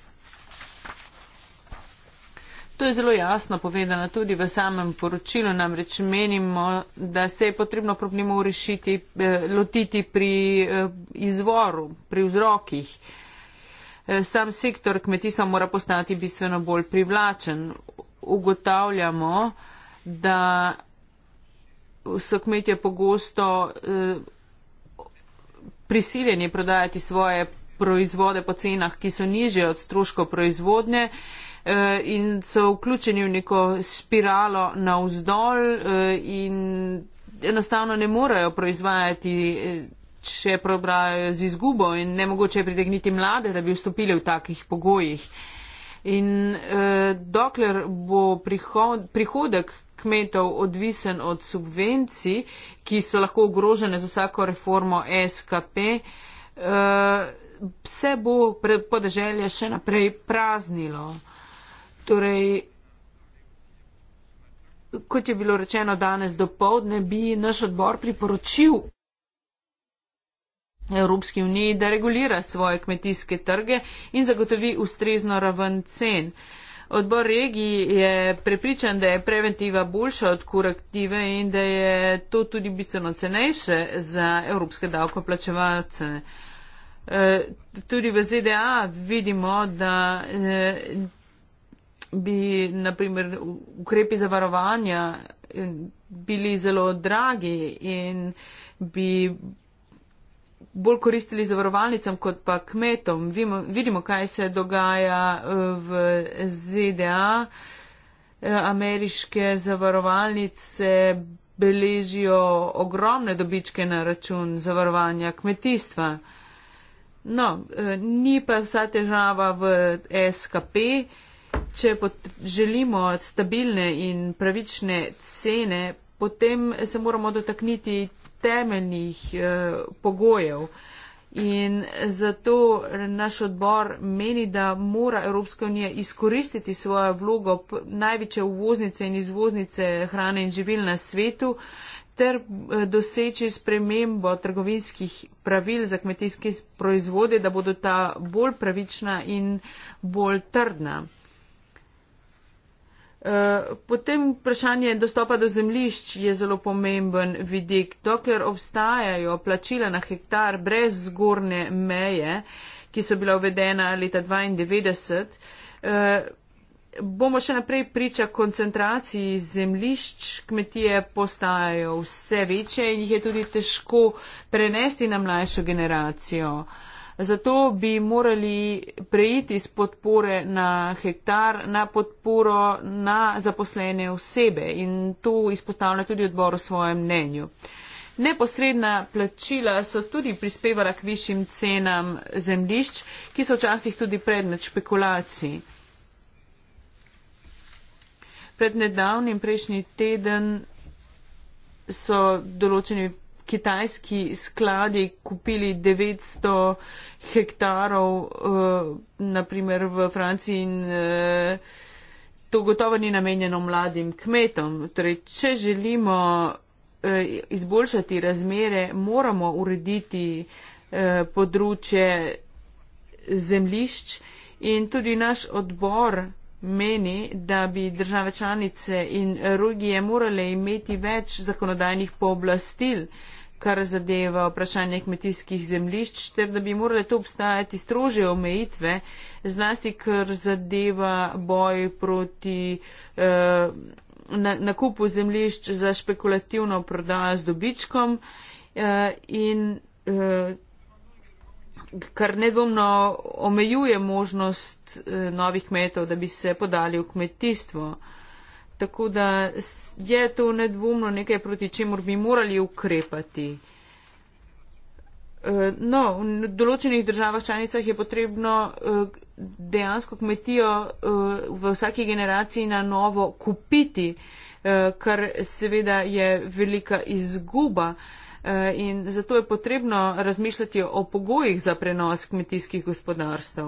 To je zelo jasno povedano tudi v samem poročilu. Namreč menimo, da se je potrebno problemov rešiti, eh, lotiti pri eh, izvoru, pri vzrokih. Eh, sam sektor kmetijstva mora postati bistveno bolj privlačen. Ugotavljamo, da so kmetje pogosto prisiljeni prodajati svoje proizvode po cenah, ki so niže od stroškov proizvodnje. Eh, in so vključeni v neko spiralo navzdol eh, in enostavno ne morejo proizvajati, eh, če prebrajajo z izgubo in nemogoče je pritegniti mlade, da bi vstopili v takih pogojih. In eh, dokler bo prihod, prihodek kmetov odvisen od subvencij, ki so lahko ogrožene z vsako reformo SKP, eh, se bo podeželje še naprej praznilo. Torej, kot je bilo rečeno danes do povdne, bi naš odbor priporočil Evropski uniji, da regulira svoje kmetijske trge in zagotovi ustrezno raven cen. Odbor regiji je prepričan, da je preventiva boljša od kurektive in da je to tudi bistveno cenejše za evropske davkoplačevalce. E, tudi v ZDA vidimo, da e, bi naprimer ukrepi zavarovanja eh, bili zelo dragi in bi bolj koristili zavarovalnicam kot pa kmetom. Vimo, vidimo, kaj se dogaja eh, v ZDA. Eh, ameriške zavarovalnice beležijo ogromne dobičke na račun zavarovanja kmetijstva. No, ni pa vsa težava v SKP če želimo stabilne in pravične cene, potem se moramo dotakniti temeljnih eh, pogojev. In zato naš odbor meni, da mora Evropska unija izkoristiti svojo vlogo največje uvoznice in izvoznice hrane in živil na svetu ter eh, doseči spremembo trgovinskih pravil za kmetijske proizvode, da bodo ta bolj pravična in bolj trdna. Potem vprašanje dostopa do zemlišč je zelo pomemben vidik. Dokler obstajajo plačila na hektar brez zgorne meje, ki so bila uvedena leta 1992, eh, bomo še naprej priča koncentraciji zemlišč, kmetije postajajo vse večje in jih je tudi težko prenesti na mlajšo generacijo. Uh, Zato bi morali prejiti iz podpore na hektar na podporo na zaposlene osebe in to izpostavlja tudi odbor v svojem mnenju. Neposredna plačila so tudi prispevala k višjim cenam zemlišč, ki so včasih tudi predmet špekulacij. Pred nedavnim prejšnji teden so določeni kitajski skladi kupili 900 hektarov, uh, eh, naprimer v Franciji in uh, to gotovo ni namenjeno mladim kmetom. Torej, če želimo uh, izboljšati razmere, moramo urediti uh, področje zemlišč in tudi naš odbor meni, da bi države članice in regije morale imeti več zakonodajnih pooblastil, kar zadeva vprašanje kmetijskih zemljišč, ter da bi morale tu obstajati strože omejitve, zlasti kar zadeva boj proti eh, nakupu zemljišč za špekulativno prodajo z dobičkom eh, in eh, kar nedvomno omejuje možnost eh, novih kmetov, da bi se podali v kmetijstvo. Tako da je to nedvomno nekaj, proti čemu bi morali ukrepati. Eh, no, v določenih državah članicah je potrebno eh, dejansko kmetijo v vsaki generaciji na novo kupiti, kar seveda je velika izguba. Eh, in zato je potrebno razmišljati o pogojih za prenos kmetijskih gospodarstv.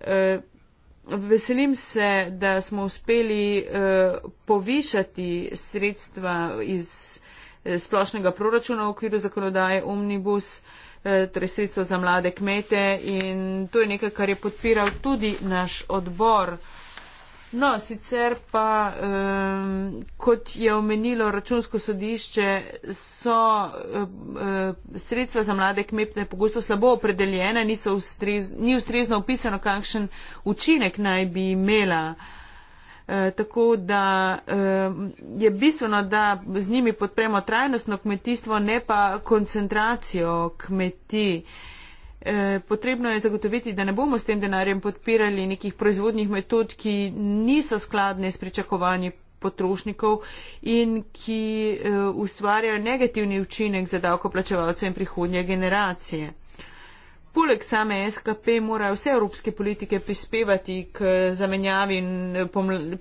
Eh, veselim se, da smo uspeli eh, povišati sredstva iz splošnega proračuna v okviru zakonodaje Omnibus, torej sredstva za mlade kmete in to je nekaj, kar je podpiral tudi naš odbor. No, sicer pa, um, kot je omenilo računsko sodišče, so uh, sredstva za mlade kmetne pogosto slabo opredeljene, ustrez, ni ustrezno opisano, kakšen učinek naj bi imela. Eh, tako da je bistveno, da z njimi podpremo trajnostno kmetijstvo, ne pa koncentracijo kmetij eh, potrebno je zagotoviti, da ne bomo s tem denarjem podpirali nekih proizvodnih metod, ki niso skladne s pričakovanji potrošnikov in ki eh, ustvarjajo negativni učinek za davkoplačevalce in prihodnje generacije. Poleg same SKP morajo vse evropske politike prispevati k zamenjavi eh,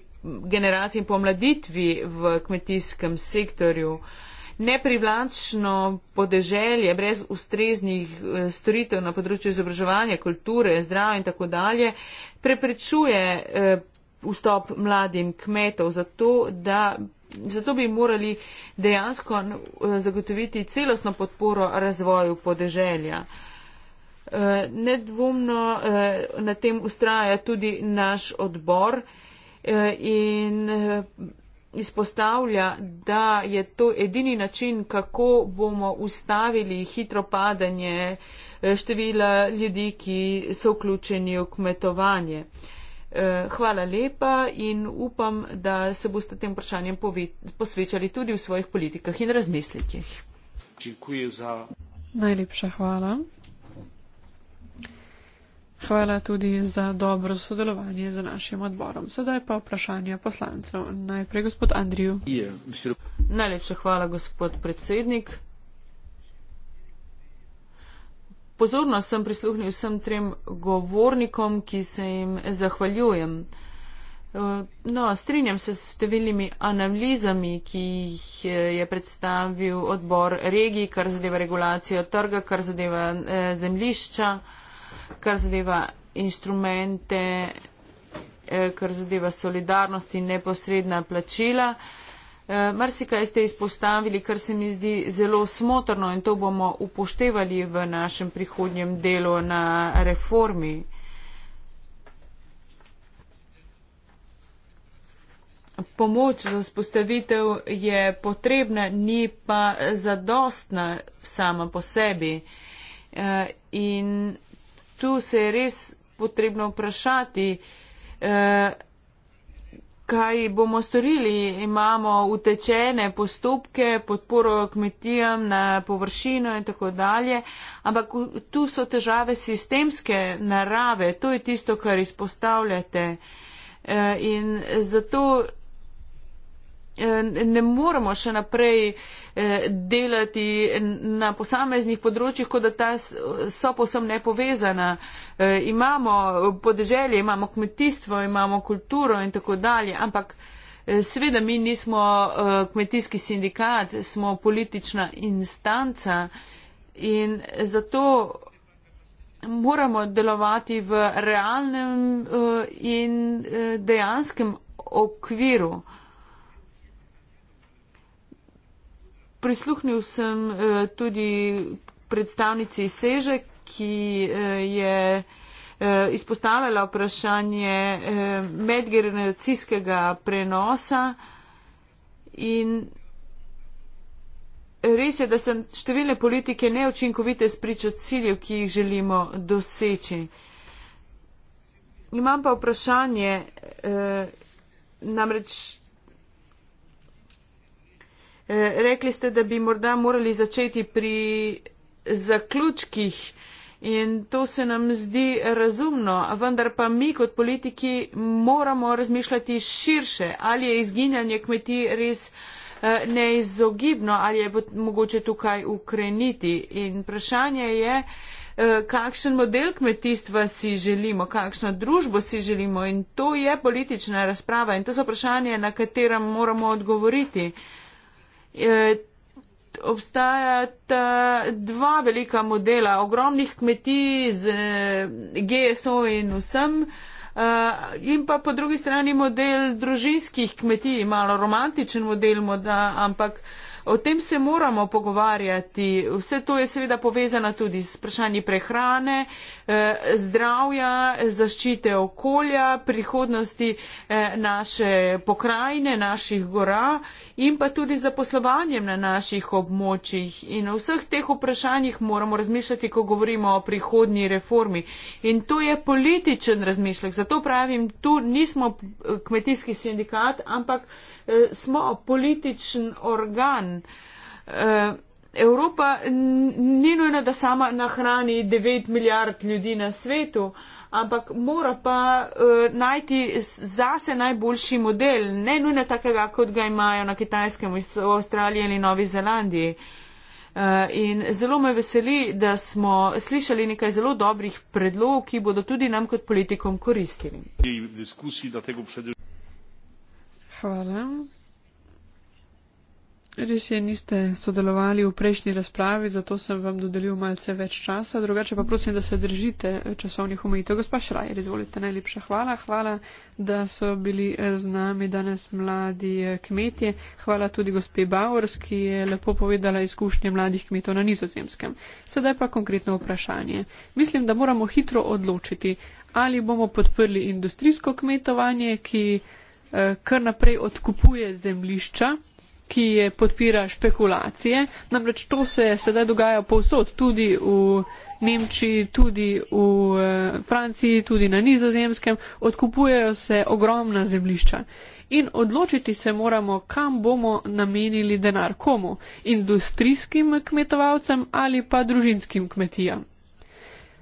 generacij in pomladitvi v kmetijskem sektorju. Eh, neprivlačno podeželje brez ustreznih eh, storitev na področju izobraževanja, kulture, zdravja in tako dalje preprečuje eh, vstop mladim kmetov za to, da. Zato bi morali dejansko eh, zagotoviti celostno podporo razvoju podeželja. Nedvomno na tem ustraja tudi naš odbor in izpostavlja, da je to edini način, kako bomo ustavili hitro padanje eh, števila ljudi, ki so vključeni v kmetovanje. Eh, hvala lepa in upam, da se boste tem vprašanjem posvečali tudi v svojih politikah in razmislikih. Najlepša hvala. Hvala tudi za dobro sodelovanje z našim odborom. Sedaj pa vprašanje poslancev. Najprej gospod Andriju. Najlepša hvala, gospod predsednik. Pozorno sem prisluhnil vsem trem govornikom, ki se jim zahvaljujem. No, strinjam se s številnimi analizami, ki jih je predstavil odbor regij, kar zadeva regulacijo trga, kar zadeva eh, zemlišča kar zadeva instrumente, eh, kar zadeva solidarnost in neposredna plačila. Eh, marsikaj ste izpostavili, kar se mi zdi zelo smotrno in to bomo upoštevali v našem prihodnjem delu na reformi. Pomoč za spostavitev je potrebna, ni pa zadostna sama po sebi. Eh, in tu se je res potrebno vprašati, eh, kaj bomo storili. Imamo utečene postopke, podporo kmetijam na površino in tako dalje, ampak tu so težave sistemske narave, to je tisto, kar izpostavljate. Eh, in zato Eh, ne moremo še naprej eh, delati na posameznih področjih, kot da ta so posem nepovezana. Eh, imamo podeželje, imamo kmetijstvo, imamo kulturo in tako dalje, ampak seveda mi nismo kmetijski sindikat, smo politična instanca in zato moramo delovati v realnem in dejanskem okviru. prisluhnil sem eh, tudi predstavnici Seže, ki eh, je eh, izpostavljala vprašanje medgeneracijskega prenosa. In res je, da so številne politike neučinkovite spričo ciljev, ki jih želimo doseči. Imam pa vprašanje, namreč Eh, rekli ste, da bi morda morali začeti pri zaključkih in to se nam zdi razumno, vendar pa mi kot politiki moramo razmišljati širše, ali je izginjanje kmetij res eh, neizogibno, ali je mogoče tukaj ukreniti. In vprašanje je, eh, kakšen model kmetijstva si želimo, kakšno družbo si želimo in to je politična razprava in to so vprašanje, na katerem moramo odgovoriti. E, obstajata dva velika modela, ogromnih kmetij z e, GSO in vsem, e, in pa po drugi strani model družinskih kmetij, malo romantičen model, moda, ampak o tem se moramo pogovarjati. Vse to je seveda povezano tudi s vprašanji prehrane, zdravja, zaščite okolja, prihodnosti naše pokrajine, naših gora in pa tudi zaposlovanjem na naših območjih. In o vseh teh vprašanjih moramo razmišljati, ko govorimo o prihodnji reformi. In to je političen razmišljek. Zato pravim, tu nismo eh, kmetijski sindikat, ampak eh, smo političen organ. Eh, Evropa ni nujna, da sama nahrani 9 milijard ljudi na svetu ampak mora pa uh, najti zase najboljši model, ne nujno takega, kot ga imajo na kitajskem, v Avstraliji ali Novi Zelandiji. Uh, in zelo me veseli, da smo slišali nekaj zelo dobrih predlog, ki bodo tudi nam kot politikom koristili. Hvala. Res je, niste sodelovali v prejšnji razpravi, zato sem vam dodelil malce več časa. Drugače pa prosim, da se držite časovnih omejitev. Gospa Šrajer, izvolite, najlepša hvala. Hvala, da so bili eh, z nami danes mladi eh, kmetje. Hvala tudi gospe Bauers, ki je lepo povedala izkušnje mladih kmetov na nizozemskem. Sedaj pa konkretno vprašanje. Mislim, da moramo hitro odločiti, ali bomo podprli industrijsko kmetovanje, ki eh, kar naprej odkupuje zemlišča ki je podpira špekulacije. Namreč to se sedaj dogaja povsod, tudi v Nemčiji, tudi v eh, Franciji, tudi na nizozemskem. Odkupujejo se ogromna zemlišča. In odločiti se moramo, kam bomo namenili denar, komu, industrijskim kmetovalcem ali pa družinskim kmetijam.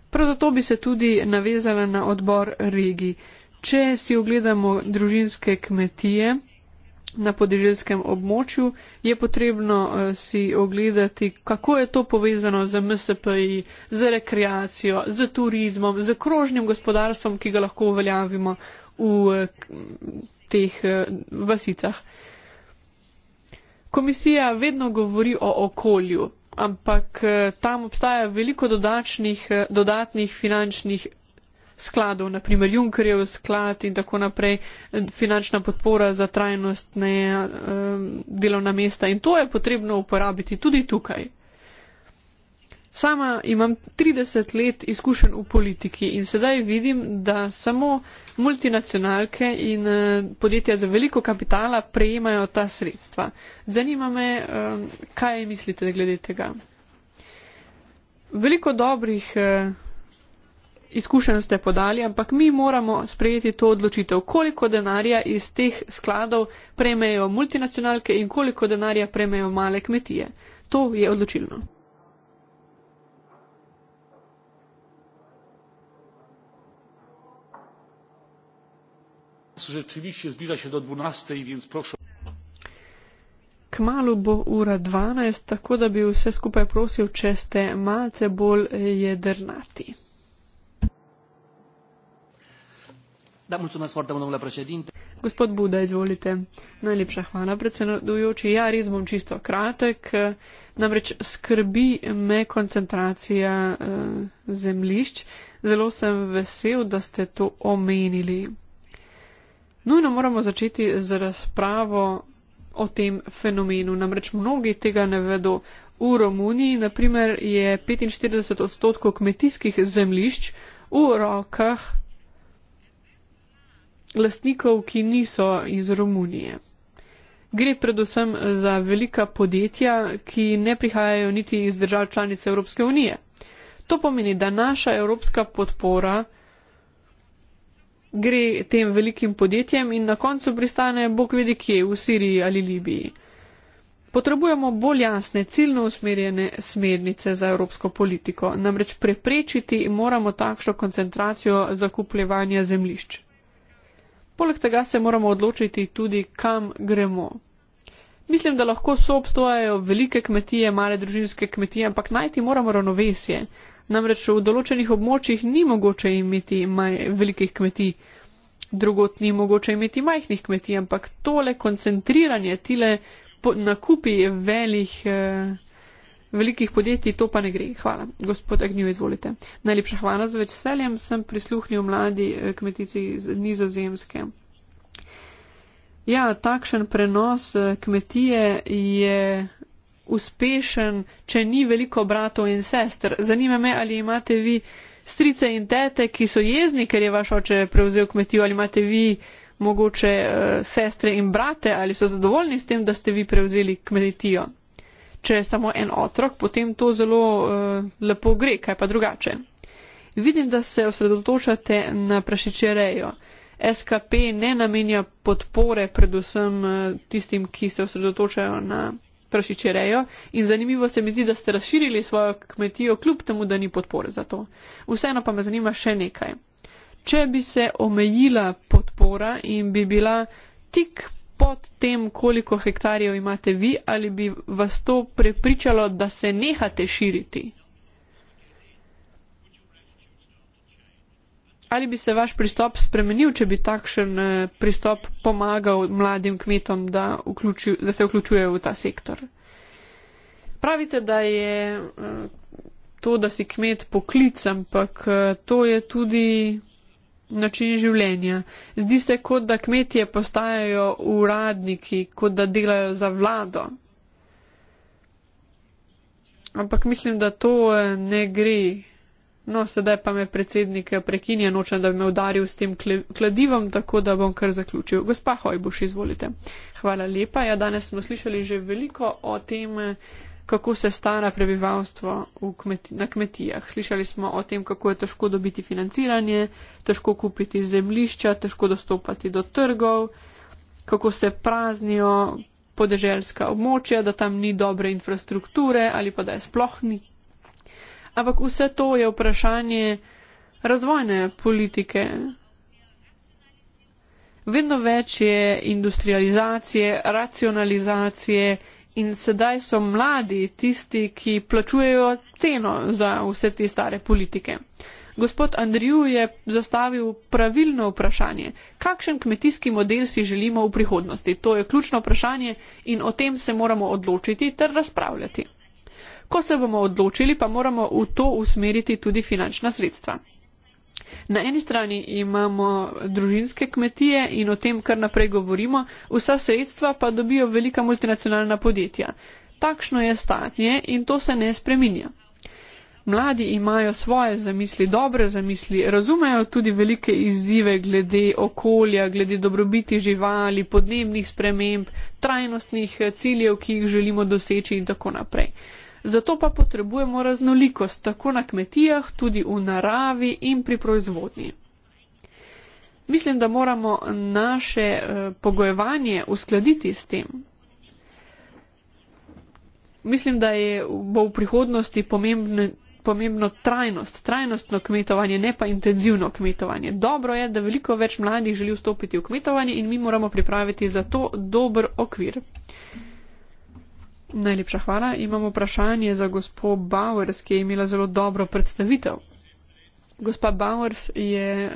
Prav zato bi se tudi navezala na odbor regi. Če si ogledamo družinske kmetije, na podeželskem območju, je potrebno eh, si ogledati, kako je to povezano z MSPI, z rekreacijo, z turizmom, z krožnim gospodarstvom, ki ga lahko uveljavimo v eh, teh eh, vasicah. Komisija vedno govori o okolju, ampak tam obstaja veliko dodačnih, dodatnih finančnih skladov, naprimer Junkerjev sklad in tako naprej, finančna podpora za trajnostne um, delovna mesta in to je potrebno uporabiti tudi tukaj. Sama imam 30 let izkušen v politiki in sedaj vidim, da samo multinacionalke in eh, podjetja za veliko kapitala prejemajo ta sredstva. Zanima me, eh, kaj mislite glede tega. Veliko dobrih eh, izkušenj ste podali, ampak mi moramo sprejeti to odločitev, koliko denarja iz teh skladov prejmejo multinacionalke in koliko denarja prejmejo male kmetije. To je odločilno. Kmalo bo ura 12, tako da bi vse skupaj prosil, če ste malce bolj eh, jedrnati. Da, mulțumesc foarte mult, domnule președinte. Gospod Buda, izvolite. Najlepša hvala, predsedujoči. Ja, res bom čisto kratek. Namreč skrbi me koncentracija uh, eh, zemlišč. Zelo sem vesel, da ste to omenili. Nujno moramo začeti z razpravo o tem fenomenu. Namreč mnogi tega ne vedo. V Romuniji, naprimer, je 45 odstotkov kmetijskih zemlišč v rokah lastnikov, ki niso iz Romunije. Gre predvsem za velika podjetja, ki ne prihajajo niti iz držav članice Evropske unije. To pomeni, da naša evropska podpora gre tem velikim podjetjem in na koncu pristane Bog vidi kje, v Siriji ali Libiji. Potrebujemo bolj jasne, ciljno usmerjene smernice za evropsko politiko, namreč preprečiti moramo takšno koncentracijo zakupljevanja zemlišča. Poleg tega se moramo odločiti tudi, kam gremo. Mislim, da lahko soobstojajo velike kmetije, male družinske kmetije, ampak najti moramo ravnovesje. Namreč v določenih območjih ni mogoče imeti maj, velikih kmetij, drugot ni mogoče imeti majhnih kmetij, ampak tole koncentriranje, tile nakupi velikih. Eh, velikih podjetij to pa ne gre. Hvala. Gospod Agnjo, izvolite. Najlepša hvala za veseljem. Sem prisluhnil mladi eh, kmetici iz Nizozemske. Ja, takšen prenos eh, kmetije je uspešen, če ni veliko bratov in sester. Zanima me, ali imate vi strice in tete, ki so jezni, ker je vaš oče prevzel kmetijo, ali imate vi mogoče uh, sestre in brate, ali so zadovoljni s tem, da ste vi prevzeli kmetijo če je samo en otrok, potem to zelo uh, lepo gre, kaj pa drugače. Vidim, da se osredotočate na prašičerejo. SKP ne namenja podpore predvsem eh, tistim, ki se osredotočajo na prašičerejo in zanimivo se mi zdi, da ste razširili svojo kmetijo kljub temu, da ni podpore za to. Vseeno pa me zanima še nekaj. Če bi se omejila podpora in bi bila tik pod tem, koliko hektarjev imate vi, ali bi vas to prepričalo, da se nehate širiti? Ali bi se vaš pristop spremenil, če bi takšen eh, pristop pomagal mladim kmetom, da, vključi, da se vključujejo v ta sektor? Pravite, da je eh, to, da si kmet poklic, ampak eh, to je tudi način življenja. Zdi se, kot da kmetje postajajo uradniki, kot da delajo za vlado. Ampak mislim, da to eh, ne gre. No, sedaj pa me predsednik eh, prekinja, nočem, da bi me udaril s tem kladivom, tako da bom kar zaključil. Gospa Hojbuš, izvolite. Hvala lepa. Ja, danes smo slišali že veliko o tem, eh, kako se stara prebivalstvo kmeti, na kmetijah. Slišali smo o tem, kako je težko dobiti financiranje, težko kupiti zemlišča, težko dostopati do trgov, kako se praznijo podeželska območja, da tam ni dobre infrastrukture ali pa da je sploh ni. Ampak vse to je vprašanje razvojne politike. Vedno več je industrializacije, racionalizacije, in sedaj so mladi tisti, ki plačujejo ceno za vse te stare politike. Gospod Andriju je zastavil pravilno vprašanje, kakšen kmetijski model si želimo v prihodnosti. To je ključno vprašanje in o tem se moramo odločiti ter razpravljati. Ko se bomo odločili, pa moramo v to usmeriti tudi finančna sredstva. Na eni strani imamo družinske kmetije in o tem kar naprej govorimo, vsa sredstva pa dobijo velika multinacionalna podjetja. Takšno je stanje in to se ne spreminja. Mladi imajo svoje zamisli, dobre zamisli, razumejo tudi velike izzive glede okolja, glede dobrobiti živali, podnebnih sprememb, trajnostnih ciljev, ki jih želimo doseči in tako naprej zato pa potrebujemo raznolikost tako na kmetijah, tudi v naravi in pri proizvodnji. Mislim, da moramo naše eh, pogojevanje uskladiti s tem. Mislim, da je, bo v prihodnosti pomembne, pomembno trajnost, trajnostno kmetovanje, ne pa intenzivno kmetovanje. Dobro je, da veliko več mladih želi vstopiti v kmetovanje in mi moramo pripraviti za to dober okvir. Uh, Najlepša hvala. Imam vprašanje za gospo Bowers, ki je imela zelo dobro predstavitev. Gospa Bowers je eh,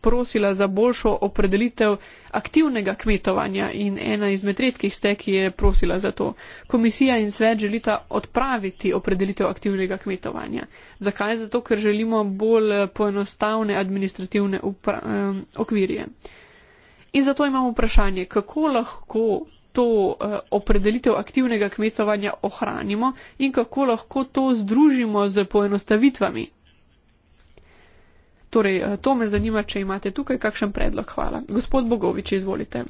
prosila za boljšo opredelitev aktivnega kmetovanja in ena izmed redkih ste, ki je prosila za to. Komisija in svet želita odpraviti opredelitev aktivnega kmetovanja. Zakaj? Zato, ker želimo bolj eh, poenostavne administrativne eh, okvirje. In zato imamo vprašanje, kako lahko to eh, opredelitev aktivnega kmetovanja ohranimo in kako lahko to združimo z poenostavitvami. Torej, eh, to me zanima, če imate tukaj kakšen predlog. Hvala. Gospod Bogovič, izvolite.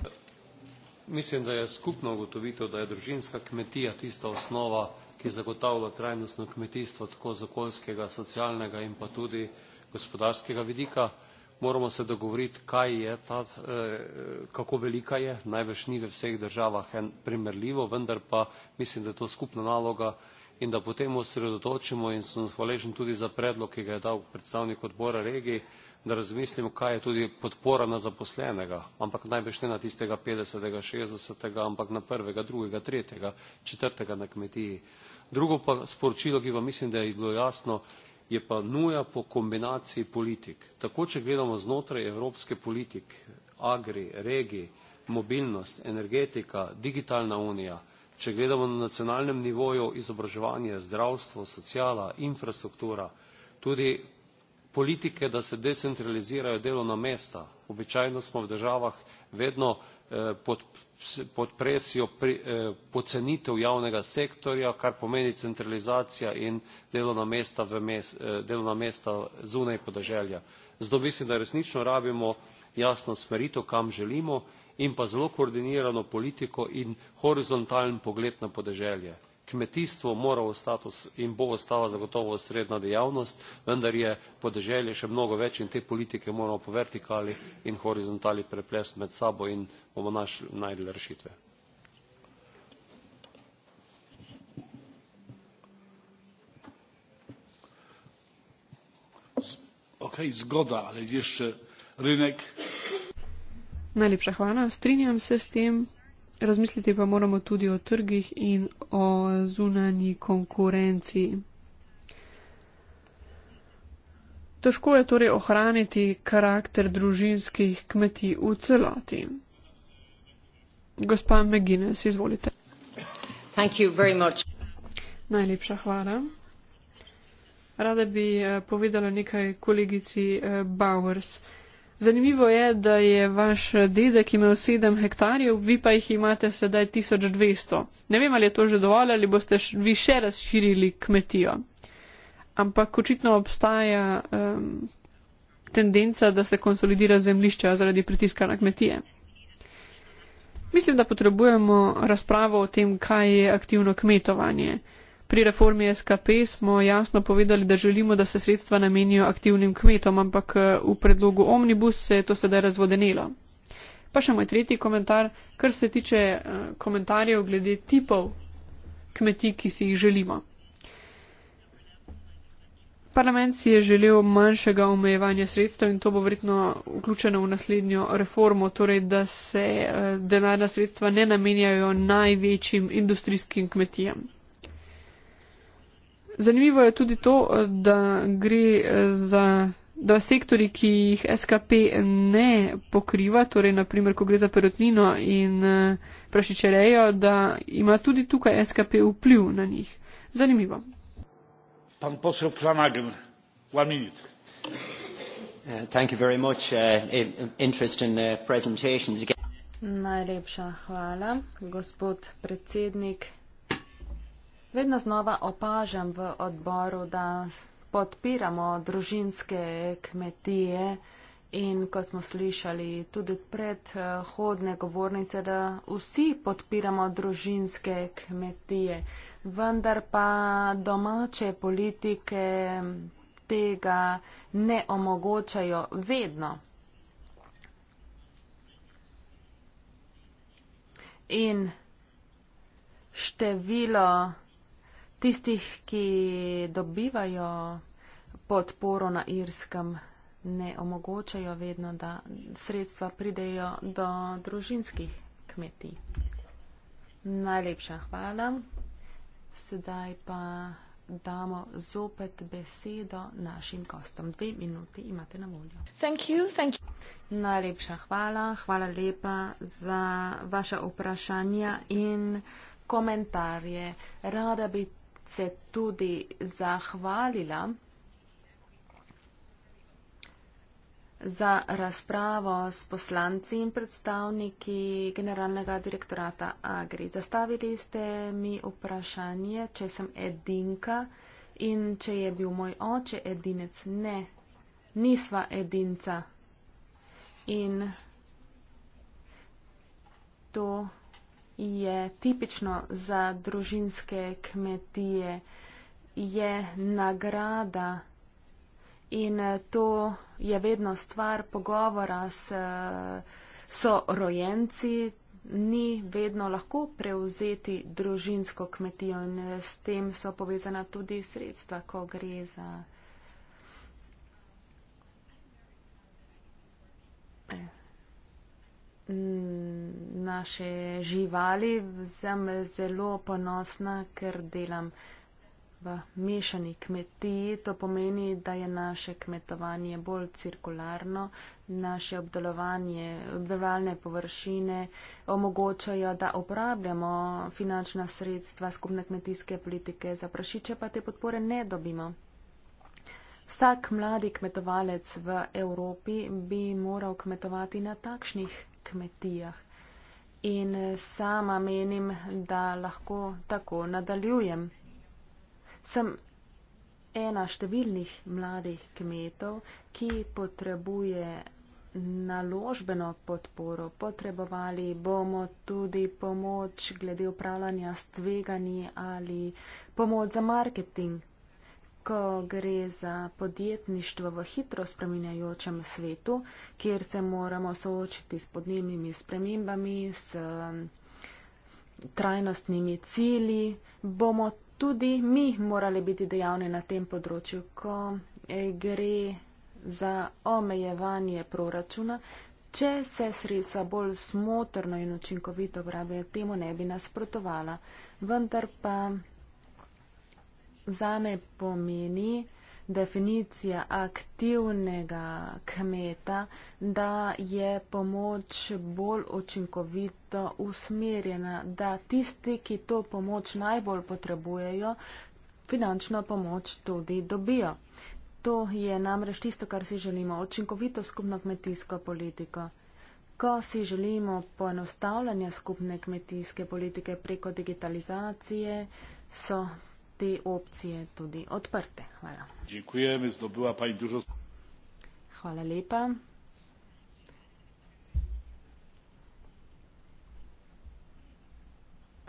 Mislim, da je skupno ugotovitev, da je družinska kmetija tista osnova, ki zagotavlja trajnostno kmetijstvo tako z okoljskega, socialnega in pa tudi gospodarskega vidika moramo se dogovoriti, kaj je ta, eh, kako velika je, največ ni v vseh državah en primerljivo, vendar pa mislim, da je to skupna naloga in da potem osredotočimo in sem hvaležen tudi za predlog, ki ga je dal predstavnik odbora regij, da razmislimo, kaj je tudi podpora na zaposlenega, ampak največ ne na tistega 50., 60., ampak na prvega, drugega, tretjega, četrtega na kmetiji. Drugo pa sporočilo, ki pa mislim, da je bilo jasno, je pa nuja po kombinaciji politik. Tako, če gledamo znotraj evropske politik, agri, regi, mobilnost, energetika, digitalna unija, če gledamo na nacionalnem nivoju izobraževanje, zdravstvo, sociala, infrastruktura, tudi politike, da se decentralizirajo delovna mesta. Običajno smo v državah vedno eh, pod, podpresijo eh, pocenitev javnega sektorja kar pomeni centralizacija in delovna mesta, v mes, eh, delovna mesta zunaj podeželja. Zato mislim, da resnično rabimo jasno smeritev, kam želimo in pa zelo koordinirano politiko in horizontalen pogled na podeželje kmetijstvo mora ostati in bo ostala zagotovo osrednja dejavnost, vendar je podeželje še mnogo več in te politike moramo po vertikali in horizontali preplesti med sabo in bomo najdeli rešitve. Ok, zgoda, ali je še rinek? Najlepša hvala, strinjam se s tem. Razmisliti pa moramo tudi o trgih in o zunanji konkurenciji. Težko je torej ohraniti karakter družinskih kmetij v celoti. Gospa McGuinness, izvolite. Najlepša hvala. Rada bi eh, povedala nekaj kolegici eh, Bowers. Zanimivo je, da je vaš dedek imel 7 hektarjev, vi pa jih imate sedaj 1200. Ne vem, ali je to že dovolj ali boste vi še razširili kmetijo. Ampak očitno obstaja um, tendenca, da se konsolidira zemlišča zaradi pritiska na kmetije. Mislim, da potrebujemo razpravo o tem, kaj je aktivno kmetovanje. Pri reformi SKP smo jasno povedali, da želimo, da se sredstva namenijo aktivnim kmetom, ampak eh, v predlogu omnibus se je to sedaj razvodenilo. Pa še moj tretji komentar, kar se tiče eh, komentarjev glede tipov kmetij, ki si jih želimo. Parlament si je želel manjšega omejevanja sredstev in to bo verjetno vključeno v naslednjo reformo, torej da se eh, denarna sredstva ne namenjajo največjim industrijskim kmetijam. Zanimivo je tudi to, eh, da gre eh, za dva sektori, ki jih SKP ne pokriva, torej naprimer, ko gre za perotnino in eh, prašičerejo, da ima tudi tukaj SKP vpliv na njih. Zanimivo. Pan posel Flanagan, one minute. Uh, thank you very much. Uh, interest in the presentations again. Najlepša hvala, gospod predsednik. Vedno znova opažam v odboru, da podpiramo družinske kmetije in, kot smo slišali tudi predhodne govornice, da vsi podpiramo družinske kmetije, vendar pa domače politike tega ne omogočajo vedno. In število tistih, ki dobivajo podporo na irskem, ne omogočajo vedno, da sredstva pridejo do družinskih kmetij. Najlepša hvala. Sedaj pa damo zopet besedo našim gostom. Dve minuti imate na voljo. Thank you, thank you. Najlepša hvala, hvala lepa za vaše vprašanja in komentarje. Rada bi se tudi zahvalila za razpravo s poslanci in predstavniki generalnega direktorata Agri. Zastavili ste mi vprašanje, če sem edinka in če je bil moj oče edinec. Ne, nisva edinca. In to je tipično za družinske kmetije, je nagrada in eh, to je vedno stvar pogovora s eh, so rojenci, ni vedno lahko prevzeti družinsko kmetijo in eh, s tem so povezana tudi sredstva, ko gre za. Eh naše živali. Sem zelo ponosna, ker delam v mešani kmetiji. To pomeni, da je naše kmetovanje bolj cirkularno. Naše obdelovanje, obdelovalne površine omogočajo, da uporabljamo finančna sredstva skupne kmetijske politike za prašiče, pa te podpore ne dobimo. Vsak mladi kmetovalec v Evropi bi moral kmetovati na takšnih kmetijah. In eh, sama menim, da lahko tako nadaljujem. Sem ena številnih mladih kmetov, ki potrebuje naložbeno podporo. Potrebovali bomo tudi pomoč glede upravljanja s tveganji ali pomoč za marketing ko gre za podjetništvo v hitro spreminjajočem svetu, kjer se moramo soočiti s podnebnimi spremembami, s um, trajnostnimi cili, bomo tudi mi morali biti dejavni na tem področju, ko eh, gre za omejevanje proračuna. Če se sredstva bolj smotrno in učinkovito uporabljajo, temu ne bi nasprotovala. Vendar pa za me pomeni definicija aktivnega kmeta, da je pomoč bolj očinkovito usmerjena, da tisti, ki to pomoč najbolj potrebujejo, finančno pomoč tudi dobijo. To je namreč tisto, kar si želimo, očinkovito skupno kmetijsko politiko. Ko si želimo poenostavljanja skupne kmetijske politike preko digitalizacije, so te opcije tudi odprte. Hvala. Dziękujemy, zdobyła pani dużo... Hvala lepa.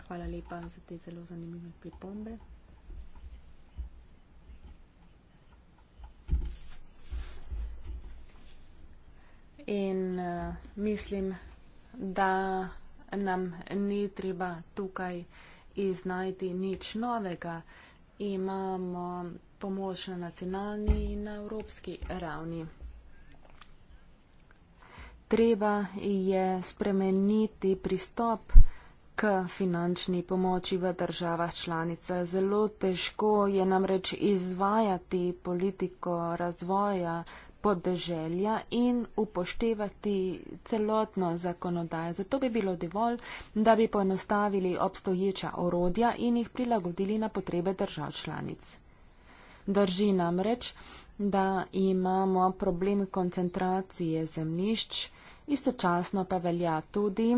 Hvala lepa za te zelo zanimive pripombe. In uh, mislim, da nam ni treba tukaj uh, iznajti nič novega. Imamo pomoč na nacionalni in na evropski ravni. Treba je spremeniti pristop k finančni pomoči v državah članica. Zelo težko je namreč izvajati politiko razvoja podeželja in upoštevati celotno zakonodajo. Zato bi bilo dovolj, da bi poenostavili obstoječa orodja in jih prilagodili na potrebe držav članic. Drži namreč, da imamo problem koncentracije zemljišč, istočasno pa velja tudi,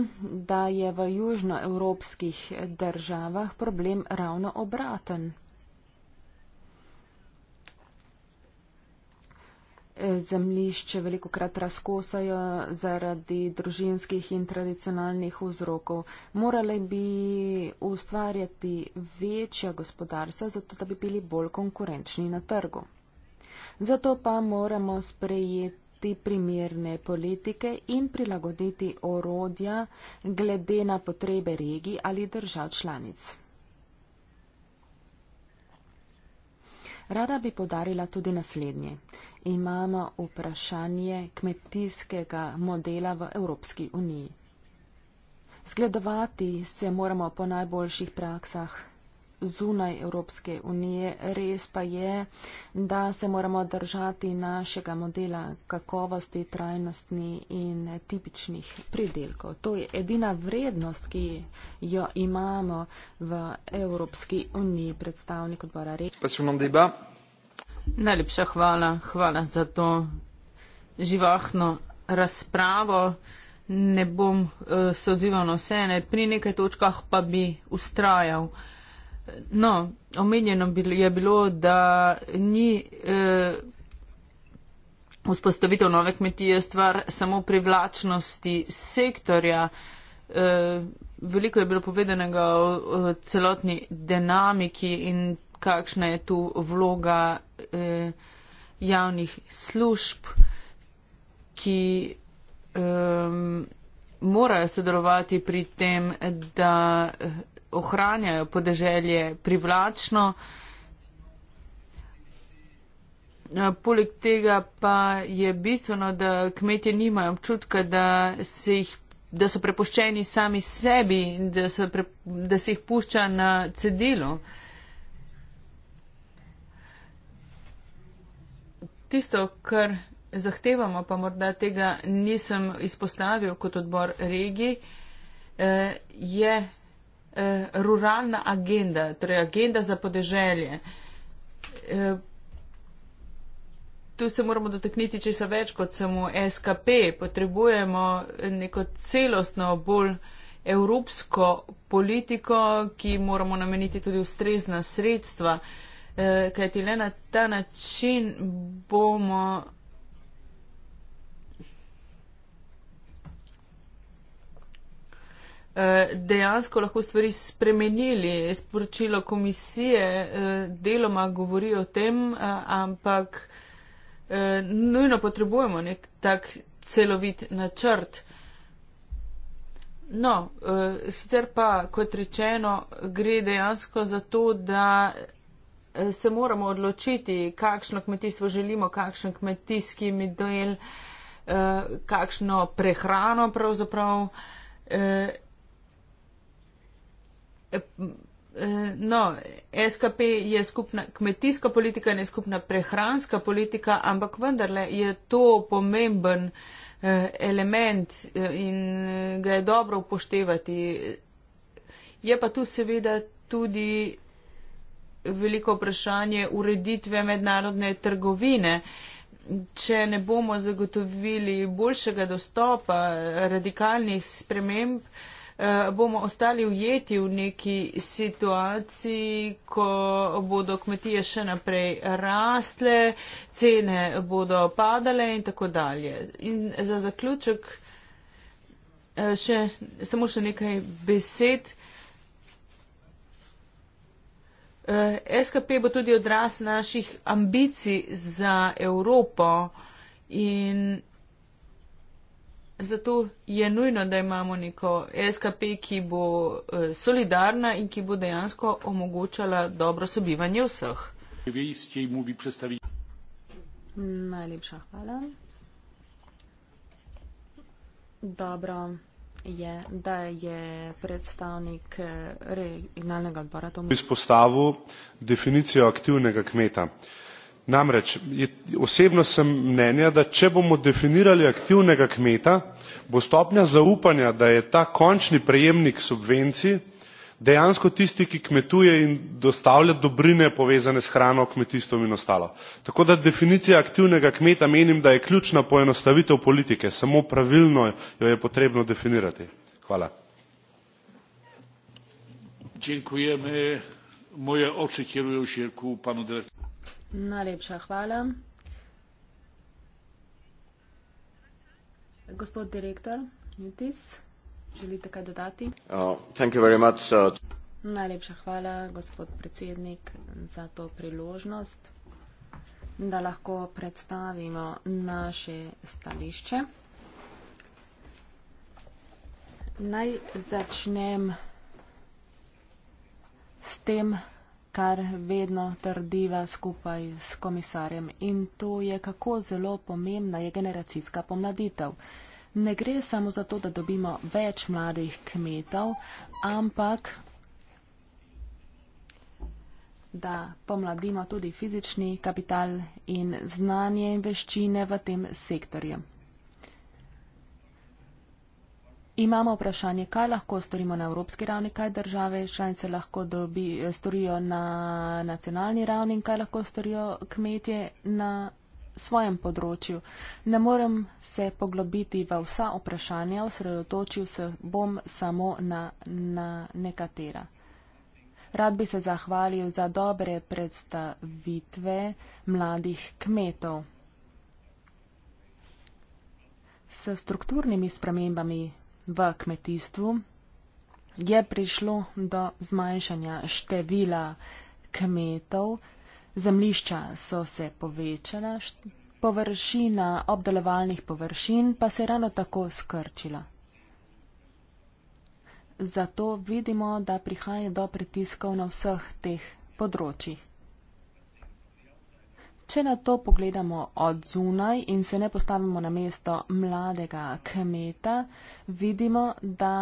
da je v južnoevropskih državah problem ravno obraten. zemljišče veliko krat razkosajo zaradi družinskih in tradicionalnih vzrokov. Morali bi ustvarjati večja gospodarstva, zato da bi bili bolj konkurenčni na trgu. Zato pa moramo sprejeti primerne politike in prilagoditi orodja glede na potrebe regij ali držav članic. Rada bi podarila tudi naslednje. Imamo vprašanje kmetijskega modela v Evropski uniji. Zgledovati se moramo po najboljših praksah zunaj Evropske unije. Res pa je, da se moramo držati našega modela kakovosti, trajnostni in tipičnih pridelkov. To je edina vrednost, ki jo imamo v Evropski uniji, predstavnik odbora Reči. Najlepša hvala, hvala za to živahno razpravo. Ne bom uh, se odzival na vse, ne. pri nekaj točkah pa bi ustrajal. No, omenjeno je bilo, da ni eh, vzpostavitev nove kmetije stvar samo privlačnosti sektorja. Eh, veliko je bilo povedanega o, o celotni dinamiki in kakšna je tu vloga eh, javnih služb, ki. Eh, morajo sodelovati pri tem, da eh, ohranjajo podeželje privlačno. Eh, poleg tega pa je bistveno, da kmetje nimajo občutka, da, jih, da so prepuščeni sami sebi in da, pre, da se jih pušča na cedilu. Tisto, kar zahtevamo, pa morda tega nisem izpostavil kot odbor regij, eh, je eh, ruralna agenda, torej agenda za podeželje. Eh, tu se moramo dotakniti česa več kot samo SKP. Potrebujemo neko celostno, bolj evropsko politiko, ki moramo nameniti tudi ustrezna sredstva, eh, kajti le na ta način bomo Eh, dejansko lahko stvari spremenili. Sporočilo komisije eh, deloma govori o tem, eh, ampak nujno potrebujemo nek tak celovit načrt. No, sicer pa, kot rečeno, gre dejansko za to, da se moramo odločiti, kakšno kmetijstvo želimo, kakšen kmetijski medel, kakšno prehrano pravzaprav Eh, eh, no, SKP je skupna kmetijska politika, ne skupna prehranska politika, ampak vendarle je to pomemben eh, element in ga je dobro upoštevati. Je pa tu seveda tudi veliko vprašanje ureditve mednarodne trgovine. Če ne bomo zagotovili boljšega dostopa radikalnih sprememb, Eh, bomo ostali ujeti v neki situaciji, ko bodo kmetije še naprej rasle, cene bodo padale in tako dalje. In za zaključek eh, še, samo še nekaj besed. Eh, SKP bo tudi odraz naših ambicij za Evropo in zato je nujno, da imamo neko SKP, ki bo eh, solidarna in ki bo dejansko omogočala dobro sobivanje vseh. Najlepša hvala. Dobro je, da je predstavnik eh, regionalnega odbora to. Izpostavil definicijo aktivnega kmeta. Uh, Namreč, osebno sem mnenja, da če bomo definirali aktivnega kmeta, bo stopnja zaupanja, da je ta končni prejemnik subvencij dejansko tisti, ki kmetuje in dostavlja dobrine povezane s hrano, kmetijstvom in ostalo. Tako da definicija aktivnega kmeta menim, da je ključna poenostavitev politike, samo pravilno jo je potrebno definirati. Hvala. Dziękujemy. Moje oczy kierują się ku panu dyrektorowi. Najlepša hvala. Gospod direktor Mutis, želite kaj dodati? Uh, thank you very much, uh, Najlepša hvala, gospod predsednik, za to priložnost, da lahko predstavimo naše stališče. Naj začnem s tem, kar vedno trdiva skupaj s komisarjem in to je, kako zelo pomembna je generacijska pomladitev. Ne gre samo za to, da dobimo več mladih kmetov, ampak da pomladimo tudi fizični kapital in znanje in veščine v tem sektorju. Imamo vprašanje, kaj lahko storimo na evropski ravni, kaj države članice lahko dobi, eh, storijo na nacionalni ravni in kaj lahko storijo kmetje na svojem področju. Ne morem se poglobiti v vsa vprašanja, osredotočil se bom samo na, na nekatera. Rad bi se zahvalil za dobre predstavitve mladih kmetov. S strukturnimi spremembami v kmetijstvu, je prišlo do zmanjšanja števila kmetov, zemlišča so se povečala, površina obdelovalnih površin pa se je ravno tako skrčila. Zato vidimo, da prihaja do pritiskov na vseh teh področjih. Če na to pogledamo od zunaj in se ne postavimo na mesto mladega kmeta, vidimo, da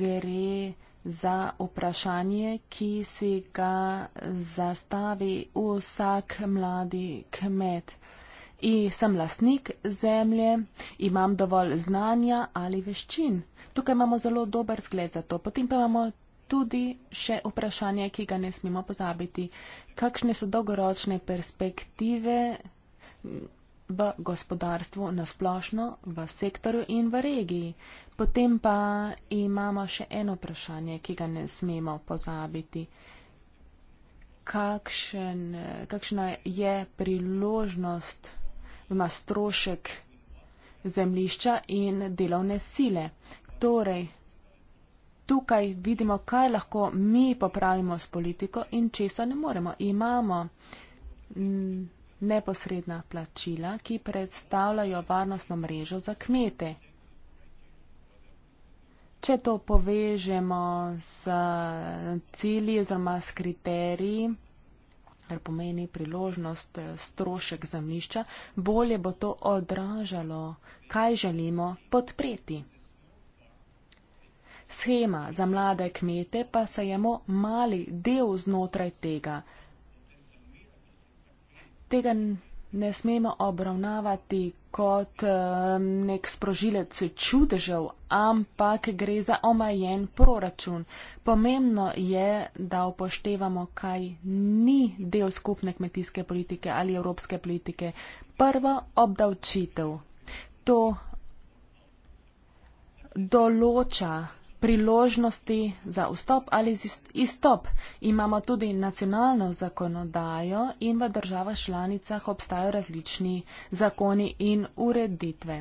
gre za vprašanje, ki si ga zastavi vsak mladi kmet. In sem lastnik zemlje, imam dovolj znanja ali veščin. Tukaj imamo zelo dober zgled za to. Potem pa imamo tudi še vprašanje, ki ga ne smemo pozabiti. Kakšne so dolgoročne perspektive v gospodarstvu nasplošno, v sektorju in v regiji? Potem pa imamo še eno vprašanje, ki ga ne smemo pozabiti. Kakšen, kakšna je priložnost, ima strošek zemlišča in delovne sile? Torej, tukaj vidimo, kaj lahko mi popravimo s politiko in česa ne moremo. Imamo mm, neposredna plačila, ki predstavljajo varnostno mrežo za kmete. Če to povežemo z eh, cilji oziroma s kriteriji, kar pomeni priložnost, eh, strošek zemljišča, bolje bo to odražalo, kaj želimo podpreti. Schema za mlade kmete pa se jemo mali del znotraj tega. Tega ne smemo obravnavati kot um, nek sprožilec čudežev, ampak gre za omajen proračun. Pomembno je, da upoštevamo, kaj ni del skupne kmetijske politike ali evropske politike. Prvo obdavčitev. To določa priložnosti za vstop ali izstop. Imamo tudi nacionalno zakonodajo in v državah članicah obstajajo različni zakoni in ureditve.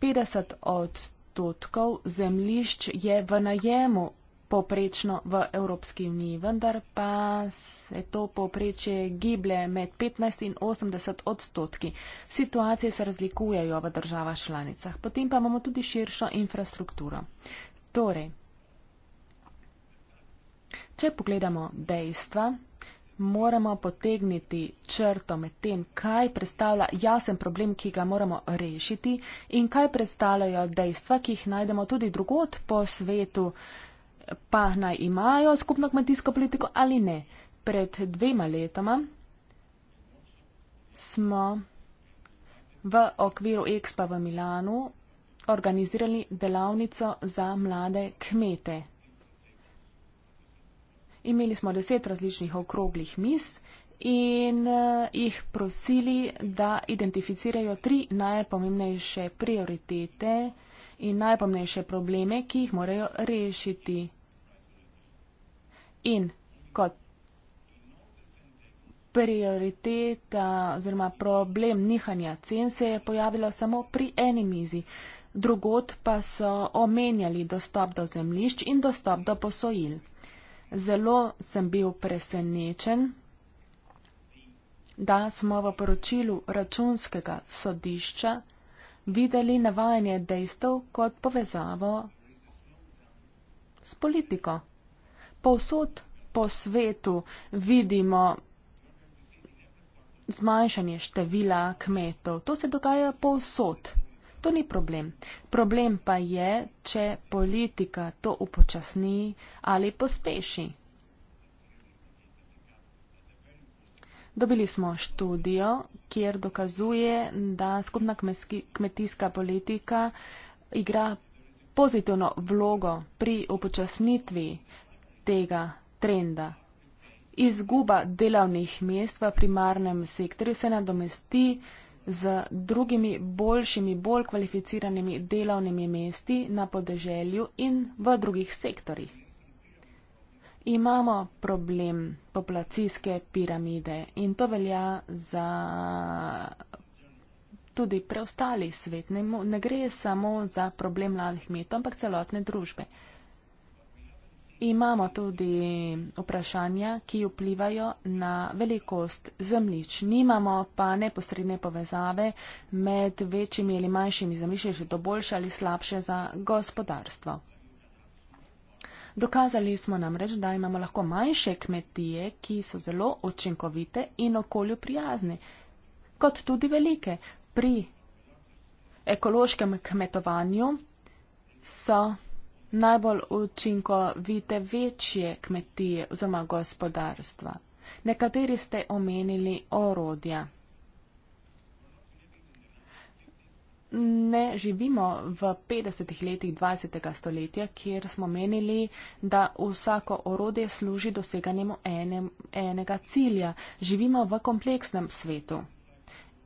50 odstotkov zemljišč je v najemu povprečno v Evropski uniji, vendar pa se to povprečje giblje med 15 in 80 odstotki. Situacije se razlikujejo v državah članicah. Potem pa imamo tudi širšo infrastrukturo. Torej, če pogledamo dejstva, moramo potegniti črto med tem, kaj predstavlja jasen problem, ki ga moramo rešiti in kaj predstavljajo dejstva, ki jih najdemo tudi drugot po svetu pa naj imajo skupno kmetijsko politiko ali ne. Pred dvema letoma smo v okviru EXPA v Milanu organizirali delavnico za mlade kmete. Imeli smo deset različnih okroglih mis in eh, jih prosili, da identificirajo tri najpomembnejše prioritete in najpomembnejše probleme, ki jih morajo rešiti. In kot prioriteta oziroma problem nihanja cen se je pojavila samo pri eni mizi. Drugod pa so omenjali dostop do zemlišč in dostop do posojil. Zelo sem bil presenečen, da smo v poročilu računskega sodišča videli navajanje dejstev kot povezavo s politiko povsod po svetu vidimo zmanjšanje števila kmetov. To se dogaja povsod. To ni problem. Problem pa je, če politika to upočasni ali pospeši. Dobili smo študijo, kjer dokazuje, da skupna kmetijska politika igra pozitivno vlogo pri upočasnitvi tega trenda. Izguba delavnih mest v primarnem sektorju se nadomesti z drugimi boljšimi, bolj kvalificiranimi delavnimi mesti na podeželju in v drugih sektorjih. Imamo problem populacijske piramide in to velja za tudi preostali svet. Ne, ne gre samo za problem mladih metov, ampak celotne družbe imamo tudi vprašanja, ki vplivajo na velikost zemljič. Nimamo pa neposredne povezave med večjimi ali manjšimi zemljišči, še to boljše ali slabše za gospodarstvo. Dokazali smo namreč, da imamo lahko manjše kmetije, ki so zelo očinkovite in okolju prijazne, kot tudi velike. Pri ekološkem kmetovanju so najbolj učinkovite večje kmetije oziroma gospodarstva. Nekateri ste omenili orodja. Ne živimo v 50. letih 20. stoletja, kjer smo menili, da vsako orodje služi doseganjemu enem, enega cilja. Živimo v kompleksnem svetu.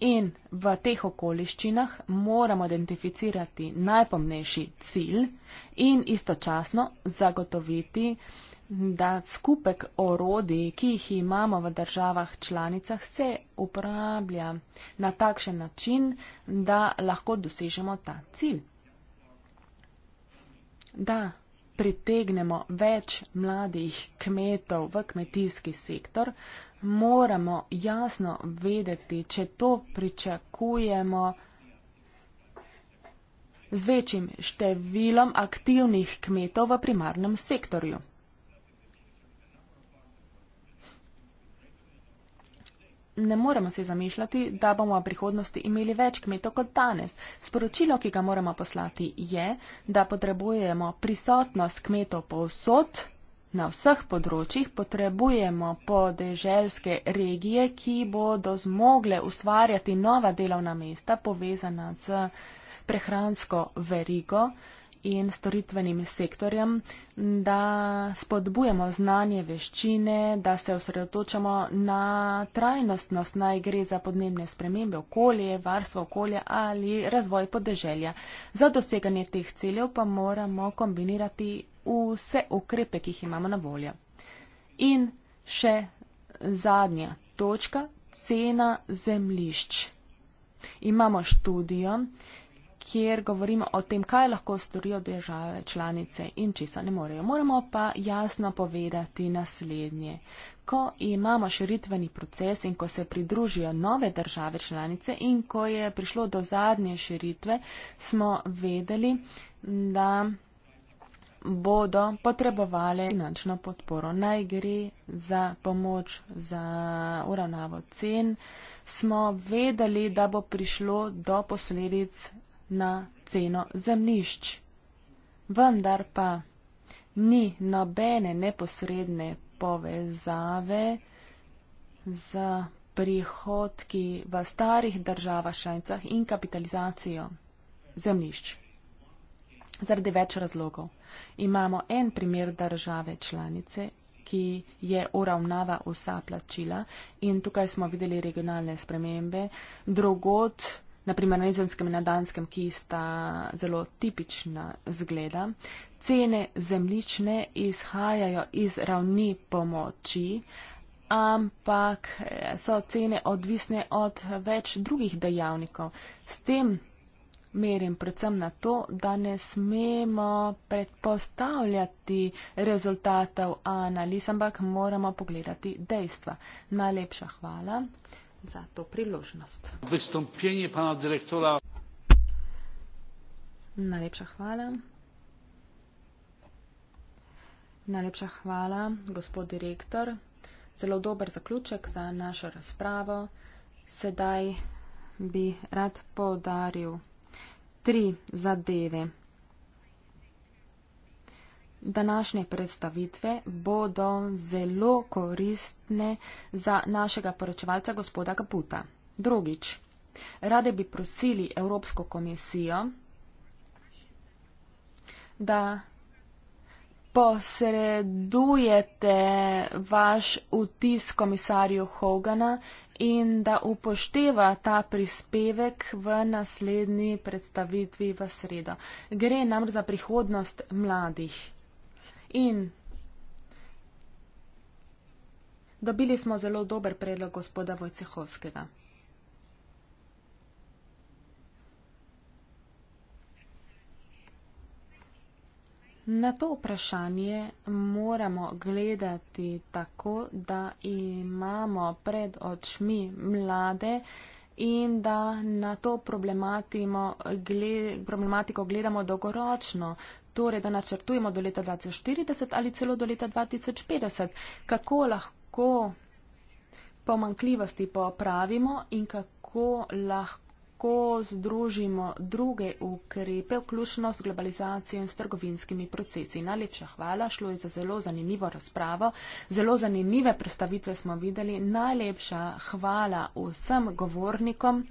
In v teh okoliščinah moramo identificirati najpomnejši cilj in istočasno zagotoviti, da skupek orodij, ki jih imamo v državah članicah, se uporablja na takšen način, da lahko dosežemo ta cilj. Da pritegnemo več mladih kmetov v kmetijski sektor, moramo jasno vedeti, če to pričakujemo z večjim številom aktivnih kmetov v primarnem sektorju. ne moremo si zamišljati, da bomo v prihodnosti imeli več kmetov kot danes. Sporočilo, ki ga moramo poslati, je, da potrebujemo prisotnost kmetov povsod, na vseh področjih, potrebujemo podeželske regije, ki bodo zmogle ustvarjati nova delovna mesta povezana z prehransko verigo in storitvenim sektorjem, da spodbujemo znanje, veščine, da se osredotočamo na trajnostnost, naj gre za podnebne spremembe okolje, varstvo okolje ali razvoj podeželja. Za doseganje teh ciljev pa moramo kombinirati vse ukrepe, ki jih imamo na voljo. In še zadnja točka, cena zemlišč. Imamo študijo, kjer govorimo o tem, kaj lahko storijo države članice in česa ne morejo. Moramo pa jasno povedati naslednje. Ko imamo širitveni proces in ko se pridružijo nove države članice in ko je prišlo do zadnje širitve, smo vedeli, da bodo potrebovali finančno podporo. Naj gre za pomoč za uravnavo cen, smo vedeli, da bo prišlo do posledic na ceno zemlišč. Vendar pa ni nobene neposredne povezave z prihodki v starih državah šanicah in kapitalizacijo zemlišč. Zaradi več razlogov. Imamo en primer države članice, ki je uravnava vsa plačila in tukaj smo videli regionalne spremembe. Drugod naprimer na izraelskem in na danskem, ki sta zelo tipična zgleda. Cene zemlične izhajajo iz ravni pomoči, ampak eh, so cene odvisne od več drugih dejavnikov. S tem merim predvsem na to, da ne smemo predpostavljati rezultatov analiz, ampak moramo pogledati dejstva. Najlepša hvala za to priložnost. Vystąpienie pana dyrektora. Najlepša hvala. Najlepša hvala, gospod direktor. Zelo dober zaključek za našo razpravo. Sedaj bi rad podaril tri zadeve današnje predstavitve bodo zelo koristne za našega poročevalca gospoda Kaputa. Drugič, rade bi prosili Evropsko komisijo, da posredujete vaš vtis komisarju Hogana in da upošteva ta prispevek v naslednji predstavitvi v sredo. Gre nam za prihodnost mladih. In dobili smo zelo dober predlog gospoda Vojcehovskega. Na to vprašanje moramo gledati tako, da imamo pred očmi mlade, uh, in da na to problematiko gledamo dolgoročno, torej da načrtujemo do leta 2040 ali celo do leta 2050, kako lahko pomankljivosti popravimo in kako lahko lahko združimo druge ukrepe, vključno s globalizacijo in s trgovinskimi procesi. Najlepša hvala, šlo je za zelo zanimivo razpravo, zelo zanimive predstavitve smo videli. Najlepša hvala vsem govornikom.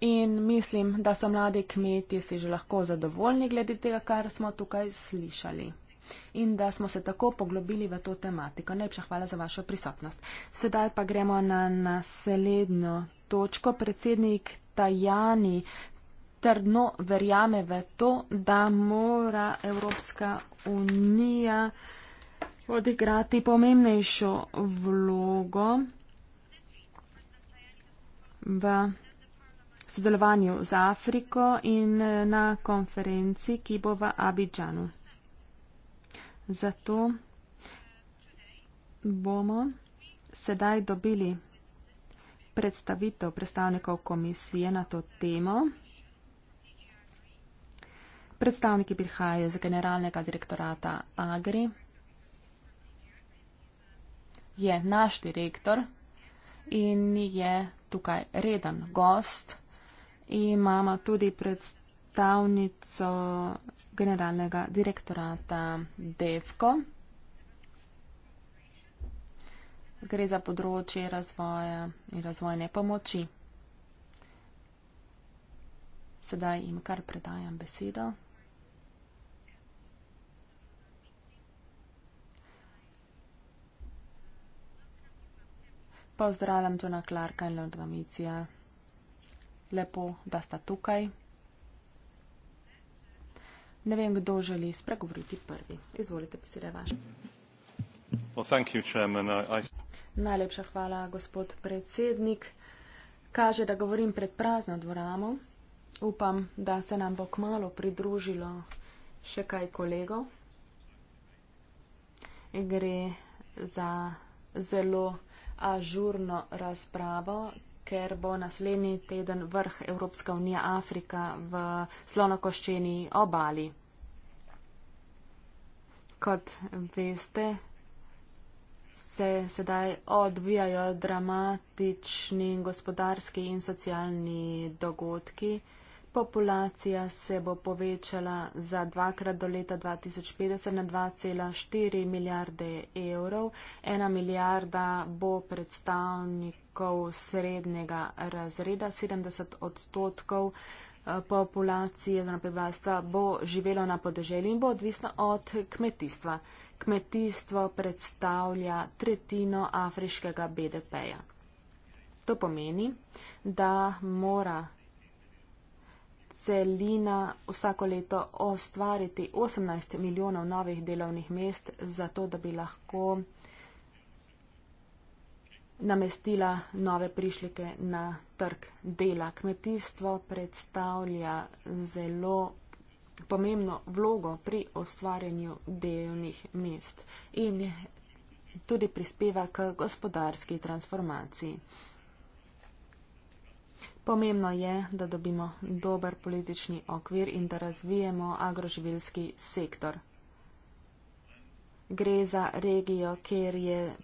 In mislim, da so mladi kmetje si že lahko zadovoljni glede tega, kar smo tukaj slišali in da smo se tako poglobili v to tematiko. Najlepša hvala za vašo prisotnost. Sedaj pa gremo na naslednjo točko. Predsednik Tajani trdno verjame v to, da mora Evropska unija odigrati pomembnejšo vlogo v sodelovanju z Afriko in eh, na konferenci, ki bo v Abidžanu. Zato bomo sedaj dobili predstavitev predstavnikov komisije na to temo. Predstavniki prihajajo iz generalnega direktorata Agri. Je naš direktor in je tukaj reden gost. Imamo tudi predstavnico generalnega direktorata DEFCO. Gre za področje razvoja in razvojne pomoči. Sedaj jim kar predajam besedo. Pozdravljam Johna Clarka in Lord Vamicija. Lepo, da sta tukaj. Ne vem, kdo želi spregovoriti prvi. Izvolite, pisire vaš. Well, thank you, chairman. I... Najlepša hvala, gospod predsednik. Kaže, da govorim pred prazno dvorano. Upam, da se nam bo kmalo pridružilo še kaj kolegov. Gre za zelo ažurno razpravo, ker bo naslednji teden vrh Evropska unija Afrika v slonokoščeni obali. Kot veste, se sedaj odvijajo dramatični gospodarski in socialni dogodki. Populacija se bo povečala za dvakrat do leta 2050 na 2,4 milijarde evrov. Ena milijarda bo predstavnik odstotkov srednjega razreda, 70 odstotkov eh, populacije oziroma prebivalstva bo živelo na podeželju in bo odvisno od kmetijstva. Kmetijstvo predstavlja tretjino afriškega BDP-ja. To pomeni, da mora celina vsako leto ustvariti 18 milijonov novih delovnih mest, zato da bi lahko namestila nove prišljike na trg dela. Kmetijstvo predstavlja zelo pomembno vlogo pri ustvarjanju delovnih mest in tudi prispeva k gospodarski transformaciji. Pomembno je, da dobimo dober politični okvir in da razvijemo agroživilski sektor. Gre za regijo, kjer je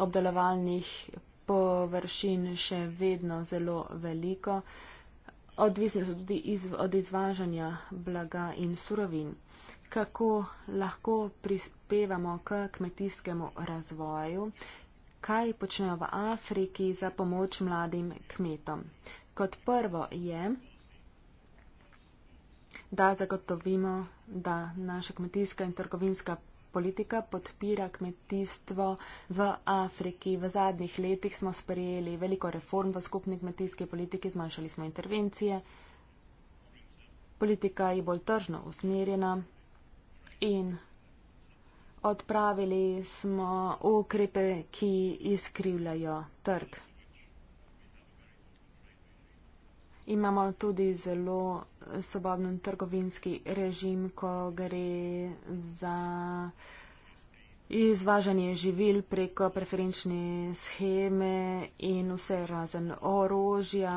obdelovalnih površin še vedno zelo veliko. Odvisni so tudi iz, od izvažanja blaga in surovin. Kako lahko prispevamo k kmetijskemu razvoju? Kaj počnejo v Afriki za pomoč mladim kmetom? Kot prvo je, da zagotovimo, da naša kmetijska in trgovinska politika podpira kmetijstvo v Afriki. V zadnjih letih smo sprejeli veliko reform v skupni kmetijski politiki, zmanjšali smo intervencije. Politika je bolj tržno usmerjena in odpravili smo ukrepe, ki izkrivljajo trg. imamo tudi zelo sobodno trgovinski režim, ko gre za izvažanje živil preko preferenčne scheme in vse razen orožja.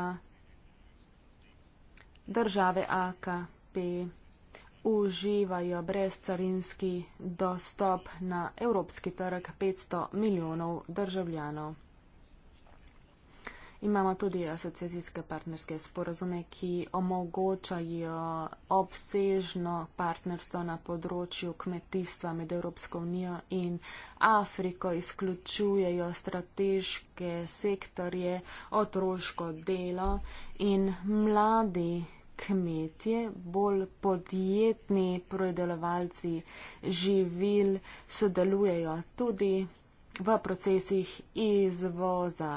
Države AKP uživajo brezcarinski dostop na evropski trg 500 milijonov državljanov. Imamo tudi asociacijske partnerske sporazume, ki omogočajo obsežno partnerstvo na področju kmetijstva med Evropsko unijo in Afriko, izključujejo strateške sektorje, otroško delo in mladi kmetje, bolj podjetni proizdelovalci živil sodelujejo tudi v procesih izvoza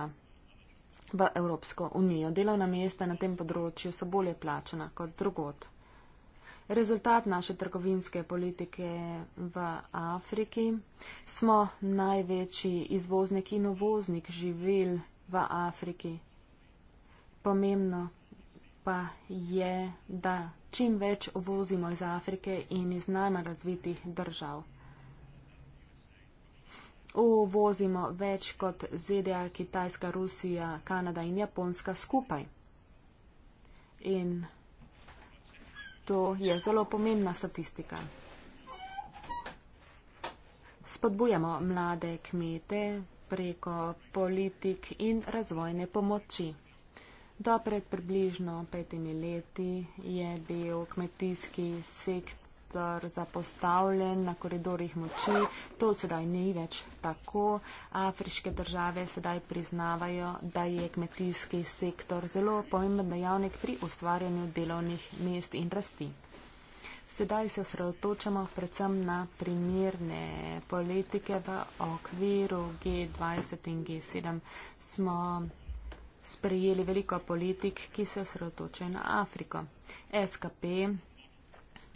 v Evropsko unijo. Delovna mesta na tem področju so bolje plačena kot drugot. Rezultat naše trgovinske politike v Afriki smo največji izvoznik in uvoznik živil v Afriki. Pomembno pa je, da čim več uvozimo iz Afrike in iz najmanj razvitih držav uvozimo več kot ZDA, Kitajska, Rusija, Kanada in Japonska skupaj. In to je zelo pomembna statistika. Spodbujamo mlade kmete preko politik in razvojne pomoči. Do pred približno petimi leti je bil kmetijski sektor meter zapostavljen na koridorih moči. To sedaj ni več tako. Afriške države sedaj priznavajo, da je kmetijski sektor zelo pomemben dejavnik pri ustvarjanju delovnih mest in rasti. Sedaj se osredotočamo predvsem na primirne politike v okviru G20 in G7. Smo sprejeli veliko politik, ki se osredotočajo na Afriko. SKP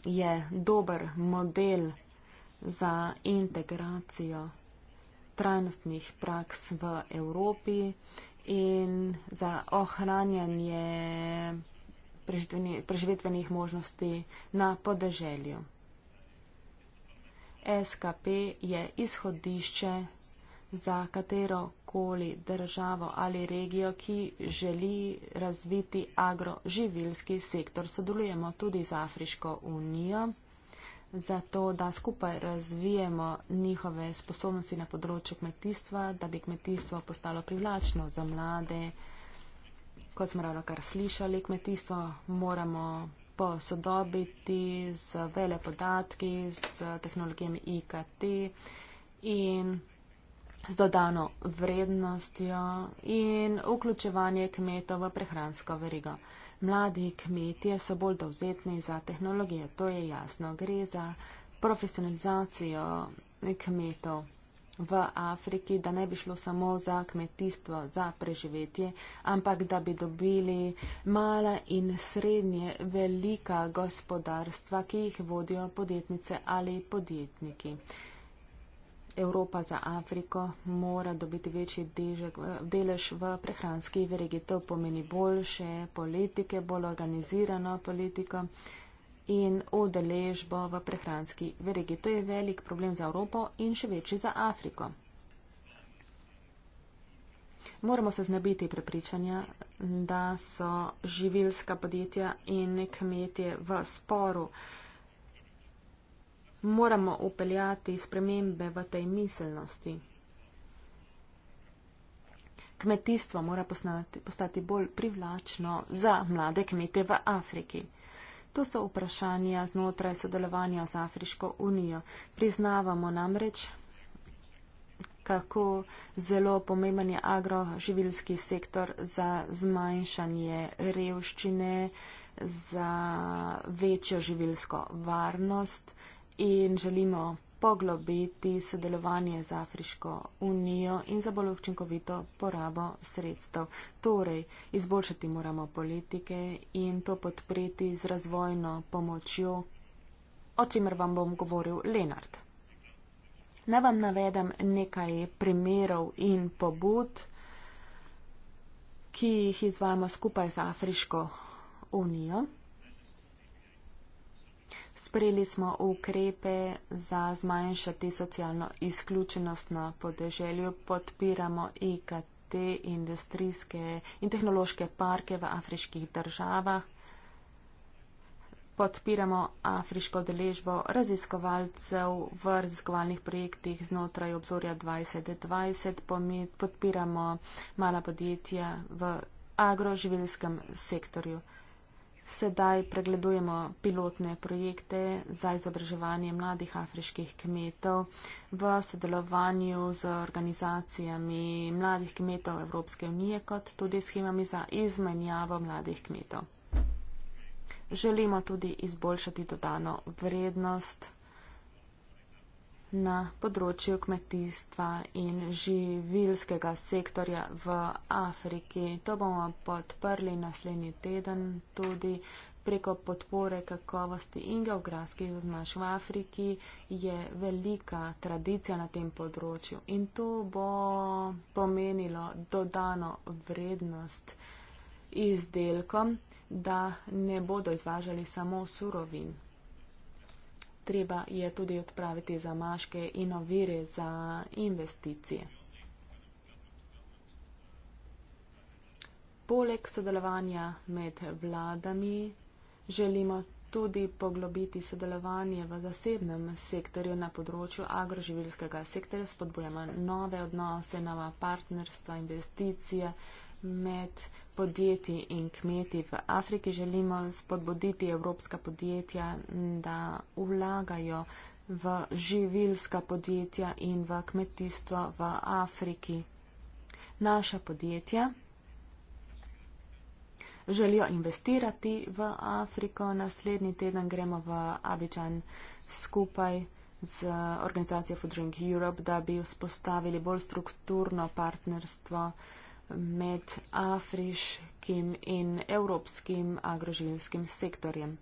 je dober model za integracijo trajnostnih praks v Evropi in za ohranjanje preživetvenih možnosti na podeželju. SKP je izhodišče za katero koli državo ali regijo, ki želi razviti agroživilski sektor. Sodelujemo tudi z Afriško unijo, zato da skupaj razvijemo njihove sposobnosti na področju kmetijstva, da bi kmetijstvo postalo privlačno za mlade. Kot smo ravno kar slišali, kmetijstvo moramo posodobiti z vele podatki, z tehnologijami IKT in z dodano vrednostjo in vključevanje kmetov v prehransko verigo. Mladi kmetje so bolj dovzetni za tehnologijo, to je jasno. Gre za profesionalizacijo kmetov v Afriki, da ne bi šlo samo za kmetijstvo, za preživetje, ampak da bi dobili mala in srednje velika gospodarstva, ki jih vodijo podjetnice ali podjetniki. Evropa za Afriko mora dobiti večji dežek, delež v prehranski verigi. To pomeni boljše politike, bolj organizirano politiko in udeležbo v prehranski verigi. To je velik problem za Evropo in še večji za Afriko. Moramo se znebiti prepričanja, da so živilska podjetja in kmetje v sporu. Uh, moramo upeljati spremembe v tej miselnosti. Kmetijstvo mora postati, postati bolj privlačno za mlade kmete v Afriki. To so vprašanja znotraj sodelovanja z Afriško unijo. Priznavamo namreč, kako zelo pomemben je agroživilski sektor za zmanjšanje revščine, za večjo živilsko varnost in želimo poglobiti sodelovanje z Afriško unijo in za bolj učinkovito porabo sredstev. Torej, izboljšati moramo politike in to podpreti z razvojno pomočjo, o čemer vam bom govoril Lenard. Naj vam navedem nekaj primerov in pobud, ki jih izvajamo skupaj z Afriško unijo. Sprejeli smo ukrepe za zmanjšati socialno izključenost na podeželju, podpiramo IKT industrijske in tehnološke parke v afriških državah, podpiramo afriško deležbo raziskovalcev v raziskovalnih projektih znotraj obzorja 2020, podpiramo mala podjetja v agroživilskem sektorju. Sedaj pregledujemo pilotne projekte za izobraževanje mladih afriških kmetov v sodelovanju z organizacijami mladih kmetov Evropske unije, kot tudi schemami za izmenjavo mladih kmetov. Želimo tudi izboljšati dodano vrednost na področju kmetijstva in živilskega sektorja v Afriki. To bomo podprli naslednji teden tudi preko podpore kakovosti in geografskih zaznaš v Afriki. Je velika tradicija na tem področju in to bo pomenilo dodano vrednost izdelkom, da ne bodo izvažali samo surovin treba je tudi odpraviti zamaške in ovire za investicije. Poleg sodelovanja med vladami želimo tudi poglobiti sodelovanje v zasebnem sektorju na področju agroživilskega sektorja, spodbujamo nove odnose, nova partnerstva, investicije, med podjetji in kmeti. V Afriki želimo spodbuditi evropska podjetja, da vlagajo v živilska podjetja in v kmetijstvo v Afriki. Naša podjetja želijo investirati v Afriko. Naslednji teden gremo v Abidžan skupaj z organizacijo Food Drink Europe, da bi vzpostavili bolj strukturno partnerstvo med afriškim in evropskim agroživljenjskim sektorjem.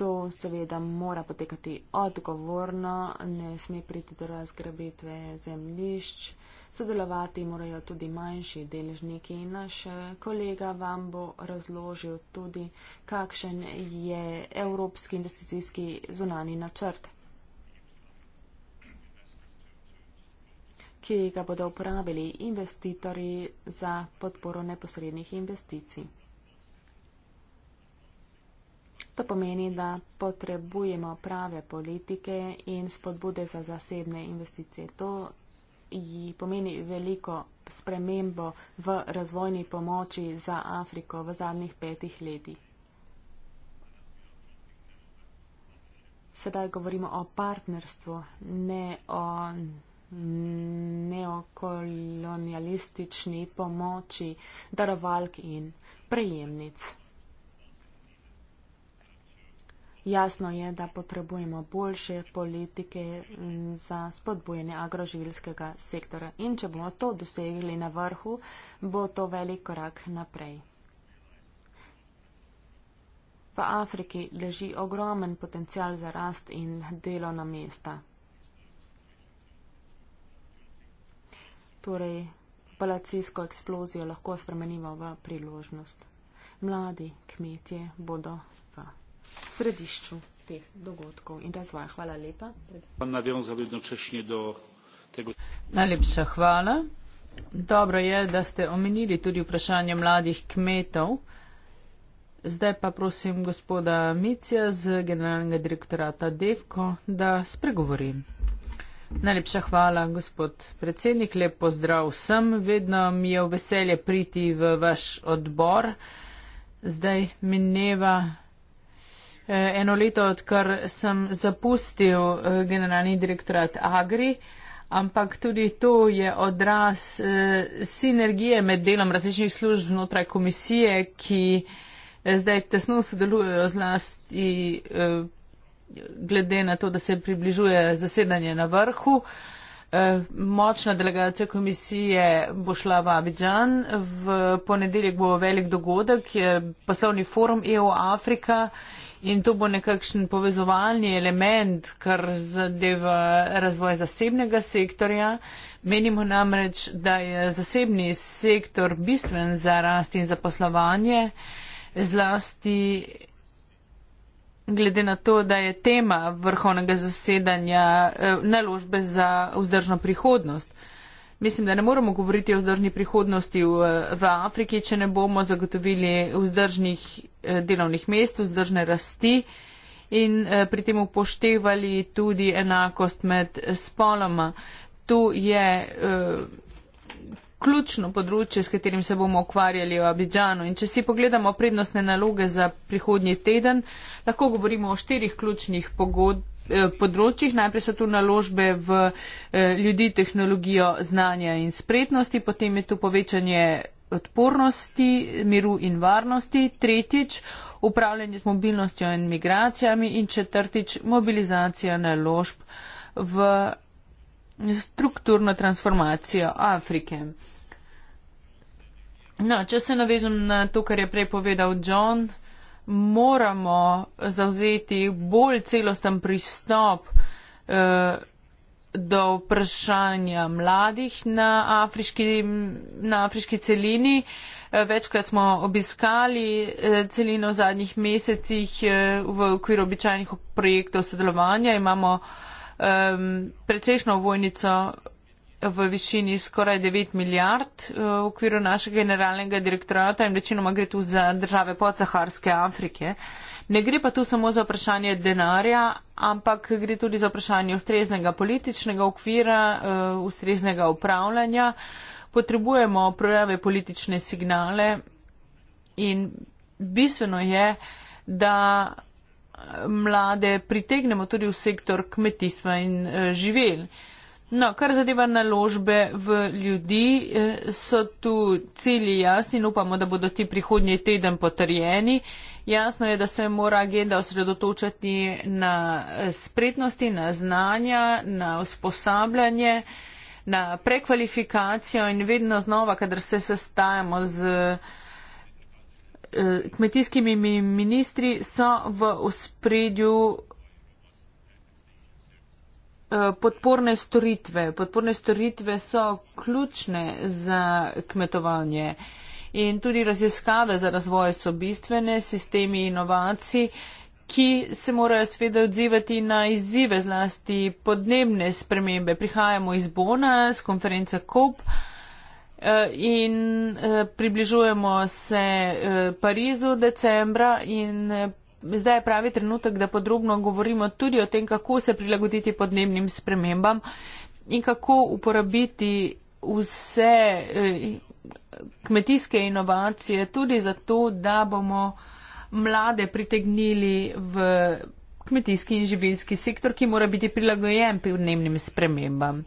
To seveda mora potekati odgovorno, ne sme priti do razgrabitve zemljišč, sodelovati morajo tudi manjši deležniki. Naš kolega vam bo razložil tudi, kakšen je evropski investicijski zunani načrt. ki ga bodo uporabili investitorji za podporo neposrednih investicij. To pomeni, da potrebujemo prave politike in spodbude za zasebne investicije. To ji pomeni veliko spremembo v razvojni pomoči za Afriko v zadnjih petih letih. Sedaj govorimo o partnerstvu, ne o neokolonialistični pomoči darovalk in prejemnic. Jasno je, da potrebujemo boljše politike za spodbujanje agroživilskega sektora in če bomo to dosegli na vrhu, bo to velik korak naprej. V Afriki leži ogromen potencial za rast in delovna mesta. torej palacijsko eksplozijo lahko spremenimo v priložnost. Mladi kmetje bodo v središču teh dogodkov in razvoja. Hvala lepa. Najlepša hvala. Dobro je, da ste omenili tudi vprašanje mladih kmetov. Zdaj pa prosim gospoda Micija z generalnega direktorata Devko, da spregovorim. Najlepša hvala, gospod predsednik. Lep pozdrav vsem. Vedno mi je v veselje priti v vaš odbor. Zdaj mineva eh, eno leto, odkar sem zapustil eh, generalni direktorat Agri, ampak tudi to je odraz eh, sinergije med delom različnih služb znotraj komisije, ki zdaj tesno sodelujejo zlasti glede na to, da se približuje zasedanje na vrhu. Eh, močna delegacija komisije bo šla v Abidžan. V ponedeljek bo velik dogodek, je poslovni forum EU Afrika in to bo nekakšen povezovalni element, kar zadeva razvoj zasebnega sektorja. Menimo namreč, da je zasebni sektor bistven za rast in zaposlovanje, zlasti glede na to, da je tema vrhovnega zasedanja eh, naložbe za vzdržno prihodnost. Mislim, da ne moramo govoriti o vzdržni prihodnosti v, v Afriki, če ne bomo zagotovili vzdržnih eh, delovnih mest, vzdržne rasti in eh, pri tem upoštevali tudi enakost med spoloma. Tu je ključno področje, s katerim se bomo ukvarjali v Abidžanu. In če si pogledamo prednostne naloge za prihodnji teden, lahko govorimo o štirih ključnih pogod, eh, področjih. Najprej so tu naložbe v eh, ljudi, tehnologijo, znanja in spretnosti, potem je tu povečanje odpornosti, miru in varnosti, tretjič upravljanje z mobilnostjo in migracijami in četrtič mobilizacija naložb v strukturno transformacijo Afrike. No, če se navežem na to, kar je prej povedal John, moramo zauzeti bolj celosten pristop eh, do vprašanja mladih na afriški, na afriški celini. Eh, večkrat smo obiskali eh, celino v zadnjih mesecih eh, v okviru običajnih projektov sodelovanja. Imamo eh, um, precejšno vojnico v višini skoraj 9 milijard eh, v okviru našega generalnega direktorata in večinoma gre tu za države podsaharske Afrike. Ne gre pa tu samo za vprašanje denarja, ampak gre tudi za vprašanje ustreznega političnega okvira, eh, ustreznega upravljanja. Potrebujemo projave politične signale in bistveno je, da mlade pritegnemo tudi v sektor kmetijstva in eh, živelj. No, kar zadeva naložbe v ljudi, eh, so tu cilji jasni in upamo, da bodo ti prihodnji teden potrjeni. Jasno je, da se mora agenda osredotočati na eh, spretnosti, na znanja, na usposabljanje, na prekvalifikacijo in vedno znova, kadar se sestajamo z. Eh, kmetijskimi ministri so v ospredju eh, podporne storitve. Podporne storitve so ključne za kmetovanje in tudi raziskave za razvoj so bistvene, sistemi inovacij, ki se morajo sveda odzivati na izzive, zlasti podnebne spremembe. Prihajamo iz Bona, z konference COP. Eh, in eh, približujemo se eh, Parizu decembra in zdaj je pravi trenutek, da podrobno govorimo tudi o tem, kako se prilagoditi podnebnim spremembam in kako uporabiti vse kmetijske inovacije tudi zato, da bomo mlade pritegnili v kmetijski in živinski sektor, ki mora biti prilagojen podnebnim spremembam.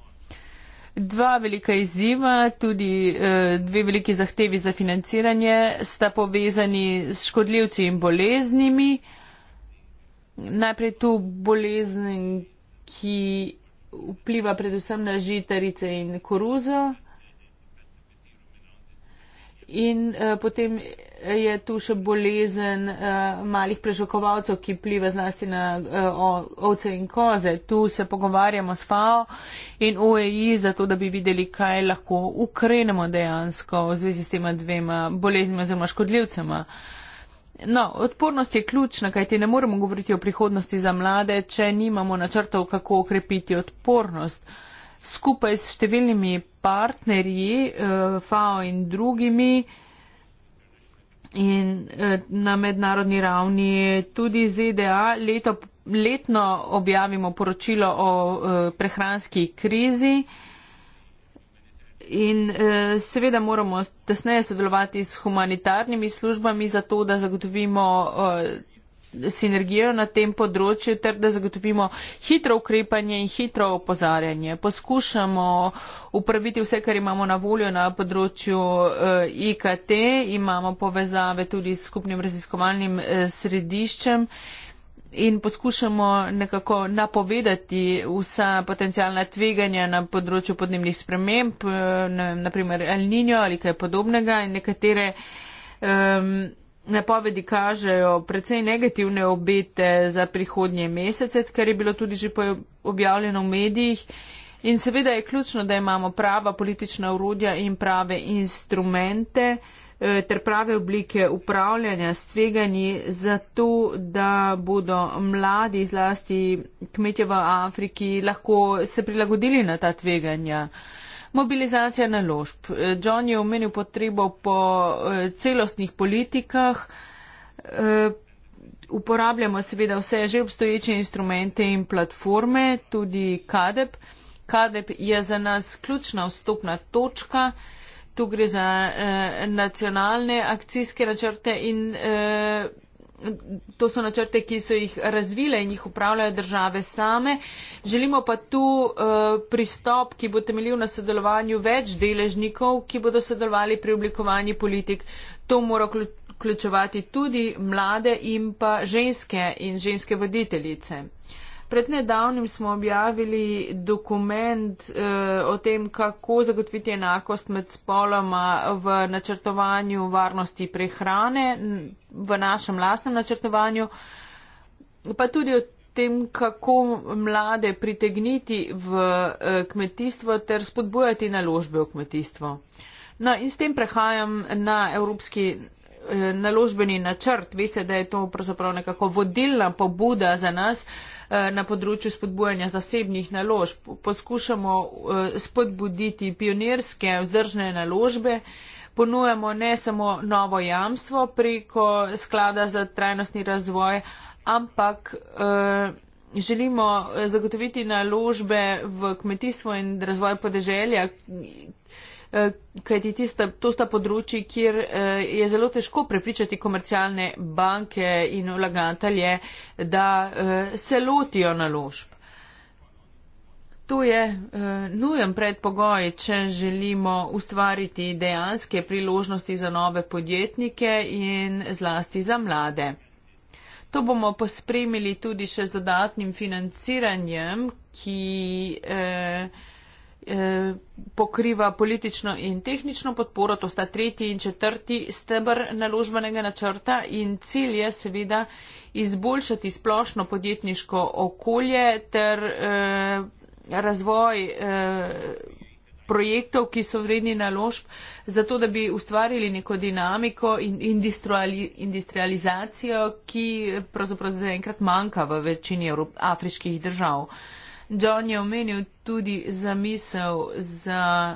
Dva velika izziva, tudi eh, dve veliki zahtevi za financiranje sta povezani s škodljivci in boleznimi. Najprej tu bolezen, ki vpliva predvsem na žitarice in koruzo. In uh, potem je tu še bolezen uh, malih prežokovalcev, ki pliva zlasti na uh, ovce in koze. Tu se pogovarjamo s FAO in OEI, zato da bi videli, kaj lahko ukrenemo dejansko v zvezi s tema dvema boleznima oziroma škodljivcema. No, odpornost je ključna, kajti ne moremo govoriti o prihodnosti za mlade, če nimamo načrtov, kako okrepiti odpornost. Skupaj s številnimi partnerji, eh, FAO in drugimi, in e, na mednarodni ravni tudi ZDA leto, letno objavimo poročilo o e, prehranski krizi. In e, seveda moramo tesneje sodelovati s humanitarnimi službami za to, da zagotovimo sinergijo na tem področju ter da zagotovimo hitro ukrepanje in hitro opozarjanje. Poskušamo upraviti vse, kar imamo na voljo na področju eh, IKT, imamo povezave tudi s skupnim raziskovalnim eh, središčem in poskušamo nekako napovedati vsa potencijalna tveganja na področju podnebnih sprememb, eh, naprimer El Niño ali kaj podobnega in nekatere. Um, Napovedi kažejo precej negativne obete za prihodnje mesece, kar je bilo tudi že objavljeno v medijih. In seveda je ključno, da imamo prava politična urodja in prave instrumente eh, ter prave oblike upravljanja s tveganji za to, da bodo mladi, zlasti kmetje v Afriki, lahko se prilagodili na ta tveganja mobilizacija naložb. Eh, John je omenil potrebo po eh, celostnih politikah. Eh, uporabljamo seveda vse že obstoječe instrumente in platforme, tudi KADEP. KADEP je za nas ključna vstopna točka. Tu gre za eh, nacionalne akcijske načrte in eh, to so načrte, ki so jih razvile in jih upravljajo države same. Želimo pa tu uh, pristop, ki bo temeljil na sodelovanju več deležnikov, ki bodo sodelovali pri oblikovanju politik. To mora vključevati tudi mlade in pa ženske in ženske voditeljice. Pred nedavnim smo objavili dokument eh, o tem, kako zagotoviti enakost med spoloma v načrtovanju varnosti prehrane, v našem lastnem načrtovanju, pa tudi o tem, kako mlade pritegniti v eh, kmetijstvo ter spodbujati naložbe v kmetijstvo. No, in s tem prehajam na evropski. Eh, naložbeni načrt. Veste, da je to pravzaprav nekako vodilna pobuda za nas eh, na področju spodbujanja zasebnih naložb. Poskušamo eh, spodbuditi pionirske vzdržne naložbe. Ponujamo ne samo novo jamstvo preko sklada za trajnostni razvoj, ampak eh, želimo zagotoviti naložbe v kmetijstvo in razvoj podeželja, Eh, kajti tista, to sta področji, kjer eh, je zelo težko prepričati komercialne banke in vlagatelje, da eh, se lotijo naložb. To je nujen predpogoj, če želimo ustvariti dejanske priložnosti za nove podjetnike in zlasti za mlade. To bomo pospremili tudi še z dodatnim financiranjem, ki eh, pokriva politično in tehnično podporo, to sta tretji in četrti stebr naložbenega načrta in cilj je seveda izboljšati splošno podjetniško okolje ter eh, razvoj eh, projektov, ki so vredni naložb, zato da bi ustvarili neko dinamiko in industriali, industrializacijo, ki pravzaprav zaenkrat manjka v večini Evrop afriških držav. Eh, John je omenil tudi zamisel za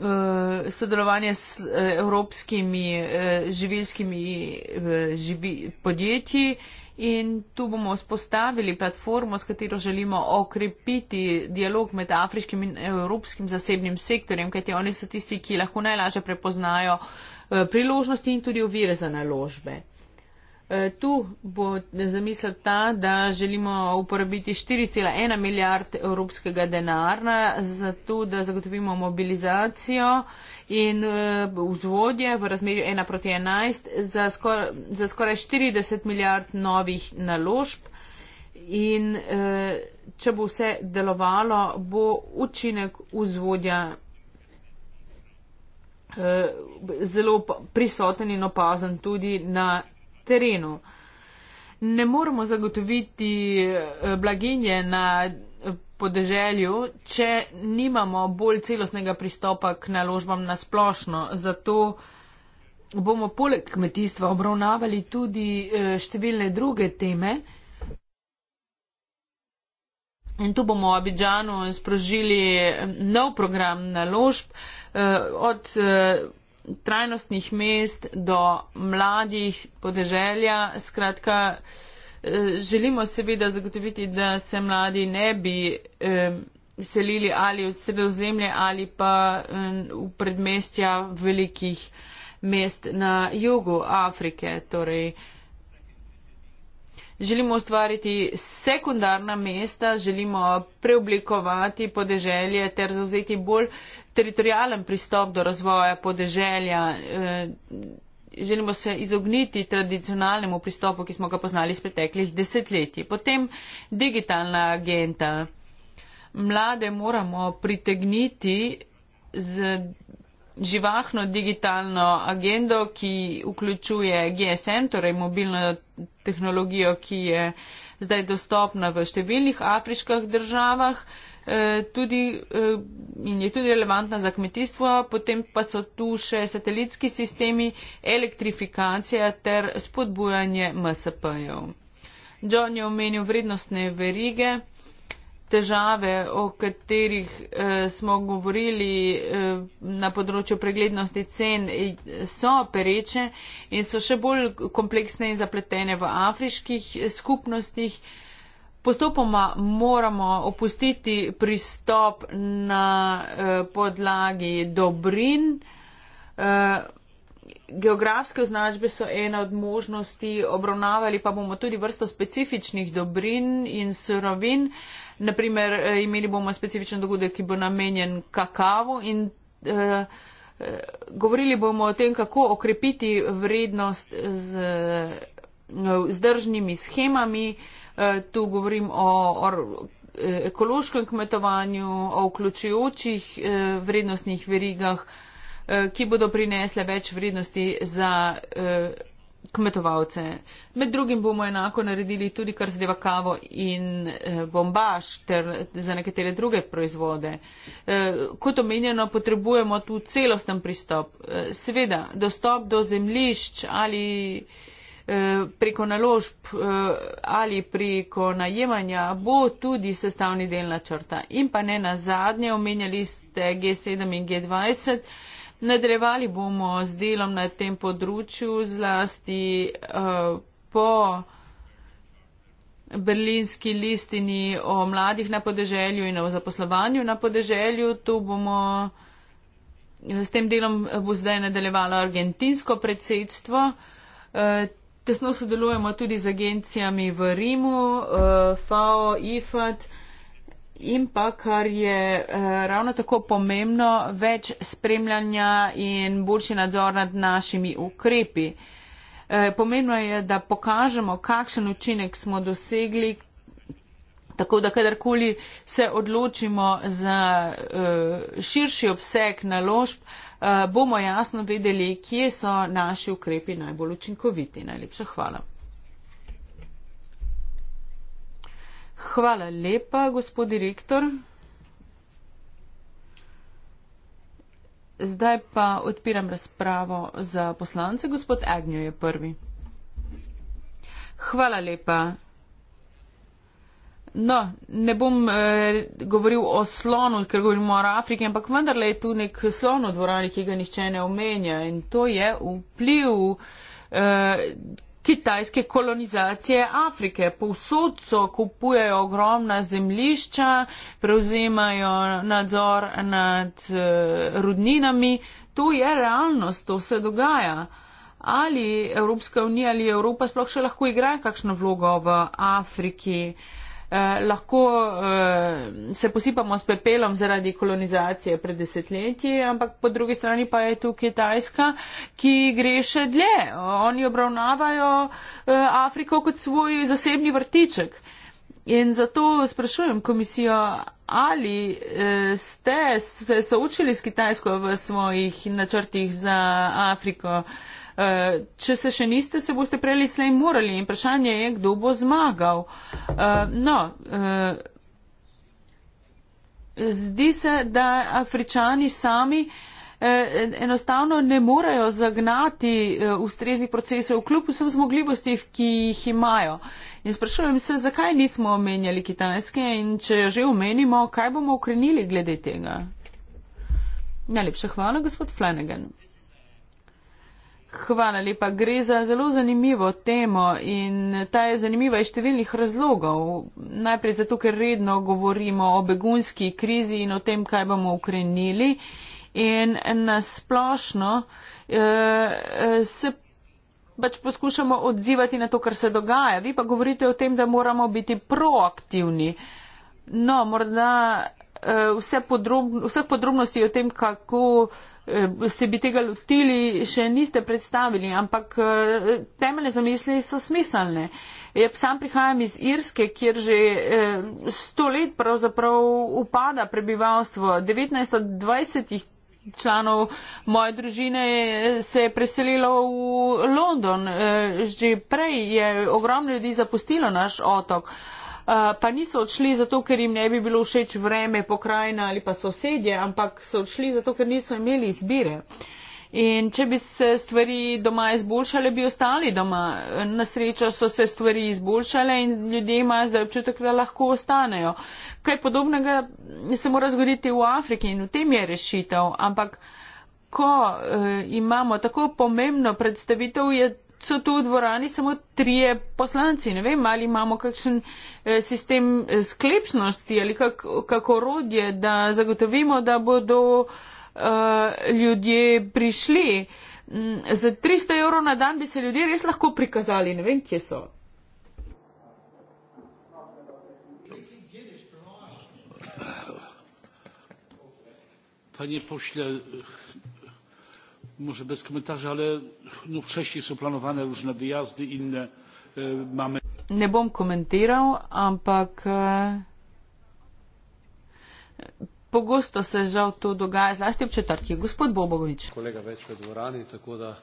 uh, sodelovanje s uh, evropskimi uh, živilskimi uh, živi, podjetji in tu bomo spostavili platformo, s katero želimo okrepiti dialog med afriškim in evropskim zasebnim sektorjem, kajti oni so tisti, ki lahko najlažje prepoznajo uh, priložnosti in tudi ovire za naložbe. E, tu bo zamisel ta, da želimo uporabiti 4,1 milijard evropskega denarna za to, da zagotovimo mobilizacijo in e, vzvodje v razmerju 1 proti 11 za, skor za skoraj 40 milijard novih naložb. In e, če bo vse delovalo, bo učinek vzvodja zelo prisoten in opazen tudi na terenu. Ne moremo zagotoviti eh, blaginje na eh, podeželju, če nimamo bolj celostnega pristopa k naložbam na splošno. Zato bomo poleg kmetijstva obravnavali tudi eh, številne druge teme. In tu bomo v Abidžanu sprožili nov program naložb od trajnostnih mest, do mladih podeželja. Skratka, eh, želimo seveda zagotoviti, da se mladi ne bi eh, selili ali v sredozemlje ali pa eh, v predmestja velikih mest na jugu Afrike. Torej, želimo ustvariti sekundarna mesta, želimo preoblikovati podeželje ter zauzeti bolj teritorijalen pristop do razvoja podeželja. Eh, želimo se izogniti tradicionalnemu pristopu, ki smo ga poznali iz preteklih desetletij. Potem digitalna agenda. Mlade moramo pritegniti z živahno digitalno agendo, ki vključuje GSM, torej mobilno tehnologijo, ki je zdaj dostopna v številnih afriških državah eh, tudi, eh, in je tudi relevantna za kmetijstvo, potem pa so tu še satelitski sistemi, elektrifikacija ter spodbujanje MSP-jev. John je omenil vrednostne verige težave, o katerih eh, smo govorili eh, na področju preglednosti cen, eh, so pereče in so še bolj kompleksne in zapletene v afriških eh, skupnostih. Postopoma moramo opustiti pristop na eh, podlagi dobrin. Eh, Geografske označbe so ena od možnosti, obravnavali pa bomo tudi vrsto specifičnih dobrin in surovin. Eh, naprimer, eh, imeli bomo specifičen dogodek, ki bo namenjen kakavu in eh, eh, govorili bomo o tem, kako okrepiti vrednost z zdržnimi schemami. Tu govorim o ekološkem kmetovanju, o vključujočih vrednostnih verigah, ki bodo prinesle več vrednosti za kmetovalce. Med drugim bomo enako naredili tudi kar zdeva kavo in eh, bombaž ter za nekatere druge proizvode. Eh, kot omenjeno, potrebujemo tu celosten pristop. Eh, seveda, dostop do zemlišč ali preko naložb ali preko najemanja bo tudi sestavni del načrta. In pa ne na zadnje, omenjali ste G7 in G20. Nadaljevali bomo z delom na tem področju, zlasti uh, po berlinski listini o mladih na podeželju in o zaposlovanju na podeželju. Tu bomo eh, s tem delom eh, bo zdaj nadaljevalo argentinsko predsedstvo. Tesno sodelujemo tudi z agencijami v Rimu, FAO, IFAT in pa, kar je eh, ravno tako pomembno, več spremljanja in boljši nadzor nad našimi ukrepi. Eh, pomembno je, da pokažemo, kakšen učinek smo dosegli, tako da kadarkoli se odločimo za eh, širši obseg naložb, bomo jasno vedeli, kje so naši ukrepi najbolj učinkoviti. Najlepša hvala. Hvala lepa, gospod direktor. Zdaj pa odpiram razpravo za poslance. Gospod Agnjo je prvi. Hvala lepa. No, ne bom eh, govoril o slonu, ker govorimo o Afriki, ampak vendarle je tu nek slon v dvorani, ki ga nihče ne omenja in to je vpliv. Eh, kitajske kolonizacije Afrike. Povsod so kupujejo ogromna zemlišča, prevzemajo nadzor nad eh, rudninami. To je realnost, to se dogaja. Ali Evropska unija ali Evropa sploh še lahko igra kakšno vlogo v Afriki? eh, lahko eh, se posipamo s pepelom zaradi kolonizacije pred desetletji, ampak po drugi strani pa je tu Kitajska, ki gre še dlje. Oni obravnavajo eh, Afriko kot svoj zasebni vrtiček. In zato sprašujem komisijo, ali eh, ste se soočili s Kitajsko v svojih načrtih za Afriko. Eh, Eh, če se še niste, se boste prejeli slej morali in vprašanje je, kdo bo zmagal. Eh, no, eh, zdi se, da Afričani sami enostavno ne morejo zagnati ustreznih procesov kljub vsem zmogljivostih, ki jih imajo. In sprašujem se, zakaj nismo omenjali kitajske in če jo že omenimo, kaj bomo ukrenili glede tega. Najlepša hvala, gospod Flanagan. Hvala lepa. Gre za zelo zanimivo temo in ta je zanimiva iz številnih razlogov. Najprej zato, ker redno govorimo o begunski krizi in o tem, kaj bomo ukrenili. In nasplošno eh, eh, se pač poskušamo odzivati na to, kar se dogaja. Vi pa govorite o tem, da moramo biti proaktivni. No, morda eh, vse podrob, vseh podrobnosti o tem, kako. Eh, se bi tega lotili, še niste predstavili, ampak eh, temeljne zamisli so smiselne. Sam prihajam iz Irske, kjer že eh, sto let pravzaprav upada prebivalstvo. 19 od 20 članov moje družine se je preselilo v London. Že prej je ogromno ljudi zapustilo naš otok. Eh, pa niso odšli zato, ker jim ne bi bilo všeč vreme, pokrajina ali pa sosedje, ampak so odšli zato, ker niso imeli izbire. In če bi se stvari doma izboljšale, bi ostali doma. Na srečo so se stvari izboljšale in ljudje imajo zdaj občutek, da lahko ostanejo. Kaj podobnega se mora zgoditi v Afriki in v tem je rešitev. Ampak ko eh, imamo tako pomembno predstavitev, je so tu v dvorani samo trije poslanci. Ne vem, ali imamo kakšen eh, sistem eh, sklepnosti ali kak, kako rodje, da zagotovimo, da bodo uh, ljudje prišli. Mm, za 300 evrov na dan bi se ljudje res lahko prikazali, ne vem, kje so. Pa ni pošljal może bez komentarza, ale no wcześniej są planowane różne wyjazdy, inne e, mamy. Nie bom komentiral, ampak e, pogosto se žal to dogaja, zlasti v četrtki. Gospod Bobovič. Kolega več v dvorani, tako da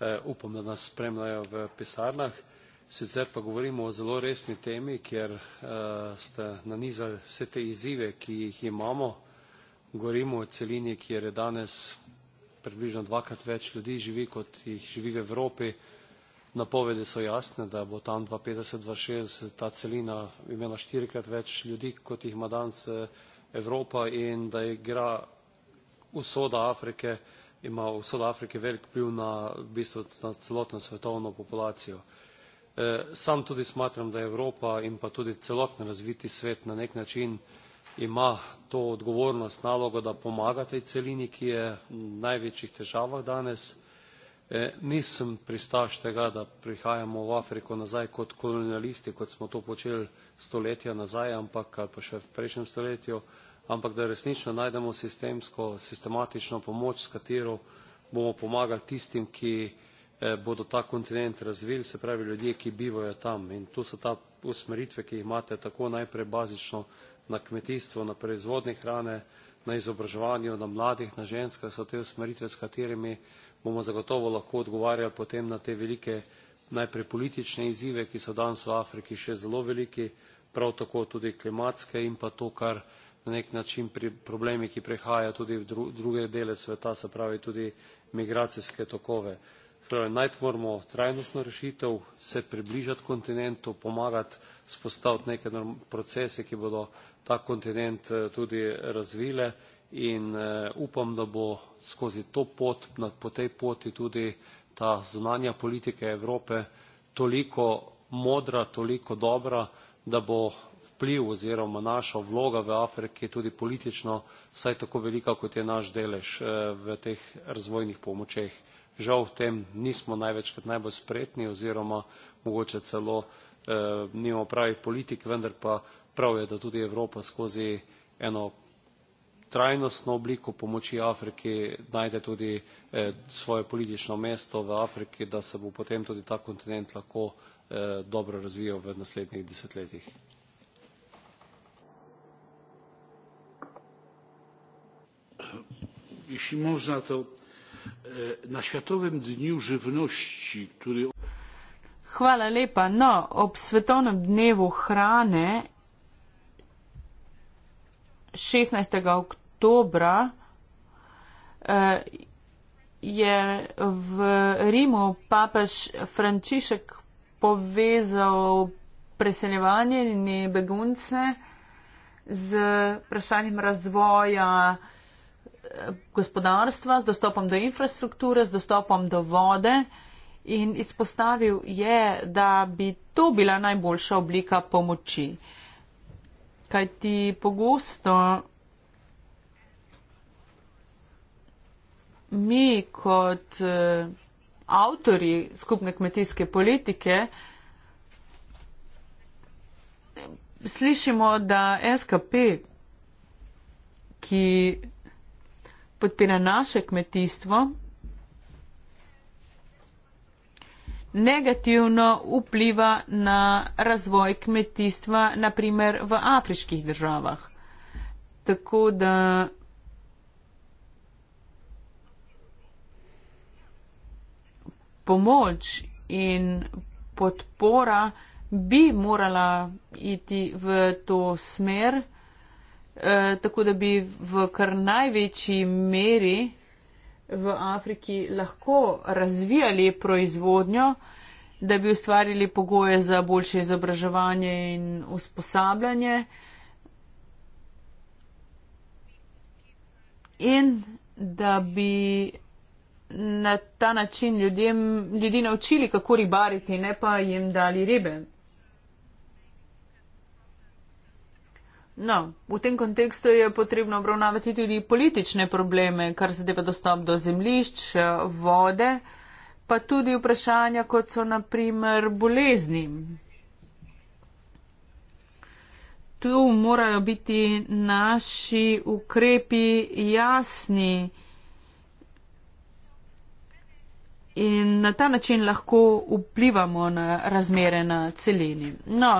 e, upam, da nas spremljajo v pisarnah. Sicer pa govorimo o zelo resni temi, ker e, ste nanizali vse te izzive, ki jih imamo. Govorimo o celini, kjer je danes približno dvakrat več ljudi živi, kot jih živi v Evropi. Napovedi so jasne, da bo tam 2050-2060 ta celina imela štirikrat več ljudi, kot jih ima danes eh, Evropa in da igra usoda Afrike, ima usoda Afrike velik pliv na, v bistvu, na celotno svetovno populacijo. Eh, sam tudi smatram, da je Evropa in pa tudi celotno razviti svet na nek način ima to odgovornost nalogo, da pomaga tej celini, ki je v največjih težavah danes. E, nisem pristaš tega, da prihajamo v Afriko nazaj kot kolonialisti, kot smo to počeli stoletja nazaj, ampak pa še v prejšnjem stoletju, ampak da resnično najdemo sistemsko, sistematično pomoč, s katero bomo pomagali tistim, ki e, bodo ta kontinent razvili, se pravi ljudje, ki bivajo tam. In tu so ta usmeritve, ki jih imate tako najprej bazično na kmetijstvo, na proizvodni hrane, na izobraževanju, na mladih, na ženskah, so te usmeritve, s katerimi bomo zagotovo lahko odgovarjali potem na te velike najprej politične izzive, ki so danes v Afriki še zelo veliki, prav tako tudi klimatske in pa to, kar na nek način pri problemi, ki prehajajo tudi v druge dele sveta, se pravi tudi migracijske tokove pravim najti moramo trajnostno rešitev se približati kontinentu pomagati spostaviti neke procese ki bodo ta kontinent eh, tudi razvile in eh, upam da bo skozi to pot po tej poti tudi ta zunanja politika evrope toliko modra toliko dobra da bo vpliv oziroma naša vloga v afriki tudi politično vsaj tako velika kot je naš delež eh, v teh razvojnih pomočeh žal v tem nismo največkrat najbolj spretni oziroma mogoče celo eh, nimamo pravih politik, vendar pa prav je, da tudi Evropa skozi eno trajnostno obliko pomoči Afriki najde tudi eh, svoje politično mesto v Afriki, da se bo potem tudi ta kontinent lahko eh, dobro razvijal v naslednjih desetletjih. Ještě možná to E, na svetovnem dnevu živnosti, tudi. Hvala lepa. No, ob svetovnem dnevu hrane 16. oktobra e, je v Rimu papež Frančišek povezal preseljevanje in begunce z vprašanjem razvoja gospodarstva, z dostopom do infrastrukture, z dostopom do vode in izpostavil je, da bi to bila najboljša oblika pomoči. Kaj ti pogosto mi kot eh, avtori skupne kmetijske politike slišimo, da SKP, ki podpira naše kmetijstvo, negativno vpliva na razvoj kmetijstva, naprimer v afriških državah. Tako da. Pomoč in podpora bi morala iti v to smer. Eh, tako da bi v kar največji meri v Afriki lahko razvijali proizvodnjo, da bi ustvarili pogoje za boljše izobraževanje in usposabljanje. In da bi na ta način ljudem, ljudi naučili, kako ribariti, ne pa jim dali ribe. No, v tem kontekstu je potrebno obravnavati tudi politične probleme, kar zadeva dostop do zemlišč, vode, pa tudi vprašanja, kot so naprimer bolezni. Tu morajo biti naši ukrepi jasni in na ta način lahko vplivamo na razmere na celini. No,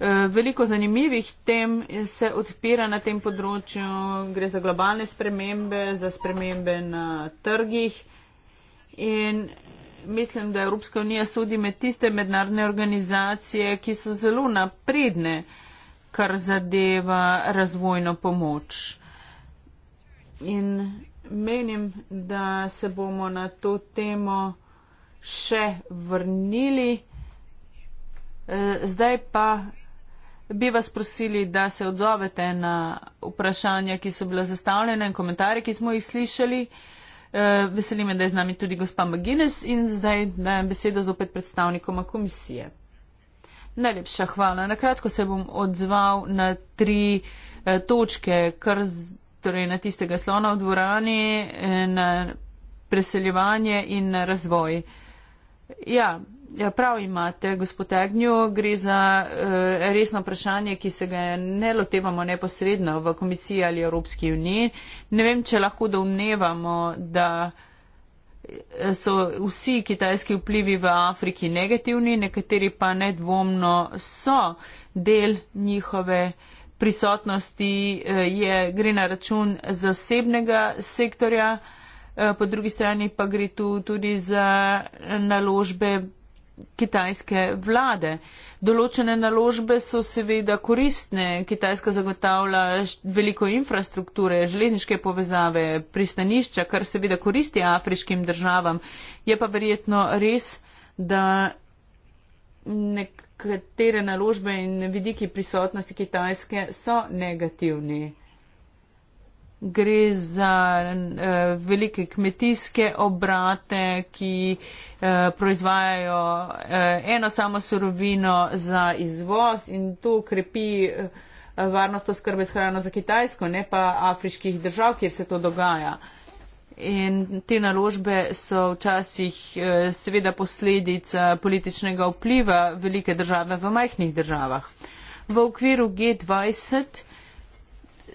Eh, veliko zanimivih tem se odpira na tem področju. Gre za globalne spremembe, za spremembe na trgih. In mislim, da Evropska unija sodi med tiste mednarodne organizacije, ki so zelo napredne, kar zadeva razvojno pomoč. In menim, da se bomo na to temo še vrnili. Eh, zdaj pa bi vas prosili, da se odzovete na vprašanja, ki so bila zastavljena in komentarje, ki smo jih slišali. Eh, veseli me, da je z nami tudi gospa Magines in zdaj dajem besedo zopet predstavnikoma komisije. Najlepša hvala. Na kratko se bom odzval na tri eh, točke, kar z, torej na tistega slona v dvorani, eh, na preseljevanje in na razvoj. Ja, Ja, prav imate, gospod Agnjo, gre za uh, resno vprašanje, ki se ga ne lotevamo neposredno v komisiji ali Evropski uniji. Ne vem, če lahko domnevamo, da eh, so vsi kitajski vplivi v Afriki negativni, nekateri pa nedvomno so del njihove prisotnosti, eh, je, gre na račun zasebnega sektorja, po drugi strani pa gre tu tudi za naložbe kitajske vlade. Določene naložbe so seveda koristne. Kitajska zagotavlja veliko infrastrukture, železniške povezave, pristanišča, kar seveda koristi afriškim državam. Je pa verjetno res, da nekatere naložbe in vidiki prisotnosti Kitajske so negativni gre za uh, velike kmetijske obrate, ki uh, proizvajajo uh, eno samo surovino za izvoz in to krepi uh, varnost oskrbe s hrano za Kitajsko, ne pa afriških držav, kjer se to dogaja. In te naložbe so včasih uh, seveda posledica političnega vpliva velike države v majhnih državah. V okviru G20 uh,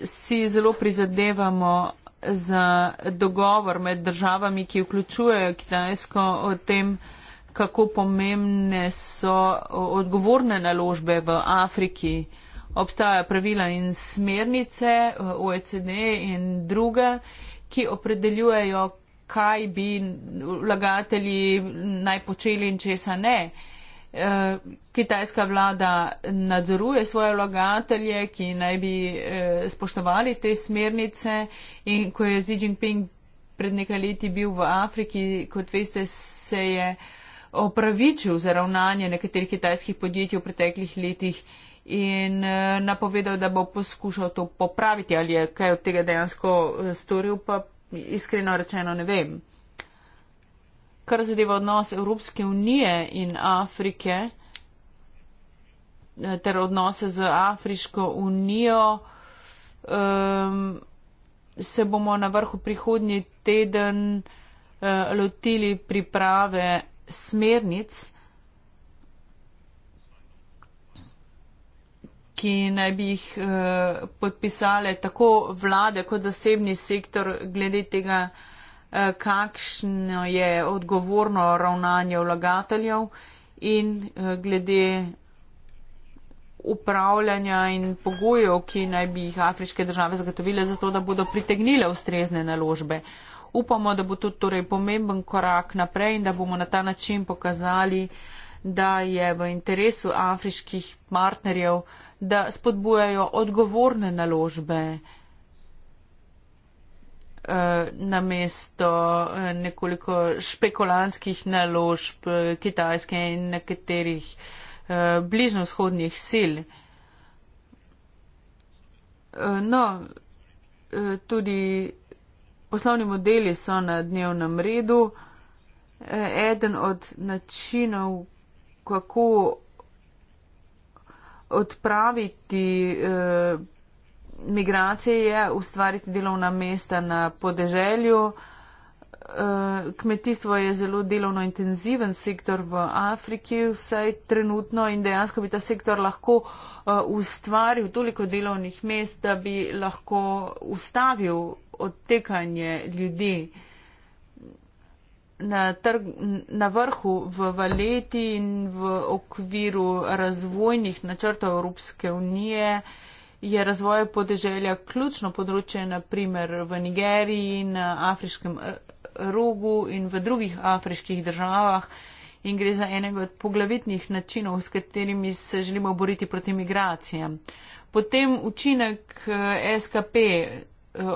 si zelo prizadevamo za dogovor med državami, ki vključujejo Kitajsko o tem, kako pomembne so odgovorne naložbe v Afriki. Obstajajo pravila in smernice OECD in druge, ki opredeljujejo, kaj bi vlagatelji naj počeli in česa ne. Uh, Eh, kitajska vlada nadzoruje svoje vlagatelje, ki naj bi eh, spoštovali te smernice in ko je Xi Jinping pred nekaj leti bil v Afriki, kot veste, se je opravičil za ravnanje nekaterih kitajskih podjetij v preteklih letih in eh, napovedal, da bo poskušal to popraviti ali je kaj od tega dejansko storil, pa iskreno rečeno ne vem kar zadeva odnos Evropske unije in Afrike eh, ter odnose z Afriško unijo, um, se bomo na vrhu prihodnji teden uh, lotili priprave smernic, ki naj bi jih uh, podpisale tako vlade kot zasebni sektor glede tega, Eh, kakšno je odgovorno ravnanje vlagateljev in eh, glede upravljanja in pogojev, ki naj bi jih afriške države zagotovile za to, da bodo pritegnile ustrezne naložbe. Upamo, da bo to torej pomemben korak naprej in da bomo na ta način pokazali, da je v interesu afriških partnerjev, da spodbujajo odgovorne naložbe. Eh, na mesto eh, nekoliko špekulanskih naložb eh, Kitajske in nekaterih bližnjovzhodnih sil. No, tudi poslovni modeli so na dnevnem redu. Eden od načinov, kako odpraviti migracije je ustvariti delovna mesta na podeželju. Eh, kmetijstvo je zelo delovno intenziven sektor v Afriki, vsaj trenutno in dejansko bi ta sektor lahko eh, ustvaril toliko delovnih mest, da bi lahko ustavil odtekanje ljudi. Na, trg, na vrhu v Valeti in v okviru razvojnih načrtov Evropske unije je razvoj podeželja ključno področje, naprimer v Nigeriji, na afriškem eh, rogu in v drugih afriških državah in gre za enega od poglavitnih načinov, s katerimi se želimo boriti proti migracijam. Potem učinek eh, SKP, eh,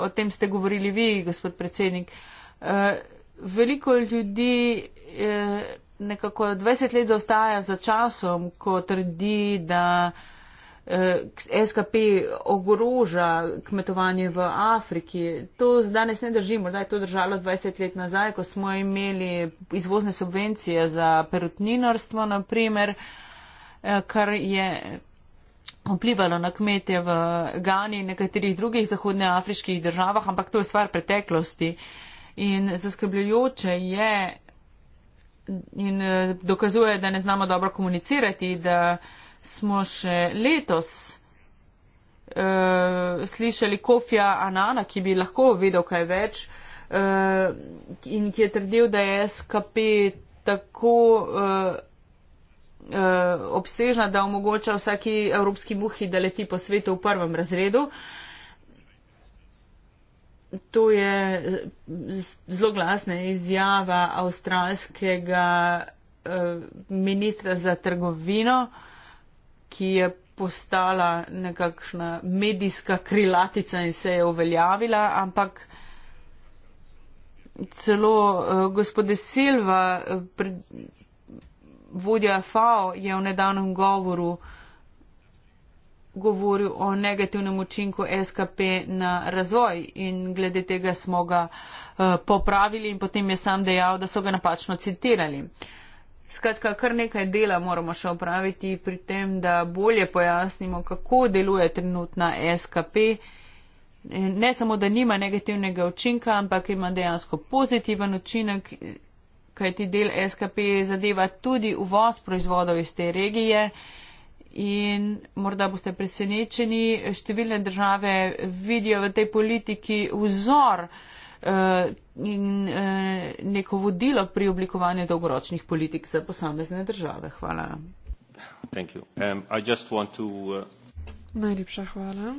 o tem ste govorili vi, gospod predsednik. Veliko ljudi nekako 20 let zaostaja za časom, ko trdi, da Eh, SKP ogroža kmetovanje v Afriki. To danes ne drži, morda je to držalo 20 let nazaj, ko smo imeli izvozne subvencije za perutninarstvo, naprimer, eh, kar je vplivalo na kmete v Gani in nekaterih drugih zahodneafriških državah, ampak to je stvar preteklosti. In zaskrbljujoče je in eh, dokazuje, da ne znamo dobro komunicirati, da smo še letos uh, slišali Kofija Anana, ki bi lahko vedel kaj več uh, in ki je trdil, da je SKP tako uh, uh, obsežna, da omogoča vsaki evropski muhi, da leti po svetu v prvem razredu. To je zelo glasna izjava avstralskega ministra za trgovino, ki je postala nekakšna medijska krilatica in se je uveljavila, ampak celo uh, gospode Silva, eh, pred, vodja FAO, je v nedavnem govoru govoril o negativnem učinku SKP na razvoj in glede tega smo ga uh, popravili in potem je sam dejal, da so ga napačno citirali. Uh, Skratka, kar nekaj dela moramo še opraviti pri tem, da bolje pojasnimo, kako deluje trenutna SKP. Ne samo, da nima negativnega učinka, ampak ima dejansko pozitiven učinek, kajti del SKP zadeva tudi uvoz proizvodov iz te regije. In morda boste presenečeni, številne države vidijo v tej politiki vzor Eh, in eh, neko vodilo pri oblikovanju dolgoročnih politik za posamezne države. Hvala. Um, uh, Najlepša hvala.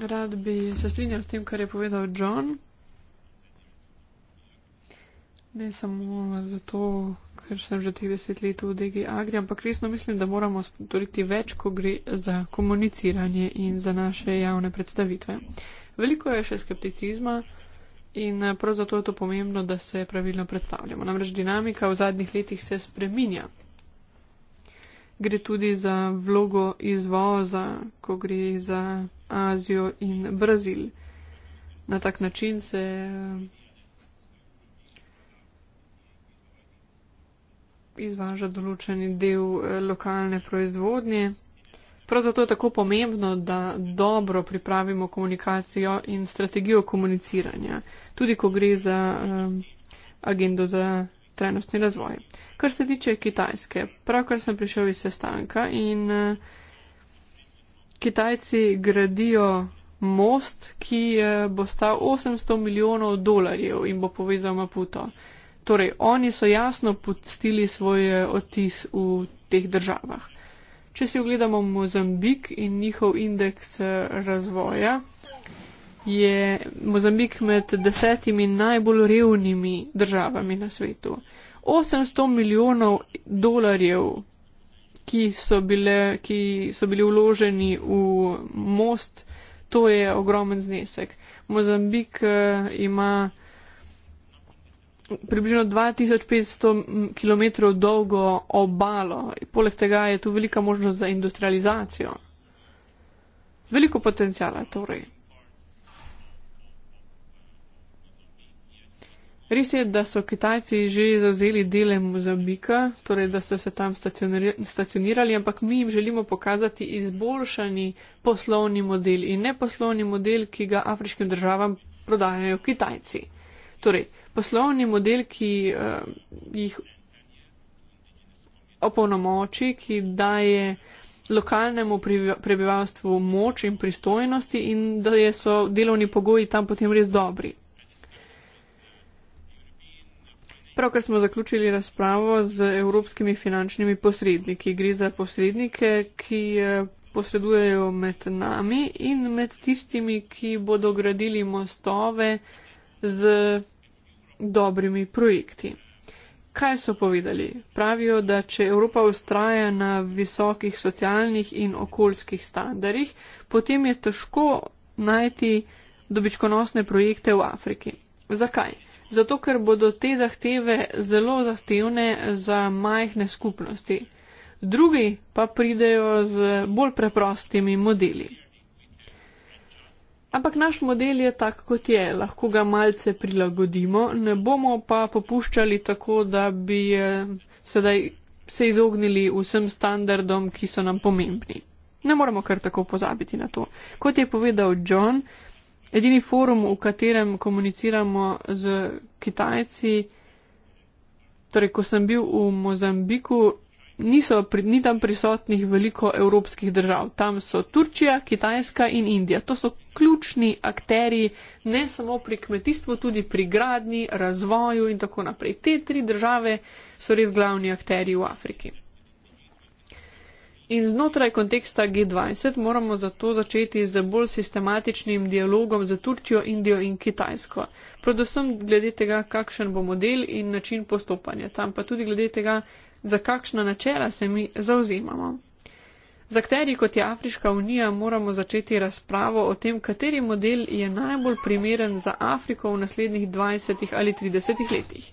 Rad bi se strinjal s tem, kar je povedal John. Ne samo zato, ker sem že teh deset let v DG Agri, ampak resno mislim, da moramo storiti več, ko gre za komuniciranje in za naše javne predstavitve. Veliko je še skepticizma. In eh, prav zato je to pomembno, da se pravilno predstavljamo. Namreč dinamika v zadnjih letih se spreminja. Gre tudi za vlogo izvoza, ko gre za Azijo in Brazil. Na tak način se. Eh, izvaža določeni del eh, lokalne proizvodnje. Prav zato je tako pomembno, da dobro pripravimo komunikacijo in strategijo komuniciranja tudi ko gre za um, agendo za trajnostni razvoj. Kar se tiče Kitajske, pravkar sem prišel iz sestanka in uh, Kitajci gradijo most, ki uh, bo stal 800 milijonov dolarjev in bo povezal Maputo. Torej, oni so jasno pustili svoj eh, odtis v teh državah. Če si ogledamo Mozambik in njihov indeks razvoja, je Mozambik med desetimi najbolj revnimi državami na svetu. 800 milijonov dolarjev, ki so, bile, ki so bili vloženi v most, to je ogromen znesek. Mozambik eh, ima približno 2500 km dolgo obalo. Poleg tega je tu velika možnost za industrializacijo. Veliko potencijala torej. Res je, da so Kitajci že zauzeli dele Mozambika, torej da so se tam stacionirali, ampak mi jim želimo pokazati izboljšani poslovni model in ne poslovni model, ki ga afriškim državam prodajajo Kitajci. Torej, poslovni model, ki uh, jih opolnomoči, ki daje lokalnemu prebivalstvu moč in pristojnosti in da so delovni pogoji tam potem res dobri. Pravkar smo zaključili razpravo z evropskimi finančnimi posredniki. Gre za posrednike, ki eh, posredujejo med nami in med tistimi, ki bodo gradili mostove z dobrimi projekti. Kaj so povedali? Pravijo, da če Evropa ustraja na visokih socialnih in okoljskih standardih, potem je težko najti dobičkonosne projekte v Afriki. Zakaj? zato ker bodo te zahteve zelo zahtevne za majhne skupnosti. Drugi pa pridejo z bolj preprostimi modeli. Ampak naš model je tak, kot je, lahko ga malce prilagodimo, ne bomo pa popuščali tako, da bi eh, sedaj se izognili vsem standardom, ki so nam pomembni. Ne moramo kar tako pozabiti na to. Kot je povedal John, edini forum, v katerem komuniciramo z Kitajci. Torej, ko sem bil v Mozambiku, niso, pri, ni tam prisotnih veliko evropskih držav. Tam so Turčija, Kitajska in Indija. To so ključni akteri ne samo pri kmetijstvu, tudi pri gradni, razvoju in tako naprej. Te tri države so res glavni akteri v Afriki. In znotraj konteksta G20 moramo zato začeti z bolj sistematičnim dialogom z Turčijo, Indijo in Kitajsko. Predvsem glede tega, kakšen bo model in način postopanja tam, pa tudi glede tega, za kakšna načela se mi zauzemamo. Za kateri kot je Afriška unija moramo začeti razpravo o tem, kateri model je najbolj primeren za Afriko v naslednjih 20 ali 30 letih.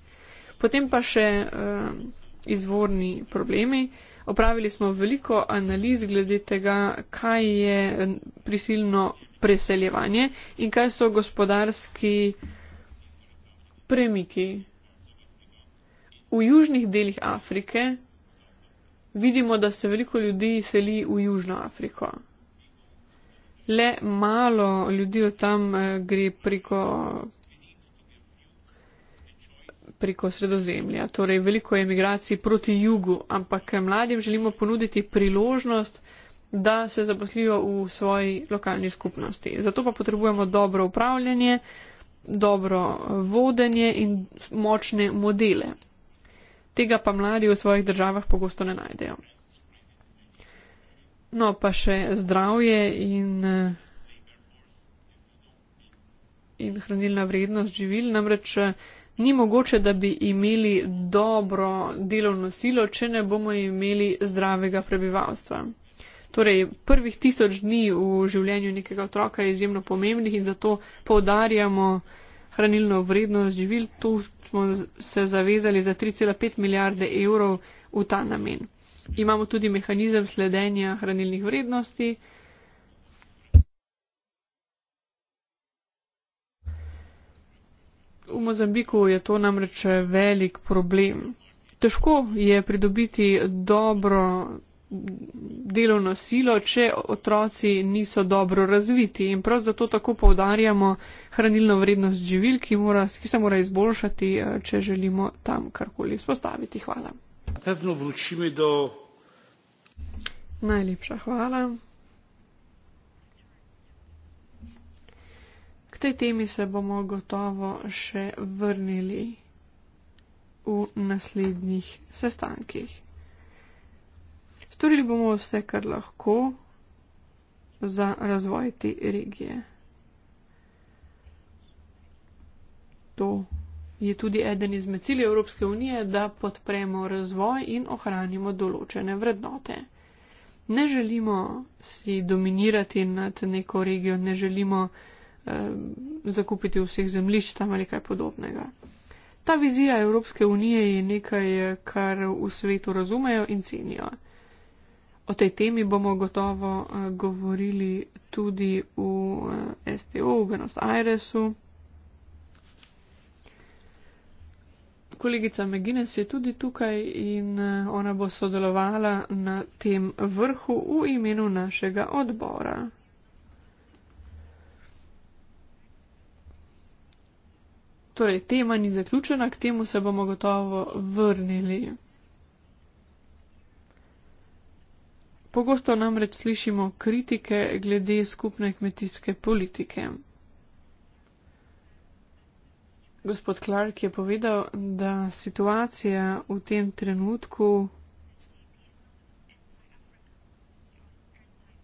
Potem pa še eh, izvorni problemi. Opravili smo veliko analiz glede tega, kaj je prisilno preseljevanje in kaj so gospodarski premiki. V južnih delih Afrike vidimo, da se veliko ljudi seli v Južno Afriko. Le malo ljudi od tam eh, gre preko preko sredozemlja, torej veliko emigracij proti jugu, ampak mladim želimo ponuditi priložnost, da se zaposlijo v svoji lokalni skupnosti. Zato pa potrebujemo dobro upravljanje, dobro vodenje in močne modele. Tega pa mladi v svojih državah pogosto ne najdejo. No, pa še zdravje in, in hranilna vrednost živil. Namreč ni mogoče, da bi imeli dobro delovno silo, če ne bomo imeli zdravega prebivalstva. Torej, prvih tisoč dni v življenju nekega otroka je izjemno pomembnih in zato povdarjamo hranilno vrednost živil. Tu smo se zavezali za 3,5 milijarde evrov v ta namen. Imamo tudi mehanizem sledenja hranilnih vrednosti. V Mozambiku je to namreč velik problem. Težko je pridobiti dobro delovno silo, če otroci niso dobro razviti. In prav zato tako poudarjamo hranilno vrednost živil, ki, mora, ki se mora izboljšati, eh, če želimo tam karkoli spostaviti. Hvala. Najlepša hvala. tej temi se bomo gotovo še vrnili v naslednjih sestankih. Storili bomo vse, kar lahko za razvoj te regije. To je tudi eden izmed ciljev Evropske unije, da podpremo razvoj in ohranimo določene vrednote. Ne želimo si dominirati nad neko regijo, ne želimo Eh, zakupiti vseh zemljišč tam ali kaj podobnega. Ta vizija Evropske unije je nekaj, kar v svetu razumejo in cenijo. O tej temi bomo gotovo eh, govorili tudi v eh, STO v Buenos Airesu. Kolegica McGuinness je tudi tukaj in ona bo sodelovala na tem vrhu v imenu našega odbora. Torej, tema ni zaključena, k temu se bomo gotovo vrnili. Pogosto namreč slišimo kritike glede skupne kmetijske politike. Gospod Clark je povedal, da situacija v tem trenutku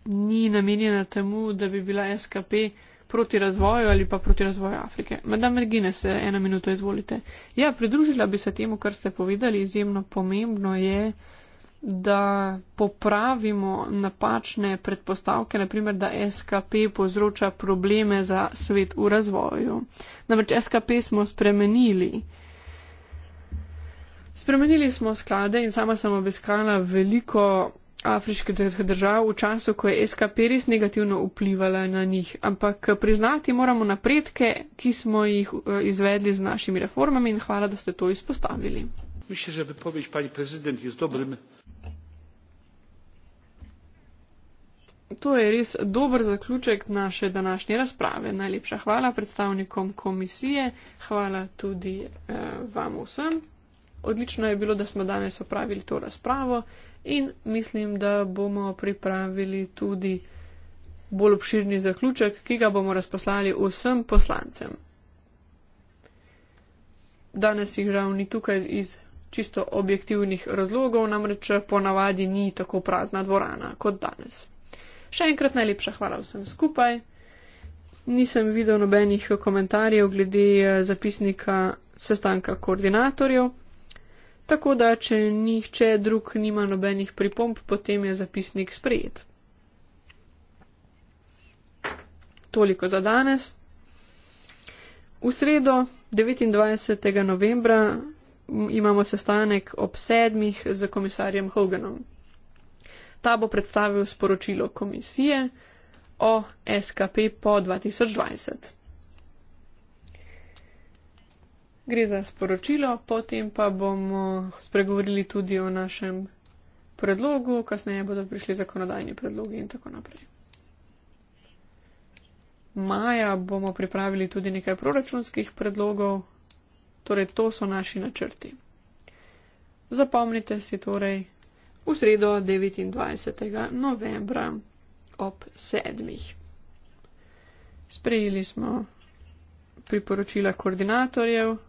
ni namenjena temu, da bi bila SKP proti razvoju ali pa proti razvoju Afrike. Madame Mergine, se ena minuta izvolite. Ja, pridružila bi se temu, kar ste povedali. Izjemno pomembno je, da popravimo napačne predpostavke, naprimer, da SKP povzroča probleme za svet v razvoju. Namreč SKP smo spremenili. Spremenili smo sklade in sama sem obiskala veliko afriške države v času, ko je SKP res negativno vplivala na njih. Ampak eh, priznati moramo napredke, ki smo jih eh, izvedli z našimi reformami in hvala, da ste to izpostavili. Mislim, že vypoveď pani prezident je z dobrim. To je res dober zaključek naše današnje razprave. Najlepša hvala predstavnikom komisije, hvala tudi eh, vam vsem. Odlično je bilo, da smo danes opravili to razpravo in mislim, da bomo pripravili tudi bolj obširni zaključek, ki ga bomo razposlali vsem poslancem. Danes jih žal ni tukaj iz čisto objektivnih razlogov, namreč ponavadi ni tako prazna dvorana kot danes. Še enkrat najlepša hvala vsem skupaj. Nisem videl nobenih komentarjev glede eh, zapisnika sestanka koordinatorjev. Tako da, če nihče drug nima nobenih pripomb, potem je zapisnik sprejet. Toliko za danes. V sredo 29. novembra imamo sestanek ob sedmih z komisarjem Hoganom. Ta bo predstavil sporočilo komisije o SKP po 2020. gre za sporočilo, potem pa bomo spregovorili tudi o našem predlogu, kasneje bodo prišli zakonodajni predlogi in tako naprej. Maja bomo pripravili tudi nekaj proračunskih predlogov, torej to so naši načrti. Zapomnite si torej v sredo 29. novembra ob sedmih. Sprejeli smo priporočila koordinatorjev.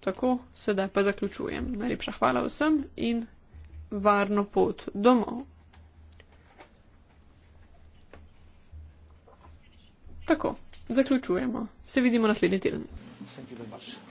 Tako, sedaj pa zaključujem. Najlepša hvala vsem in varno pot domov. Tako, zaključujemo. Se vidimo naslednji teden. Thank you very much.